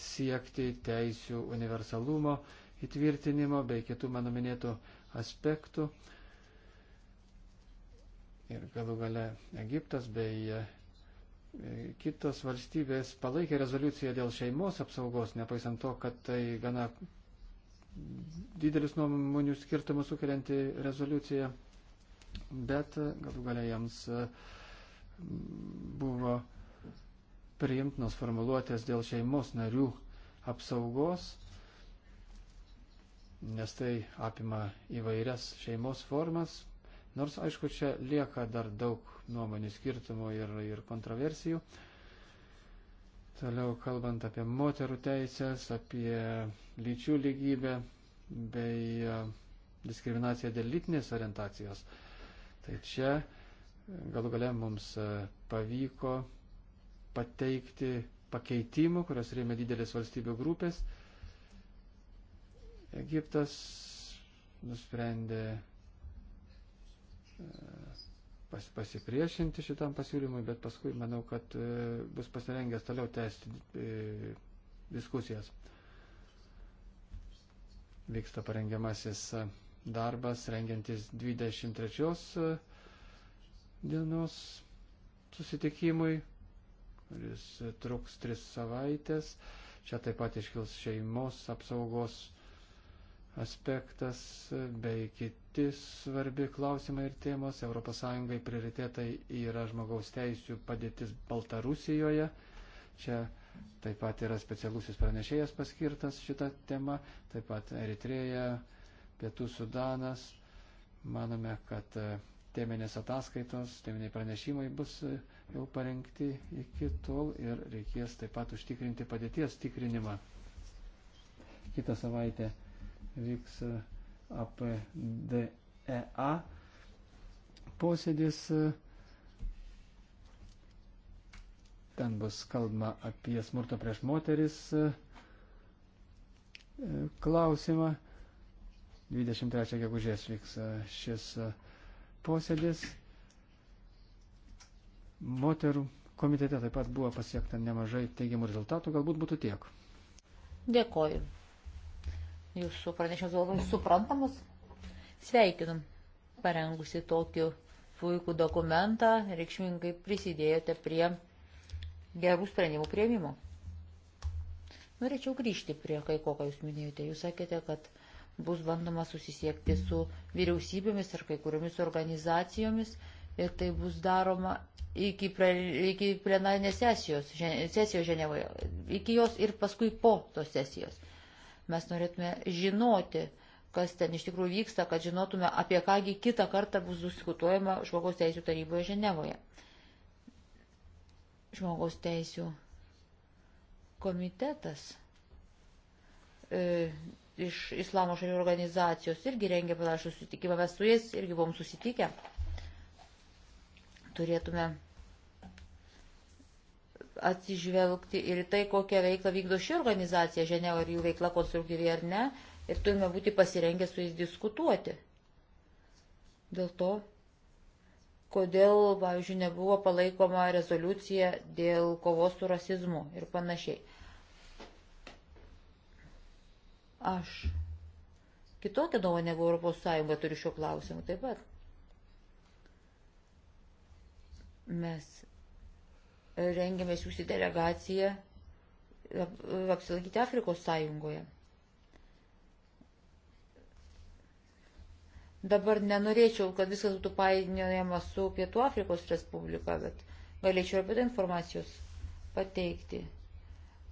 siekti teisių universalumo, įtvirtinimo bei kitų mano minėtų aspektų. Ir galų gale Egiptas bei e, kitos valstybės palaikė rezoliuciją dėl šeimos apsaugos, nepaisant to, kad tai gana didelis nuomonių skirtumus sukelianti rezoliucija, bet e, galų galia jiems e, buvo priimtinos formuluotės dėl šeimos narių apsaugos nes tai apima įvairias šeimos formas, nors aišku, čia lieka dar daug nuomonių skirtumų ir, ir kontroversijų. Toliau kalbant apie moterų teisės, apie lyčių lygybę bei e, diskriminaciją dėl lytinės orientacijos. Tai čia e, galų gale mums e, pavyko pateikti pakeitimų, kurios rėmė didelės valstybių grupės, Egiptas nusprendė e, pas, pasipriešinti šitam pasiūlymui, bet paskui manau, kad e, bus pasirengęs toliau tęsti e, diskusijas. Vyksta parengiamasis darbas, rengiantis 23 dienos susitikimui, kuris truks tris savaitės. Čia taip pat iškils šeimos apsaugos aspektas bei kiti svarbi klausimai ir temos. ES prioritetai yra žmogaus teisų padėtis Baltarusijoje. Čia taip pat yra specialusis pranešėjas paskirtas šitą temą. Taip pat Eritreja, Pietų Sudanas. Manome, kad e, teminės ataskaitos, teminiai pranešimai bus e, jau parengti iki tol ir reikės taip pat užtikrinti padėties tikrinimą. Kitą savaitę vyks APDEA e posėdis. E, ten bus kalbama apie smurto prieš moteris e, klausimą. 23 gegužės vyks šis posėdis. Moterų komitete taip pat buvo pasiekta nemažai teigiamų rezultatų, galbūt būtų tiek. Dėkoju jūsų pranešimas labai suprantamas. Sveikinam parengusi tokį puikų dokumentą, reikšmingai prisidėjote prie gerų sprendimų prieimimo. Norėčiau grįžti prie kai ko, ką jūs minėjote. Jūs sakėte, kad bus bandoma susisiekti su vyriausybėmis ir kai kuriomis organizacijomis ir tai bus daroma iki, pre, iki plenarinės sesijos, sesijos Ženevoje, iki jos ir paskui po tos sesijos. Mes norėtume žinoti, kas ten iš tikrųjų vyksta, kad žinotume, apie kągi kitą kartą bus diskutuojama žmogaus teisų taryboje Ženevoje. Žmogaus teisų komitetas e, iš Islamo šalių organizacijos irgi rengė panašų susitikimą, mes su jais irgi buvom susitikę. Turėtume atsižvelgti ir tai, kokią veiklą vykdo ši organizacija Ženeva, ar jų veikla konstruktyvi ar ne, ir turime būti pasirengę su jais diskutuoti. Dėl to, kodėl, pavyzdžiui, nebuvo palaikoma rezoliucija dėl kovos su rasizmu ir panašiai. Aš kitokią nuomonę negu Europos Sąjunga turiu šiuo klausimu taip pat. Mes rengiame siūsti delegaciją apsilankyti Afrikos sąjungoje. Dabar nenorėčiau, kad viskas būtų painiojama su Pietų Afrikos Respublika, bet galėčiau apie tai informacijos pateikti.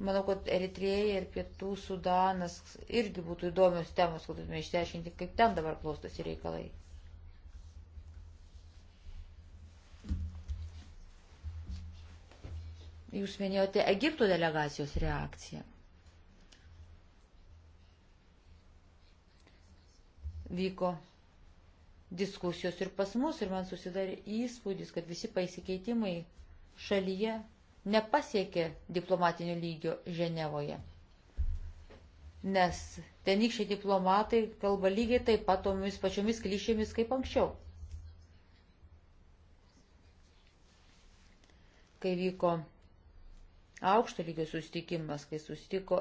Manau, kad Eritrėja ir Pietų Sudanas irgi būtų įdomios temos, kad turime išsiaiškinti, kaip ten dabar klostosi reikalai. Jūs minėjote Egipto delegacijos reakciją. Vyko diskusijos ir pas mus, ir man susidarė įspūdis, kad visi pasikeitimai šalyje nepasiekė diplomatinio lygio Ženevoje. Nes tenykščiai diplomatai kalba lygiai taip pat tomis pačiomis klišėmis kaip anksčiau. Kai vyko aukšto lygio susitikimas, kai susitiko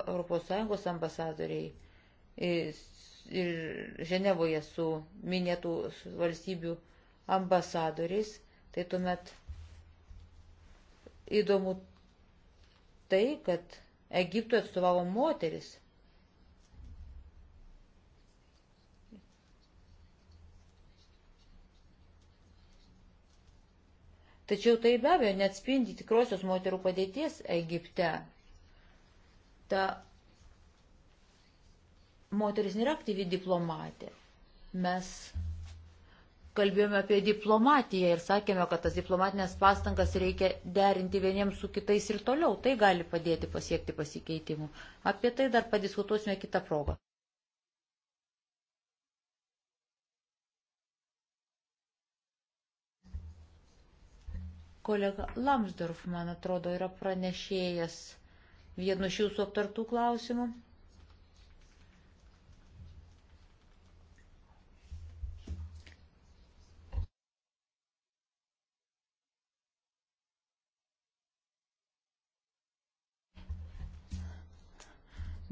ES ambasadoriai ir Ženevoje su minėtų valstybių ambasadoriais, tai tuomet įdomu tai, kad Egiptui atstovavo moteris. Tačiau tai be abejo neatspindi tikrosios moterų padėties Egipte. Ta moteris nėra aktyvi diplomatė. Mes kalbėjome apie diplomatiją ir sakėme, kad tas diplomatinės pastangas reikia derinti vieniems su kitais ir toliau. Tai gali padėti pasiekti pasikeitimų. Apie tai dar padiskutuosime kitą progą. Kolega Lamsdorf, man atrodo, yra pranešėjas vienu iš jūsų aptartų klausimų.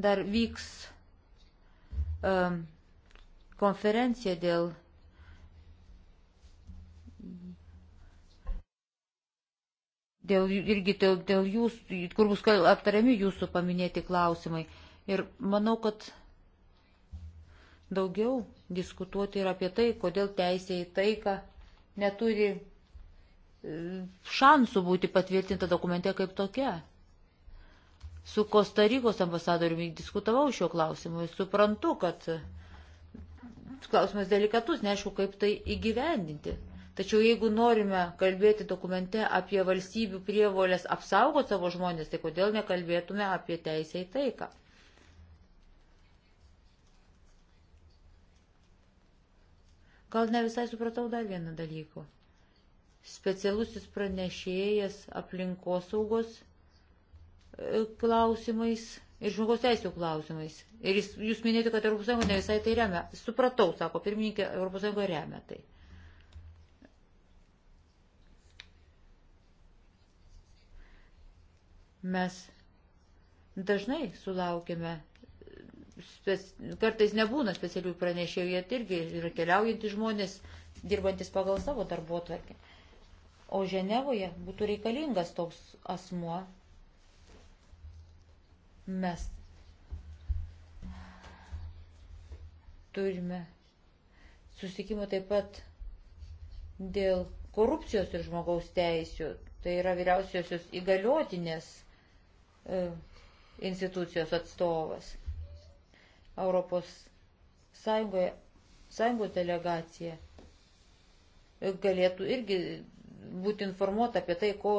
Dar vyks um, konferencija dėl dėl, irgi dėl, dėl jūsų, kur bus aptariami jūsų paminėti klausimai. Ir manau, kad daugiau diskutuoti ir apie tai, kodėl teisė į taiką neturi e, šansų būti patvirtinta dokumente kaip tokia. Su Kostarikos ambasadoriumi diskutavau šio klausimu ir suprantu, kad klausimas delikatus, neaišku, kaip tai įgyvendinti. Tačiau jeigu norime kalbėti dokumente apie valstybių prievolės apsaugoti savo žmonės, tai kodėl nekalbėtume apie teisę į taiką? Gal ne visai supratau dar vieną dalyką. Specialusis pranešėjas aplinkosaugos e, klausimais ir žmogaus teisų klausimais. Ir jis, jūs minėjote, kad ES ne visai tai remia. Supratau, sako pirmininkė, ES remia tai. Mes dažnai sulaukime, spes, kartais nebūna specialių pranešėjų, jie irgi yra keliaujantys žmonės, dirbantis pagal savo darbo tvarkę. O Ženevoje būtų reikalingas toks asmuo. Mes turime susitikimą taip pat dėl korupcijos ir žmogaus teisių. Tai yra vyriausiosios įgaliotinės E, institucijos atstovas. Europos Sąjungoje, Sąjungų delegacija galėtų irgi būti informuota apie tai, ko,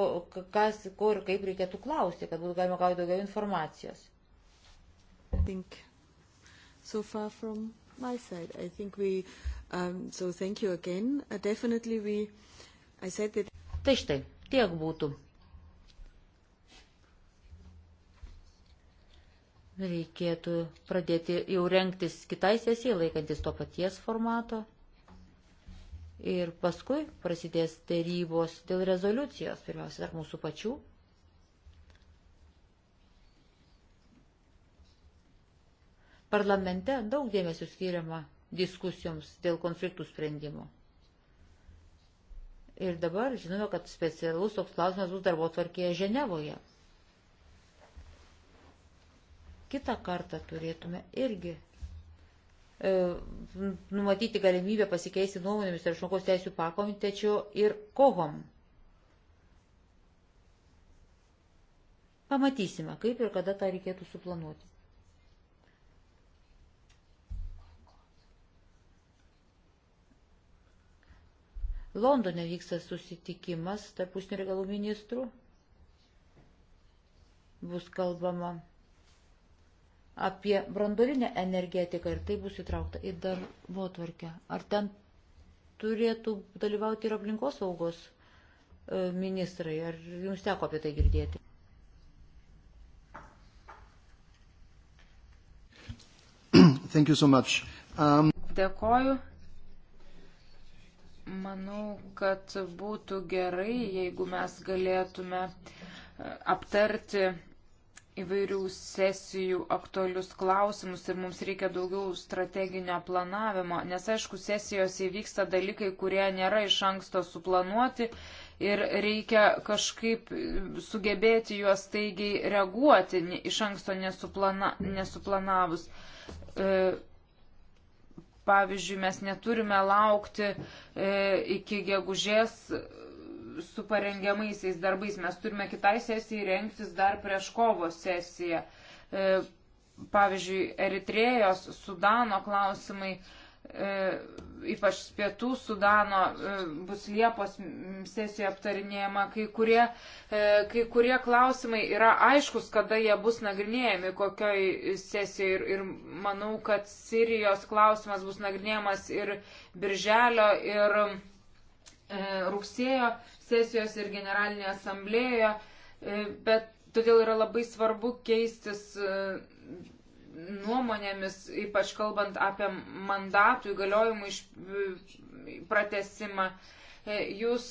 kas, ko ir kaip reikėtų klausti, kad būtų galima gauti daugiau informacijos. Think. So far from my side, I think we, um, so thank you again. Uh, definitely we, I said that. Tai štai, tiek būtų. Reikėtų pradėti jau renktis kitai sesijai, laikantis to paties formato. Ir paskui prasidės dėrybos dėl rezoliucijos, pirmiausia, tarp mūsų pačių. Parlamente daug dėmesio skiriama diskusijoms dėl konfliktų sprendimo. Ir dabar žinome, kad specialus toks klausimas bus darbo tvarkėje Ženevoje kitą kartą turėtume irgi e, numatyti galimybę pasikeisti nuomonėmis ir žmogaus teisų pakomitečio ir kohom. Pamatysime, kaip ir kada tą reikėtų suplanuoti. Londone vyksta susitikimas tarp užsienio reikalų ministrų. Bus kalbama apie brandolinę energetiką ir tai bus įtraukta į darbo tvarkę. Ar ten turėtų dalyvauti ir aplinkos saugos e, ministrai? Ar jums teko apie tai girdėti? Thank you so much. Um... Dėkoju. Manau, kad būtų gerai, jeigu mes galėtume e, aptarti įvairių sesijų aktualius klausimus ir mums reikia daugiau strateginio planavimo, nes aišku, sesijose įvyksta dalykai, kurie nėra iš anksto suplanuoti ir reikia kažkaip sugebėti juos taigiai reaguoti, iš anksto nesuplana, nesuplanavus. E, pavyzdžiui, mes neturime laukti e, iki gegužės su parengiamaisiais darbais. Mes turime kitai sesijai rengtis dar prieš kovo sesiją. E, pavyzdžiui, Eritrėjos, Sudano klausimai, e, ypač pietų Sudano, e, bus Liepos sesijoje aptarinėjama. Kai kurie, kai kurie klausimai yra aiškus, kada jie bus nagrinėjami, kokioj sesijoje. Ir, ir manau, kad Sirijos klausimas bus nagrinėjamas ir Birželio, ir rugsėjo sesijos ir generalinėje asamblėje, e, bet todėl yra labai svarbu keistis e, nuomonėmis, ypač kalbant apie mandatų įgaliojimų e, pratesimą. Jūs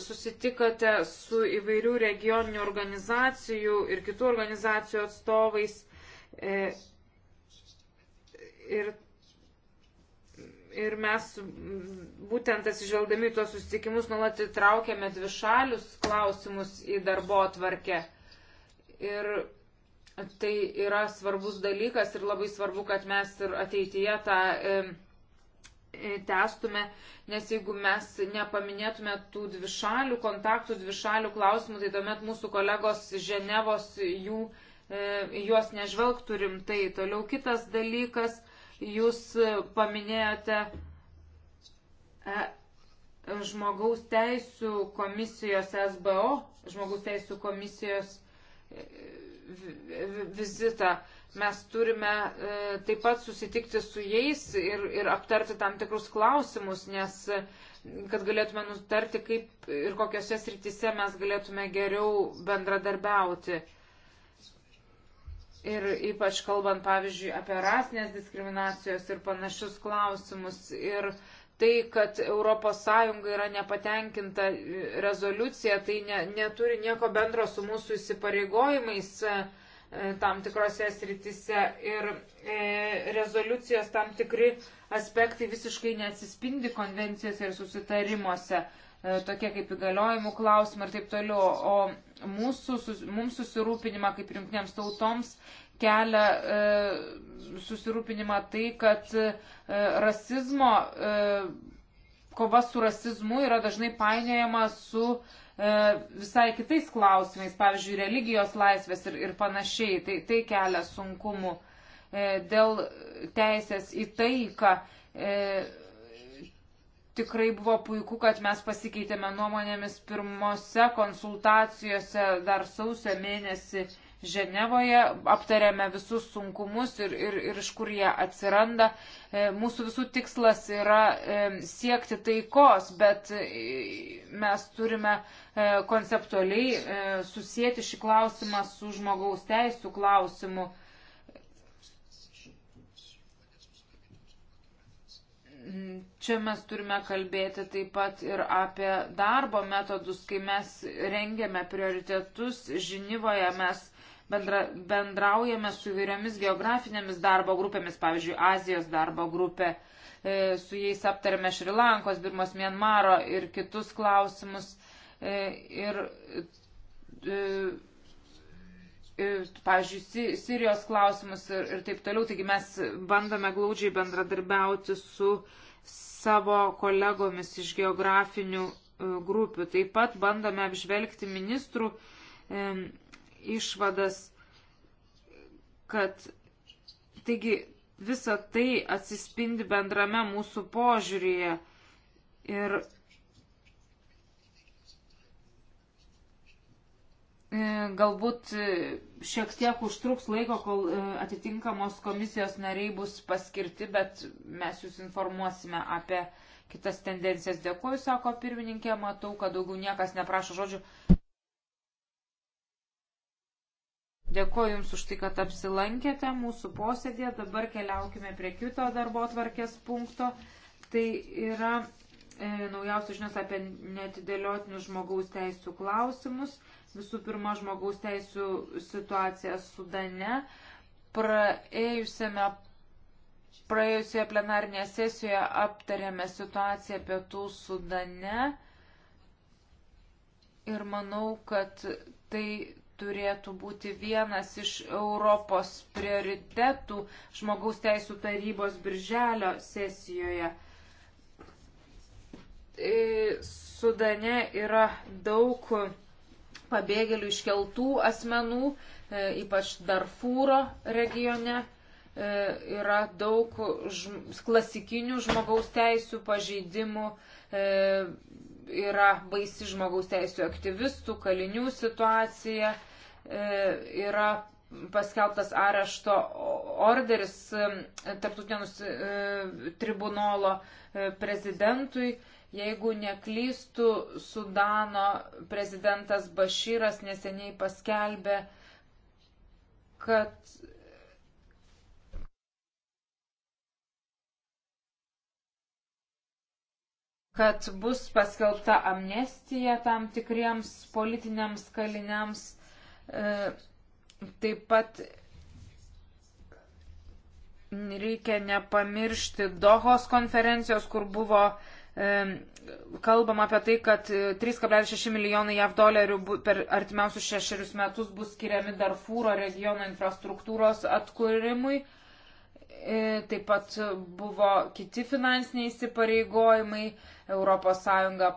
susitikote su įvairių regioninių organizacijų ir kitų organizacijų atstovais. Ir Ir mes mm, būtent atsižvelgdami tuos susitikimus nuolat įtraukėme dvišalius klausimus į darbo atvarkę. Ir tai yra svarbus dalykas ir labai svarbu, kad mes ir ateityje tą e, testume, nes jeigu mes nepaminėtume tų dvišalių kontaktų, dvišalių klausimų, tai tuomet mūsų kolegos Ženevos jų, e, juos nežvelgtų rimtai. Toliau kitas dalykas Jūs paminėjote e, žmogaus teisų komisijos SBO, žmogaus teisų komisijos e, vizitą. Mes turime e, taip pat susitikti su jais ir, ir aptarti tam tikrus klausimus, nes kad galėtume nutarti, kaip ir kokiose srityse mes galėtume geriau bendradarbiauti. Ir ypač kalbant, pavyzdžiui, apie rasinės diskriminacijos ir panašius klausimus. Ir tai, kad ES yra nepatenkinta rezoliucija, tai ne, neturi nieko bendro su mūsų įsipareigojimais e, tam tikrose sritise. Ir e, rezoliucijos tam tikri aspektai visiškai neatsispindi konvencijose ir susitarimuose. E, tokie kaip įgaliojimų klausimai ir taip toliau. O mūsų, mums susirūpinimą kaip rinktinėms tautoms kelia e, susirūpinimą tai, kad e, rasizmo, e, kova su rasizmu yra dažnai painiojama su e, visai kitais klausimais, pavyzdžiui, religijos laisvės ir, ir panašiai. Tai, tai kelia sunkumų e, dėl teisės į taiką. E, tikrai buvo puiku, kad mes pasikeitėme nuomonėmis pirmose konsultacijose dar sausio mėnesį Ženevoje, aptarėme visus sunkumus ir, ir, ir iš kur jie atsiranda. E, mūsų visų tikslas yra e, siekti taikos, bet e, mes turime konceptualiai susijęti šį klausimą su žmogaus teisų klausimu. Mm, čia mes turime kalbėti taip pat ir apie darbo metodus, kai mes rengiame prioritetus Žinivoje, mes bendra, bendraujame su įvairiomis geografinėmis darbo grupėmis, pavyzdžiui, Azijos darbo grupė, e, su jais aptarėme Šrilankos, Birmos, Mienmaro ir kitus klausimus. E, ir e, pavyzdžiui, Sirijos klausimus ir, ir taip toliau. Taigi mes bandome glaudžiai bendradarbiauti su savo kolegomis iš geografinių e, grupių. Taip pat bandome apžvelgti ministrų e, išvadas, kad taigi visa tai atsispindi bendrame mūsų požiūrėje. Ir E, galbūt e, šiek tiek užtruks laiko, kol e, atitinkamos komisijos nariai bus paskirti, bet mes jūs informuosime apie kitas tendencijas. Dėkuoju, sako pirmininkė, matau, kad daugiau niekas neprašo žodžių. Dėkuoju Jums už tai, kad apsilankėte mūsų posėdėje. Dabar keliaukime prie kito darbo tvarkės punkto. Tai yra E, naujausios žinios apie netidėliotinius žmogaus teisų klausimus. Visų pirma, žmogaus teisų situacija Sudane. Praėjusiame, praėjusioje plenarinėje sesijoje aptarėme situaciją pietų Sudane. Ir manau, kad tai turėtų būti vienas iš Europos prioritetų žmogaus teisų tarybos birželio sesijoje. Sudane yra daug pabėgėlių iškeltų asmenų, e, ypač Darfūro regione e, yra daug žm klasikinių žmogaus teisų pažeidimų, e, yra baisi žmogaus teisų aktyvistų, kalinių situacija, yra paskelbtas arešto orderis tarptautinio tribunolo prezidentui Jeigu neklystų, Sudano prezidentas Bašyras neseniai paskelbė, kad kad bus paskelbta amnestija tam tikriems politiniams kaliniams. E, taip pat reikia nepamiršti Dohos konferencijos, kur buvo kalbam apie tai, kad 3,6 e, milijonai JAV dolerių per artimiausius šešerius metus bus skiriami Darfūro regiono infrastruktūros atkūrimui. E, taip pat buvo kiti finansiniai įsipareigojimai. ES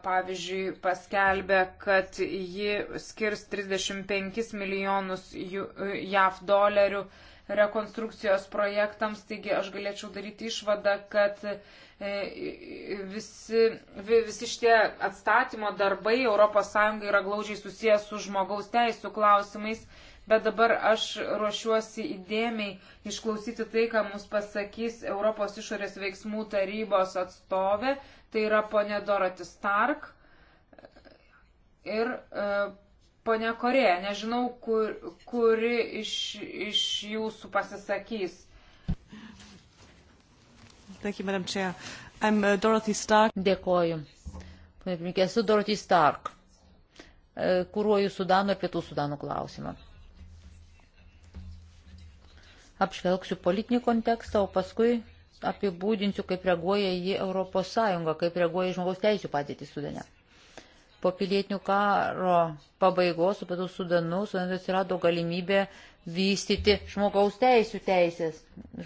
pavyzdžiui paskelbė, kad ji skirs 35 milijonus e, JAV dolerių uh, rekonstrukcijos projektams, taigi aš galėčiau daryti išvadą, kad e, visi, visi šitie atstatymo darbai ES yra glaudžiai susijęs su žmogaus teisų klausimais, bet dabar aš ruošiuosi įdėmiai išklausyti tai, ką mums pasakys Europos išorės veiksmų tarybos atstovė, tai yra ponė Dorothy Stark. Ir e, Pone Korėja, nežinau, kur, kuri iš, iš jūsų pasisakys. Thank you, Madam Chair. I'm uh, Dorothy Stark. Dėkoju. Pane Pirmininkė, esu Dorothy Stark. E, Kūruoju Sudano ir Pietų Sudano klausimą. Apžvelgsiu politinį kontekstą, o paskui apibūdinsiu, kaip reaguoja į Europos Sąjungą, kaip reaguoja į žmogaus teisų padėtį Sudane. Po pilietinių karo pabaigos su pietų sudanu, sudanui atsirado galimybė vystyti žmogaus teisų teisės,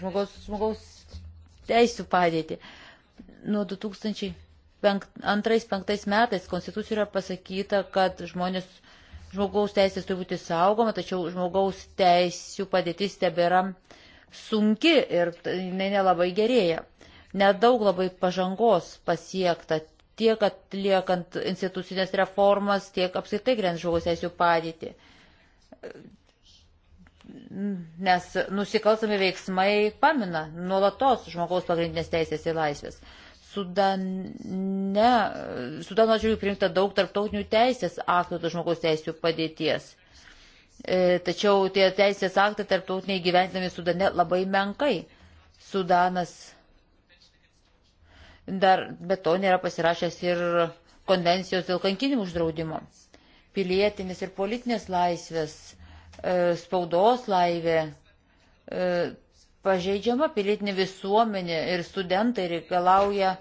žmogaus, žmogaus teisų padėtį. Nuo 2002-2005 metais konstitucijoje yra pasakyta, kad žmonės, žmogaus teisės turi būti saugoma, tačiau žmogaus teisų padėtis tebėra sunki ir tai jinai nelabai gerėja. Nedaug labai pažangos pasiekta tiek atliekant institucinės reformas, tiek apskritai grent žmogaus teisų padėtį. Nes nusikalstami veiksmai pamina nuolatos žmogaus pagrindinės teisės ir laisvės. Sudane, Sudano atžiūrėjų priimta daug tarptautinių teisės aktų dėl žmogaus teisų padėties. E, tačiau tie teisės aktai tarptautiniai gyventami Sudane labai menkai. Sudanas dar be to nėra pasirašęs ir konvencijos dėl kankinimų uždraudimo. Pilietinės ir politinės laisvės, e, spaudos laivė, e, pažeidžiama pilietinė visuomenė ir studentai reikalauja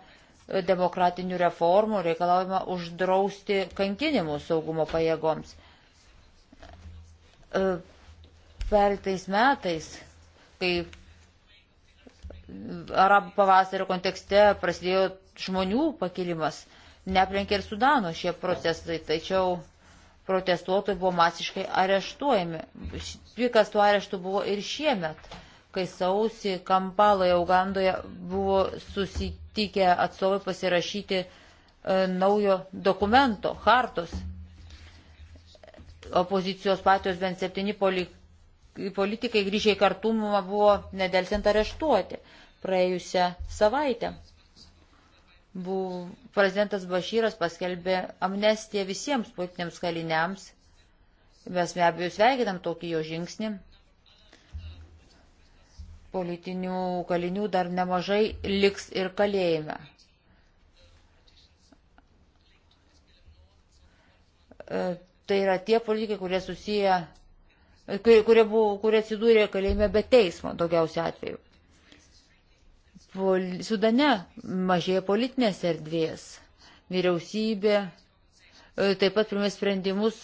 e, demokratinių reformų, reikalaujama uždrausti kankinimus saugumo pajėgoms. Pereitais metais, kai arabų pavasario kontekste prasidėjo žmonių pakilimas, neplenkė ir Sudano šie procesai, tačiau protestuotojai buvo masiškai areštuojami. Pikas tų areštų buvo ir šiemet, kai sausį Kampaloje, Ugandoje buvo susitikę atstovai pasirašyti e, naujo dokumento, hartos. Opozicijos partijos bent septyni poli, politikai grįžę į kartumą buvo nedelsiant areštuoti praėjusią savaitę. Buvo, prezidentas Bašyras paskelbė amnestiją visiems politiniams kaliniams. Mes be abejo sveikinam tokį jo žingsnį. Politinių kalinių dar nemažai liks ir kalėjime. E, tai yra tie politikai, kurie susiję kurie, buvo, kurie atsidūrė kalėjime be teismo daugiausia atveju. Pol, sudane mažėja politinės erdvės. Vyriausybė e, taip pat primė sprendimus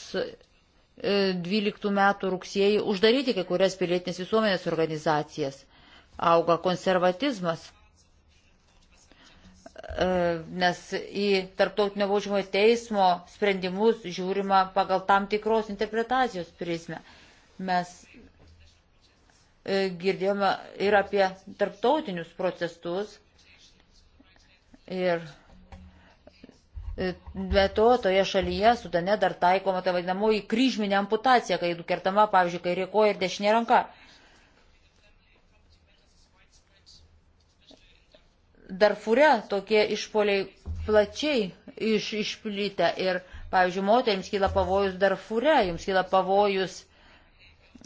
12 e, metų rugsėjį uždaryti kai kurias pilietinės visuomenės organizacijas. Auga konservatizmas, e, nes į tarptautinio baudžiamojo teismo sprendimus žiūrima pagal tam tikros interpretacijos prizmę. Mes e, girdėjome ir apie tarptautinius procesus. Ir e, be to, toje šalyje, Sudane, dar taikoma ta vadinamoji kryžminė amputacija, kai nukertama, pavyzdžiui, kairė koja ir dešinė ranka. Darfure tokie išpoliai plačiai iš, išplitę ir, pavyzdžiui, moteriams kyla pavojus Darfure, jums kyla pavojus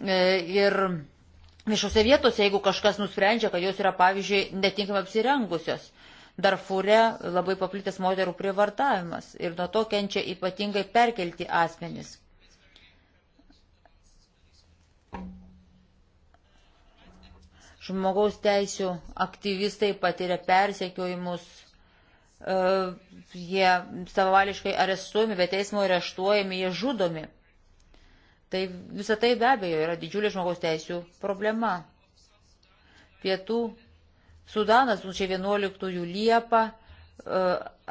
E, ir viešose vietose, jeigu kažkas nusprendžia, kad jos yra, pavyzdžiui, netinkamai apsirengusios. Darfūre labai paplitęs moterų privartavimas ir nuo to kenčia ypatingai perkelti asmenys. Žmogaus teisų aktyvistai patiria persekiojimus, e, jie savališkai arestuojami, be teismo areštuojami, jie žudomi. Tai visą tai be abejo yra didžiulė žmogaus teisų problema. Pietų Sudanas 2011 Liepą e,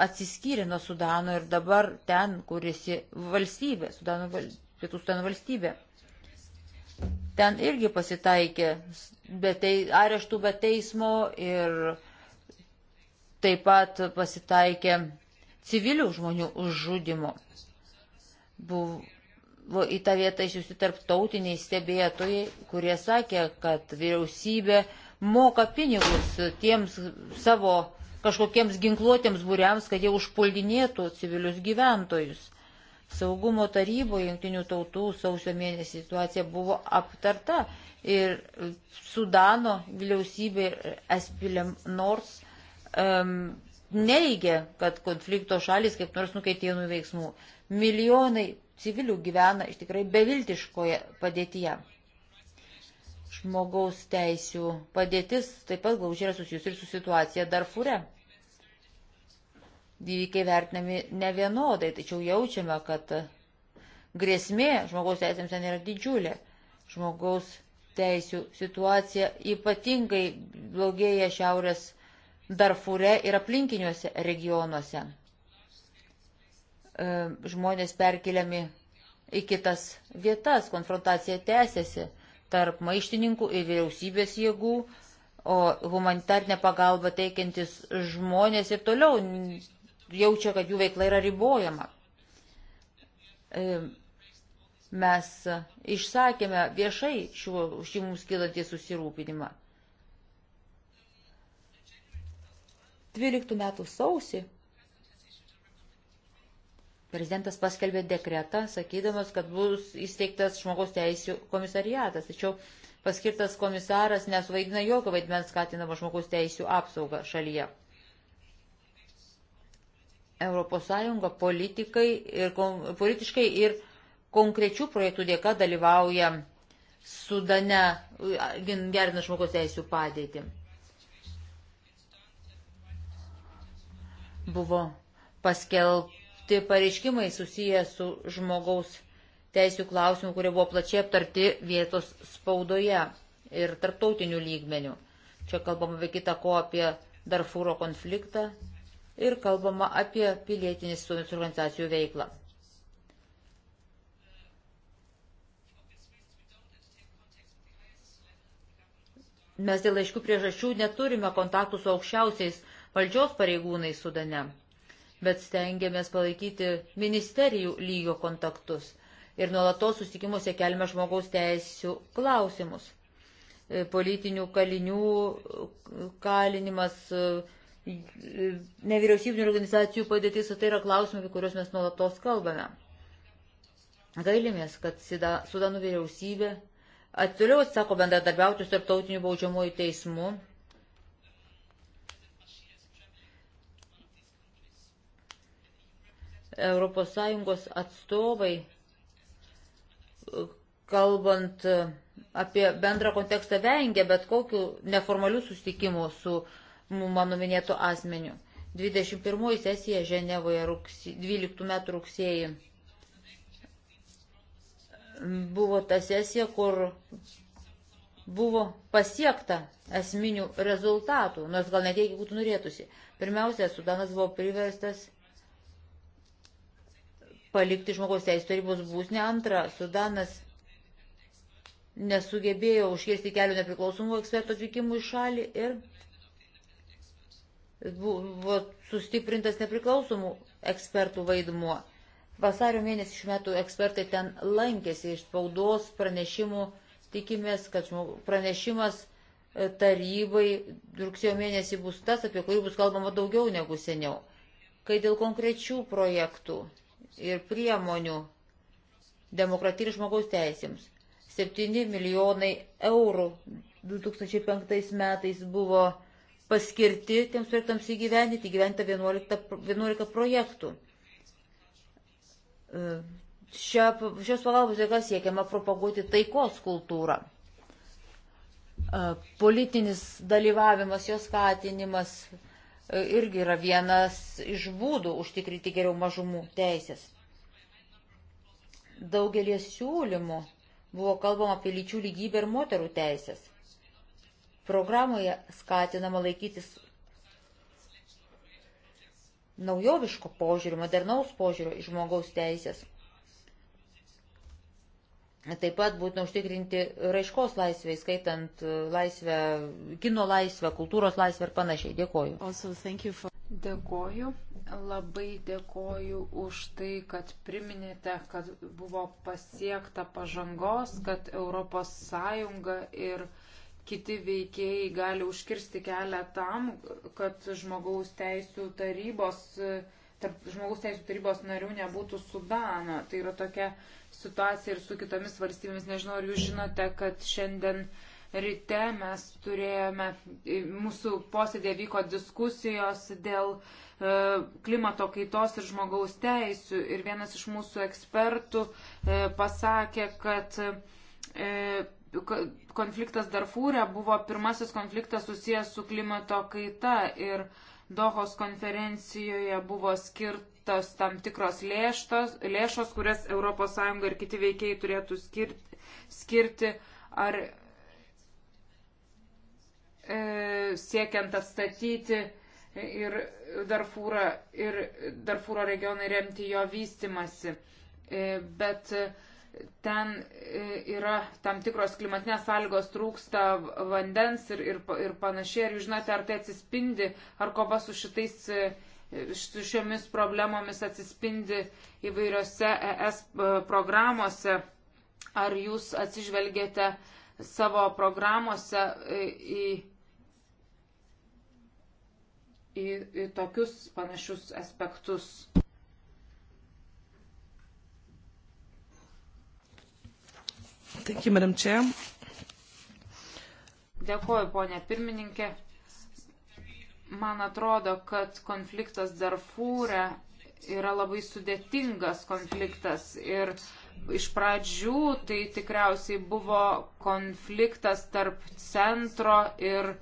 atsiskyrė nuo Sudano ir dabar ten, kuris valstybė, Sudano, val... Pietų Sudano valstybė. Ten irgi pasitaikė be tei, areštų be teismo ir taip pat pasitaikė civilių žmonių užžudimo. Buvo Nu, į tą vietą išsiųsti tarptautiniai stebėtojai, kurie sakė, kad vyriausybė moka pinigus tiems savo kažkokiems ginkluotiems būriams, kad jie užpuldinėtų civilius gyventojus. Saugumo taryboje jungtinių tautų sausio mėnesį situacija buvo aptarta ir Sudano vyriausybė Espilem Nors um, neigia, kad konflikto šalis kaip nors nukeitė nuo veiksmų. Milijonai civilių gyvena iš tikrai beviltiškoje padėtyje. Žmogaus teisių padėtis taip pat glaužiai yra susijusi ir su situacija Darfūre. Įvykiai vertinami ne vienodai, tačiau jaučiame, kad grėsmė žmogaus teisėms ten yra didžiulė. Žmogaus teisių situacija ypatingai blogėja šiaurės Darfūre ir aplinkiniuose regionuose. E, žmonės perkeliami į kitas vietas. Konfrontacija tęsiasi tarp maištininkų ir vyriausybės jėgų, o humanitarnė pagalba teikiantis žmonės ir toliau jaučia, kad jų veikla yra ribojama. E, mes išsakėme viešai šiuo, šį mums kilantį susirūpinimą. 12 metų sausį Prezidentas paskelbė dekretą, sakydamas, kad bus įsteigtas žmogaus teisų komisariatas. Tačiau paskirtas komisaras nesuvaidina jokio vaidmens skatinama žmogaus teisų apsaugą šalyje. ES politikai ir, politiškai ir konkrečių projektų dėka dalyvauja Sudane, gerina žmogaus teisų padėtį. Buvo paskelbta pareikšti pareiškimai susiję su žmogaus teisų klausimų, kurie buvo plačiai aptarti vietos spaudoje ir tarptautinių lygmenių. Čia kalbama be kita ko apie Darfūro konfliktą ir kalbama apie pilietinės visuomenės organizacijų veiklą. Mes dėl aiškių priežasčių neturime kontaktų su aukščiausiais valdžios pareigūnais Sudane bet stengiamės palaikyti ministerijų lygio kontaktus ir nuolatos susitikimuose kelime žmogaus teisų klausimus. E, politinių kalinių e, kalinimas, e, nevyriausybinių organizacijų padėtis, tai yra klausimai, apie kuriuos mes nuolatos kalbame. Gailimės, kad Sudanų vyriausybė toliau atsako bendradarbiauti su tarptautiniu baudžiamuoju teismu ES atstovai, kalbant apie bendrą kontekstą, vengia bet kokių neformalių sustikimų su mano minėtu asmeniu. 21 sesija Ženevoje 12 metų rugsėjį buvo ta sesija, kur buvo pasiekta esminių rezultatų, nors gal net jeigu būtų norėtusi. Pirmiausia, Sudanas buvo priverstas palikti žmogaus teisų tarybos būsnę. Antra, Sudanas nesugebėjo užkirsti kelių nepriklausomų ekspertų atvykimų į šalį ir buvo sustiprintas nepriklausomų ekspertų vaidmuo. Vasario mėnesį šių metų ekspertai ten lankėsi iš spaudos pranešimų, tikimės, kad pranešimas e, tarybai rugsėjo mėnesį bus tas, apie kurį bus kalbama daugiau negu seniau. Kai dėl konkrečių projektų ir priemonių demokratijai ir žmogaus teisėms. 7 milijonai eurų 2005 metais buvo paskirti tiems projektams įgyvendinti, įgyventa 11, 11 projektų. E, šia, šios pagalbos dėka siekiama propaguoti taikos kultūrą. E, politinis dalyvavimas, jos skatinimas, irgi yra vienas iš būdų užtikrinti geriau mažumų teisės. Daugelį siūlymų buvo kalbama apie lyčių lygybę ir moterų teisės. Programoje skatinama laikytis naujoviško požiūrio, modernaus požiūrio į žmogaus teisės. Taip pat būtina užtikrinti raiškos laisvę, skaitant e, laisvę, kino laisvę, kultūros laisvę ir panašiai. Dėkoju. Also, for... Dėkoju. Labai dėkoju už tai, kad priminėte, kad buvo pasiekta pažangos, kad ES ir kiti veikėjai gali užkirsti kelią tam, kad žmogaus teisų tarybos uh, tarp žmogus teisų tarybos narių nebūtų Sudano. Tai yra tokia situacija ir su kitomis valstybėmis. Nežinau, ar jūs žinote, kad šiandien ryte mes turėjome, mūsų posėdė vyko diskusijos dėl e, klimato kaitos ir žmogaus teisų. Ir vienas iš mūsų ekspertų e, pasakė, kad e, konfliktas Darfūrė buvo pirmasis konfliktas susijęs su klimato kaita. Ir Dohos konferencijoje buvo skirtos tam tikros lėštos, lėšos, kurias ES ir kiti veikiai turėtų skirti. skirti ar e, siekiant atstatyti ir Darfūrą, ir Darfūro regioną remti jo vystimasi. E, bet e, ten e, yra tam tikros klimatinės sąlygos, trūksta vandens ir, ir, ir panašiai. Ar jūs žinote, ar tai atsispindi, ar kova su šitais, e, su šiomis problemomis atsispindi įvairiose ES e, programuose, ar jūs atsižvelgėte savo programuose į, į, į tokius panašius aspektus? Thank you, Madam Chair. Dėkuoju, ponė pirmininkė. Man atrodo, kad konfliktas Darfūre yra labai sudėtingas konfliktas ir iš pradžių tai tikriausiai buvo konfliktas tarp centro ir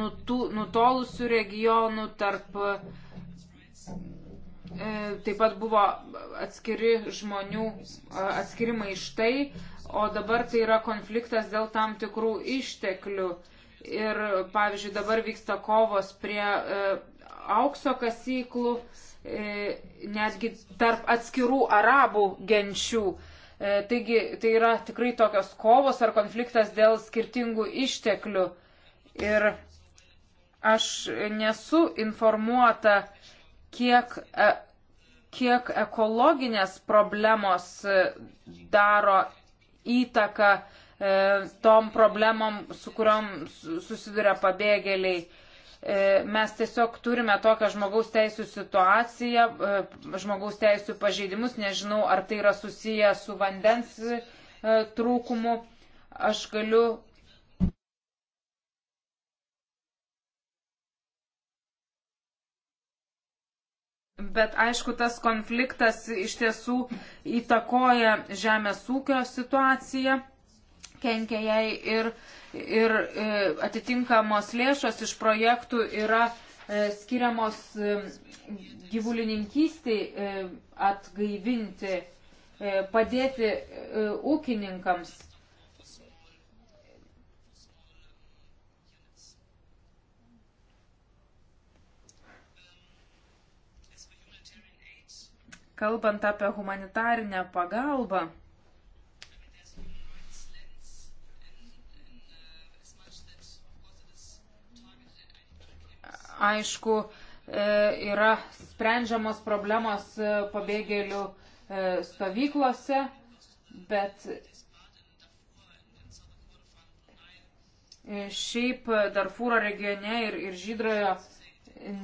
nutų, nutolusių regionų, tarp e, taip pat buvo atskiri žmonių, atskiri maištai, o dabar tai yra konfliktas dėl tam tikrų išteklių. Ir, pavyzdžiui, dabar vyksta kovos prie e, aukso kasyklų, e, netgi tarp atskirų arabų genčių. E, taigi, tai yra tikrai tokios kovos ar konfliktas dėl skirtingų išteklių. Ir aš nesu informuota, kiek, e, kiek ekologinės problemos e, daro įtaką e, tom problemom, su kuriom susiduria pabėgėliai. E, mes tiesiog turime tokią žmogaus teisų situaciją, e, žmogaus teisų pažeidimus, nežinau, ar tai yra susiję su vandens e, trūkumu. Aš galiu Bet aišku, tas konfliktas iš tiesų įtakoja žemės ūkio situaciją, kenkia jai ir, ir e, atitinkamos lėšos iš projektų yra e, skiriamos e, gyvulininkystiai atgaivinti, padėti ūkininkams. kalbant apie humanitarinę pagalbą, aišku, e, yra sprendžiamos problemos e, pabėgėlių e, stovyklose, bet šiaip Darfūro regione ir, ir Žydrojo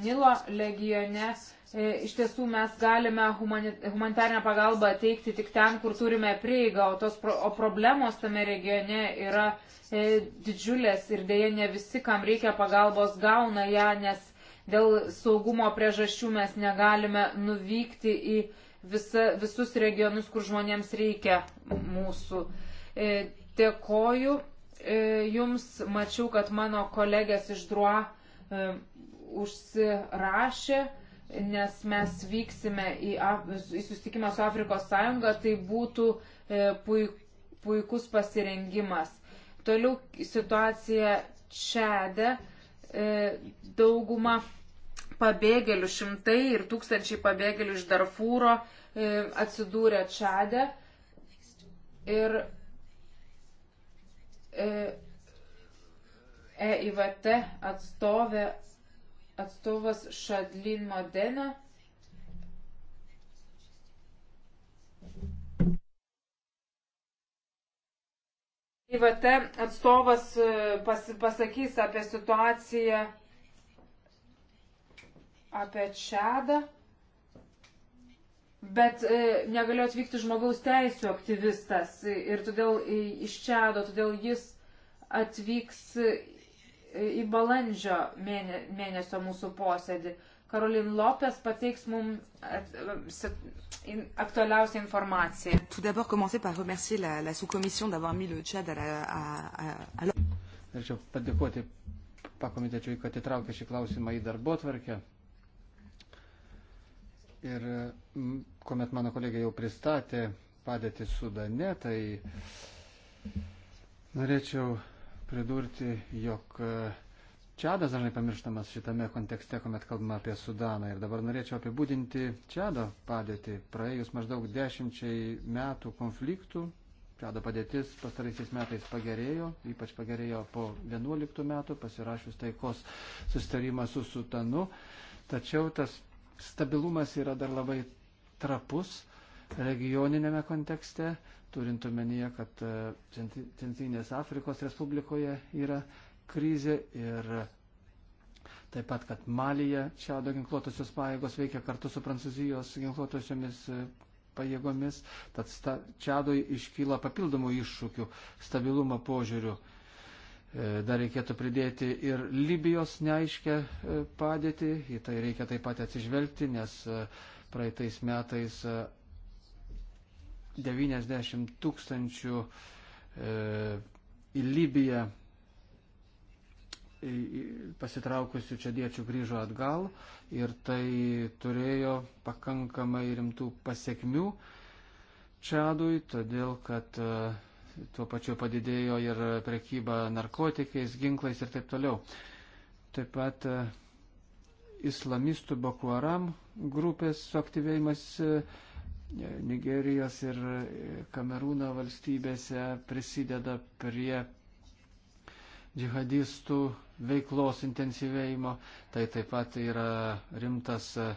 Nilo regione E, iš tiesų mes galime humanitarinę pagalbą teikti tik ten, kur turime prieigą, o, tos, o problemos tame regione yra e, didžiulės ir dėje ne visi, kam reikia pagalbos, gauna ją, nes dėl saugumo priežasčių mes negalime nuvykti į visa, visus regionus, kur žmonėms reikia mūsų. E, dėkoju Jums, mačiau, kad mano kolegės iš Drua užsirašė nes mes vyksime į, į susitikimą su Afrikos Sąjunga, tai būtų e, puikus pasirengimas. Toliau situacija Čede. E, dauguma pabėgėlių, šimtai ir tūkstančiai pabėgėlių iš Darfūro e, atsidūrė Čede. Ir EIVT atstovė atstovas Šadlin Modena. IVT atstovas e, pas, pasakys apie situaciją apie Čedą, bet e, negalėjo atvykti žmogaus teisų aktyvistas e, ir todėl e, iš Čedo, todėl jis atvyks į balandžio mėnesio mūsų posėdį. Karolin Lopes pateiks mums aktualiausią informaciją. Tout d'abord, commencer par remercier la, la sous-commission d'avoir mis le Tchad à l'ordre. Norėčiau padėkoti pakomitečiui, kad įtraukė šį klausimą į darbo tvarkę. Ir kuomet mano kolegė jau pristatė padėtį Sudane, tai norėčiau pridurti, jog e, Čadas dažnai pamirštamas šitame kontekste, kuomet kalbame apie Sudaną. Ir dabar norėčiau apibūdinti Čado padėtį. Praėjus maždaug dešimčiai metų konfliktų, Čado padėtis pastaraisiais metais pagerėjo, ypač pagerėjo po 11 metų, pasirašius taikos sustarimą su Sutanu. Tačiau tas stabilumas yra dar labai trapus regioninėme kontekste, turint omenyje, kad e, Centrinės Afrikos Respublikoje yra krizė ir taip pat, kad Malyje šiado ginkluotosios pajėgos veikia kartu su Prancūzijos ginkluotosiomis e, pajėgomis, tad sta, čiadoj iškyla papildomų iššūkių stabilumo požiūrių. E, dar reikėtų pridėti ir Libijos neaiškę padėtį, į tai reikia taip pat atsižvelgti, nes praeitais metais 90 tūkstančių e, į Libiją pasitraukusių čadiečių grįžo atgal ir tai turėjo pakankamai rimtų pasiekmių Čadui, todėl kad e, tuo pačiu padidėjo ir prekyba narkotikais, ginklais ir taip toliau. Taip pat e, islamistų Boko Haram grupės suaktyvėjimas e, Nigerijos ir Kamerūno valstybėse prisideda prie džihadistų veiklos intensyvėjimo. Tai taip pat yra rimtas e,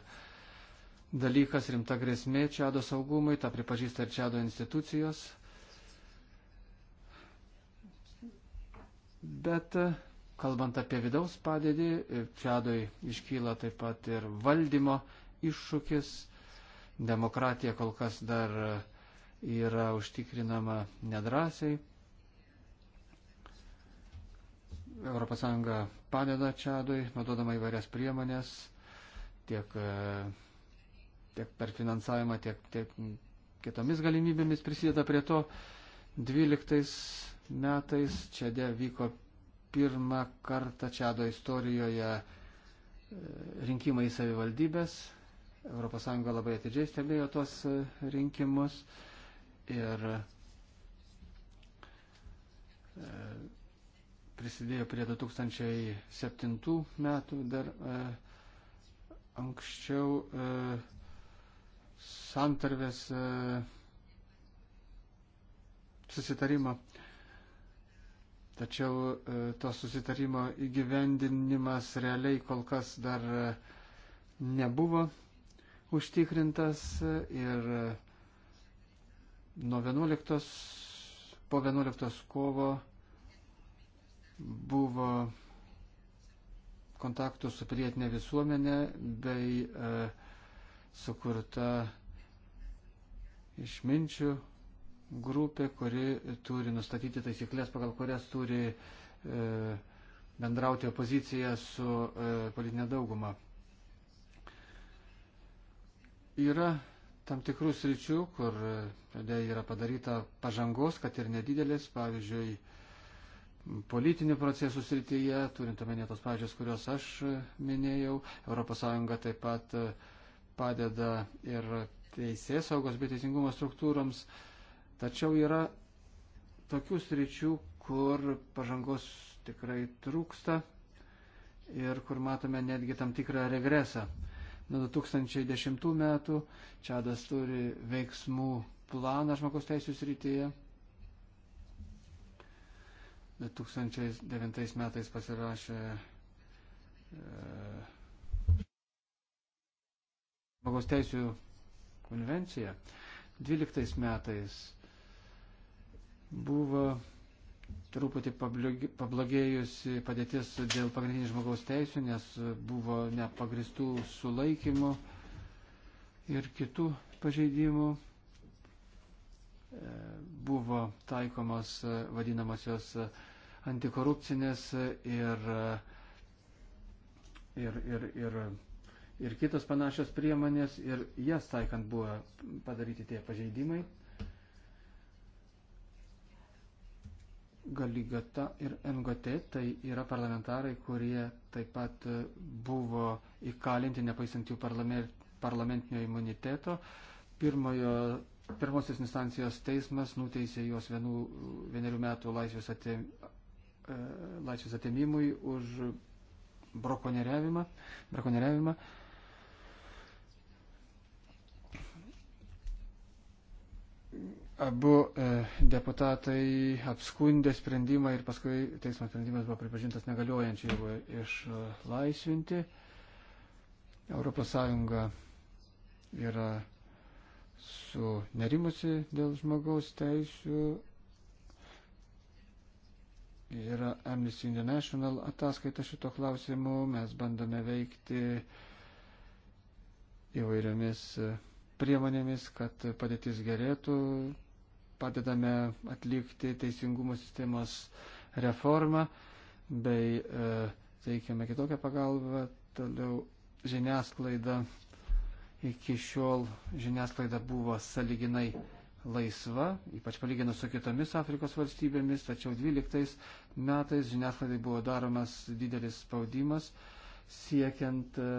dalykas, rimta grėsmė Čado saugumui, tą pripažįsta ir Čado institucijos. Bet e, kalbant apie vidaus padėdį, Čadoj iškyla taip pat ir valdymo iššūkis Demokratija kol kas dar yra užtikrinama nedrasiai. ES padeda Čadui, naudodama įvairias priemonės, tiek, e, tiek per finansavimą, tiek, tiek kitomis galimybėmis prisideda prie to. 12 metais Čade vyko pirmą kartą Čado istorijoje e, rinkimai į savivaldybės ES labai atidžiai stebėjo tuos e, rinkimus ir e, prisidėjo prie 2007 metų dar e, anksčiau santarvės susitarimo. Tačiau to susitarimo įgyvendinimas realiai kol kas dar nebuvo užtikrintas ir nuo 11, po 11 kovo buvo kontaktų su pilietinė visuomenė bei e, sukurta išminčių grupė, kuri turi nustatyti taisyklės, pagal kurias turi e, bendrauti opozicija su e, politinė dauguma. Yra tam tikrų sričių, kur e, yra padaryta pažangos, kad ir nedidelis, pavyzdžiui, politinių procesų srityje, turint omenyje tos pavyzdžius, kuriuos aš e, minėjau, ES taip pat e, padeda ir teisės saugos bei teisingumo struktūroms, tačiau yra tokių sričių, kur pažangos tikrai trūksta ir kur matome netgi tam tikrą regresą. Nuo 2010 metų Čadas turi veiksmų planą žmogaus teisų srityje. 2009 metais pasirašė e, žmogaus teisų konvencija. 12 metais buvo truputį pablogėjusi padėtis dėl pagrindinių žmogaus teisų, nes buvo nepagristų sulaikymų ir kitų pažeidimų. Buvo taikomos vadinamosios antikorupcinės ir, ir, ir, ir, ir kitos panašios priemonės ir jas taikant buvo padaryti tie pažeidimai. Galigata ir NGT, tai yra parlamentarai, kurie taip pat e, buvo įkalinti, nepaisant jų parlamentinio imuniteto. Pirmojo, pirmosios instancijos teismas nuteisė juos vienų, vienerių metų laisvės, atėm, e, laisvės atėmimui už brakonieriavimą. brakonieriavimą. Abu e, deputatai apskundė sprendimą ir paskui teismo sprendimas buvo pripažintas negaliojančiai, jeigu išlaisvinti. ES yra sunerimusi dėl žmogaus teisų. Yra Amnesty International ataskaita šito klausimu. Mes bandome veikti įvairiomis priemonėmis, kad padėtis gerėtų padedame atlikti teisingumo sistemos reformą bei e, teikiame kitokią pagalbą. Toliau žiniasklaida iki šiol žiniasklaida buvo saliginai laisva, ypač palyginus su kitomis Afrikos valstybėmis, tačiau 12 metais žiniasklaidai buvo daromas didelis spaudimas siekiant e,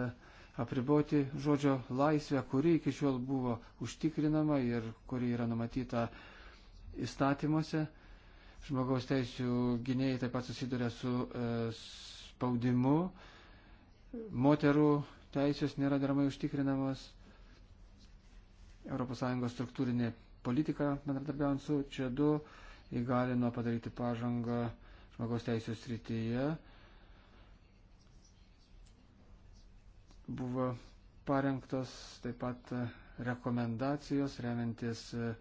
apriboti žodžio laisvę, kuri iki šiol buvo užtikrinama ir kuri yra numatyta uh, įstatymuose. Žmogaus teisų gynėjai taip pat susiduria su e, spaudimu. Moterų teisės nėra deramai užtikrinamos. ES struktūrinė politika, bendradarbiaujant su čia du, įgalino padaryti pažangą žmogaus teisų srityje. Buvo parengtos taip pat rekomendacijos, remiantis uh,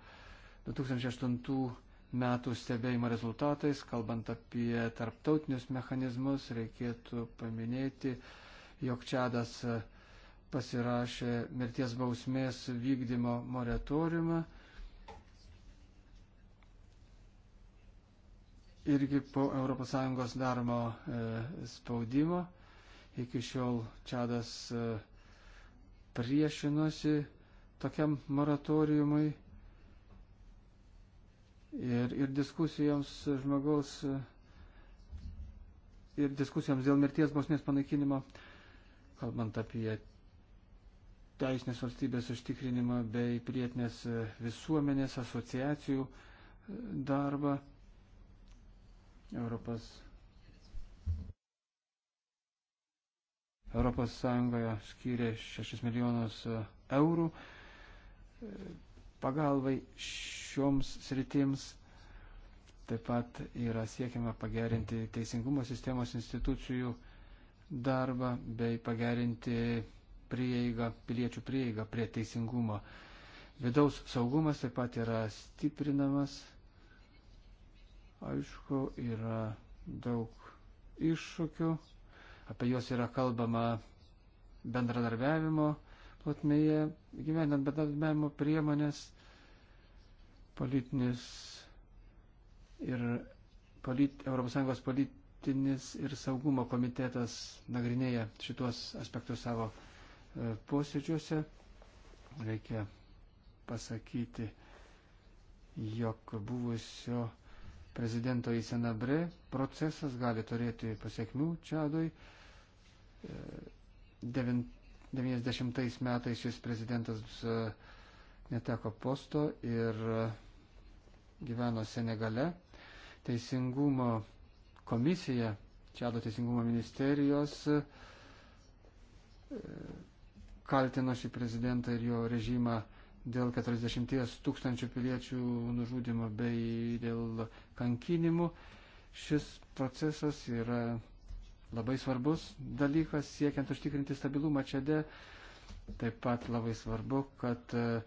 2008 metų stebėjimo rezultatais, kalbant apie tarptautinius mechanizmus, reikėtų paminėti, jog Čadas pasirašė mirties bausmės vykdymo moratoriumą. Irgi po ES daromo e, spaudimo iki šiol Čadas e, priešinosi tokiam moratoriumui ir, ir diskusijoms žmogaus ir diskusijoms dėl mirties bausmės panaikinimo, kalbant apie teisinės valstybės užtikrinimą bei prietinės visuomenės asociacijų darbą Europos, Europos Sąjungoje skyrė 6 milijonus eurų pagalbai šioms sritims. Taip pat yra siekiama pagerinti teisingumo sistemos institucijų darbą bei pagerinti prieigą, piliečių prieigą prie teisingumo. Vidaus saugumas taip pat yra stiprinamas. Aišku, yra daug iššūkių, apie juos yra kalbama bendradarbiavimo plotmėje gyvenant bendradarbiavimo priemonės politinis ir polit, ES politinis ir saugumo komitetas nagrinėja šitos aspektus savo e, posėdžiuose. Reikia pasakyti, jog buvusio prezidento į Senabre procesas gali turėti pasiekmių Čadui. 9 e, 90 metais šis prezidentas e, neteko posto ir e, gyveno Senegale. Teisingumo komisija, Čiado teisingumo ministerijos e, kaltino šį prezidentą ir jo režimą dėl 40 tūkstančių piliečių nužudimo bei dėl kankinimų. Šis procesas yra labai svarbus dalykas siekiant užtikrinti stabilumą čiade. Taip pat labai svarbu, kad e,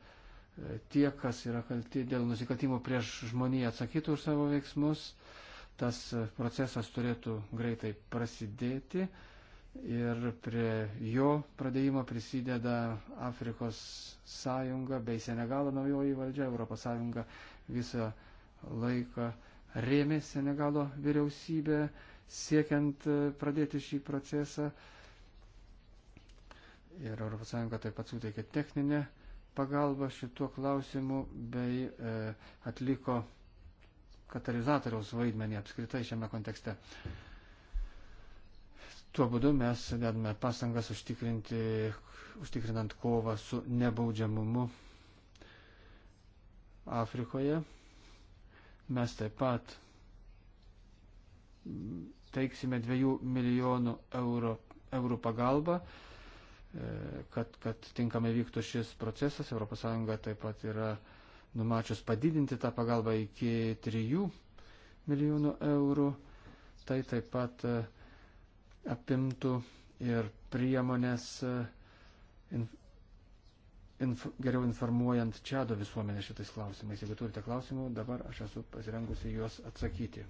tie, kas yra kalti dėl nusikaltimo prieš žmoniją, atsakytų už savo veiksmus. Tas e, procesas turėtų greitai prasidėti ir prie jo pradėjimo prisideda Afrikos sąjunga bei Senegalo naujoji valdžia, Europos sąjunga visą laiką rėmė Senegalo vyriausybę siekiant e, pradėti šį procesą. Ir ES taip pat suteikė techninę pagalbą šituo klausimu bei e, atliko katalizatoriaus vaidmenį apskritai šiame kontekste. Tuo būdu mes dedame pastangas užtikrinant kovą su nebaudžiamumu Afrikoje. Mes taip pat teiksime 2 milijonų eurų, eurų pagalbą, e, kad, kad tinkamai vyktų šis procesas. ES taip pat yra numačius padidinti tą pagalbą iki 3 milijonų eurų. Tai taip pat e, apimtų ir priemonės e, inf, inf, geriau informuojant čiado visuomenę šitais klausimais. Jeigu turite klausimų, dabar aš esu pasirengusi juos atsakyti.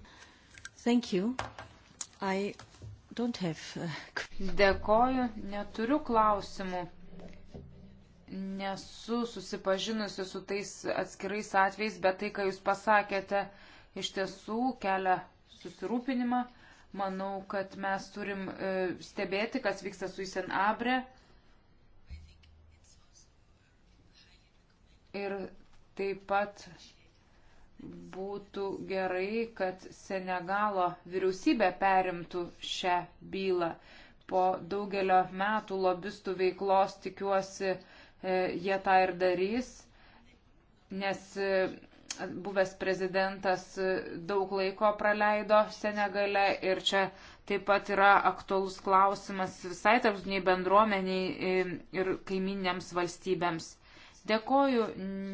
Thank you. I don't have. Uh, Dėkoju, neturiu klausimų. Nesu susipažinusi su tais atskirais atvejais, bet tai, ką Jūs pasakėte, iš tiesų kelia susirūpinimą. Manau, kad mes turim e, stebėti, kas vyksta su Isen Abre. Ir taip pat būtų gerai, kad Senegalo vyriausybė perimtų šią bylą. Po daugelio metų lobistų veiklos tikiuosi, e, jie tą ir darys, nes e, buvęs prezidentas e, daug laiko praleido Senegale ir čia taip pat yra aktuolus klausimas visai tarptautiniai bendruomeniai ir kaiminėms valstybėms. Dėkoju,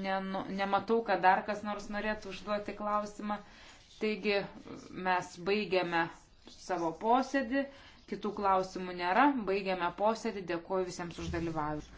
ne, nematau, kad dar kas nors norėtų užduoti klausimą. Taigi mes baigiame savo posėdį, kitų klausimų nėra, baigiame posėdį, dėkoju visiems už dalyvavimą.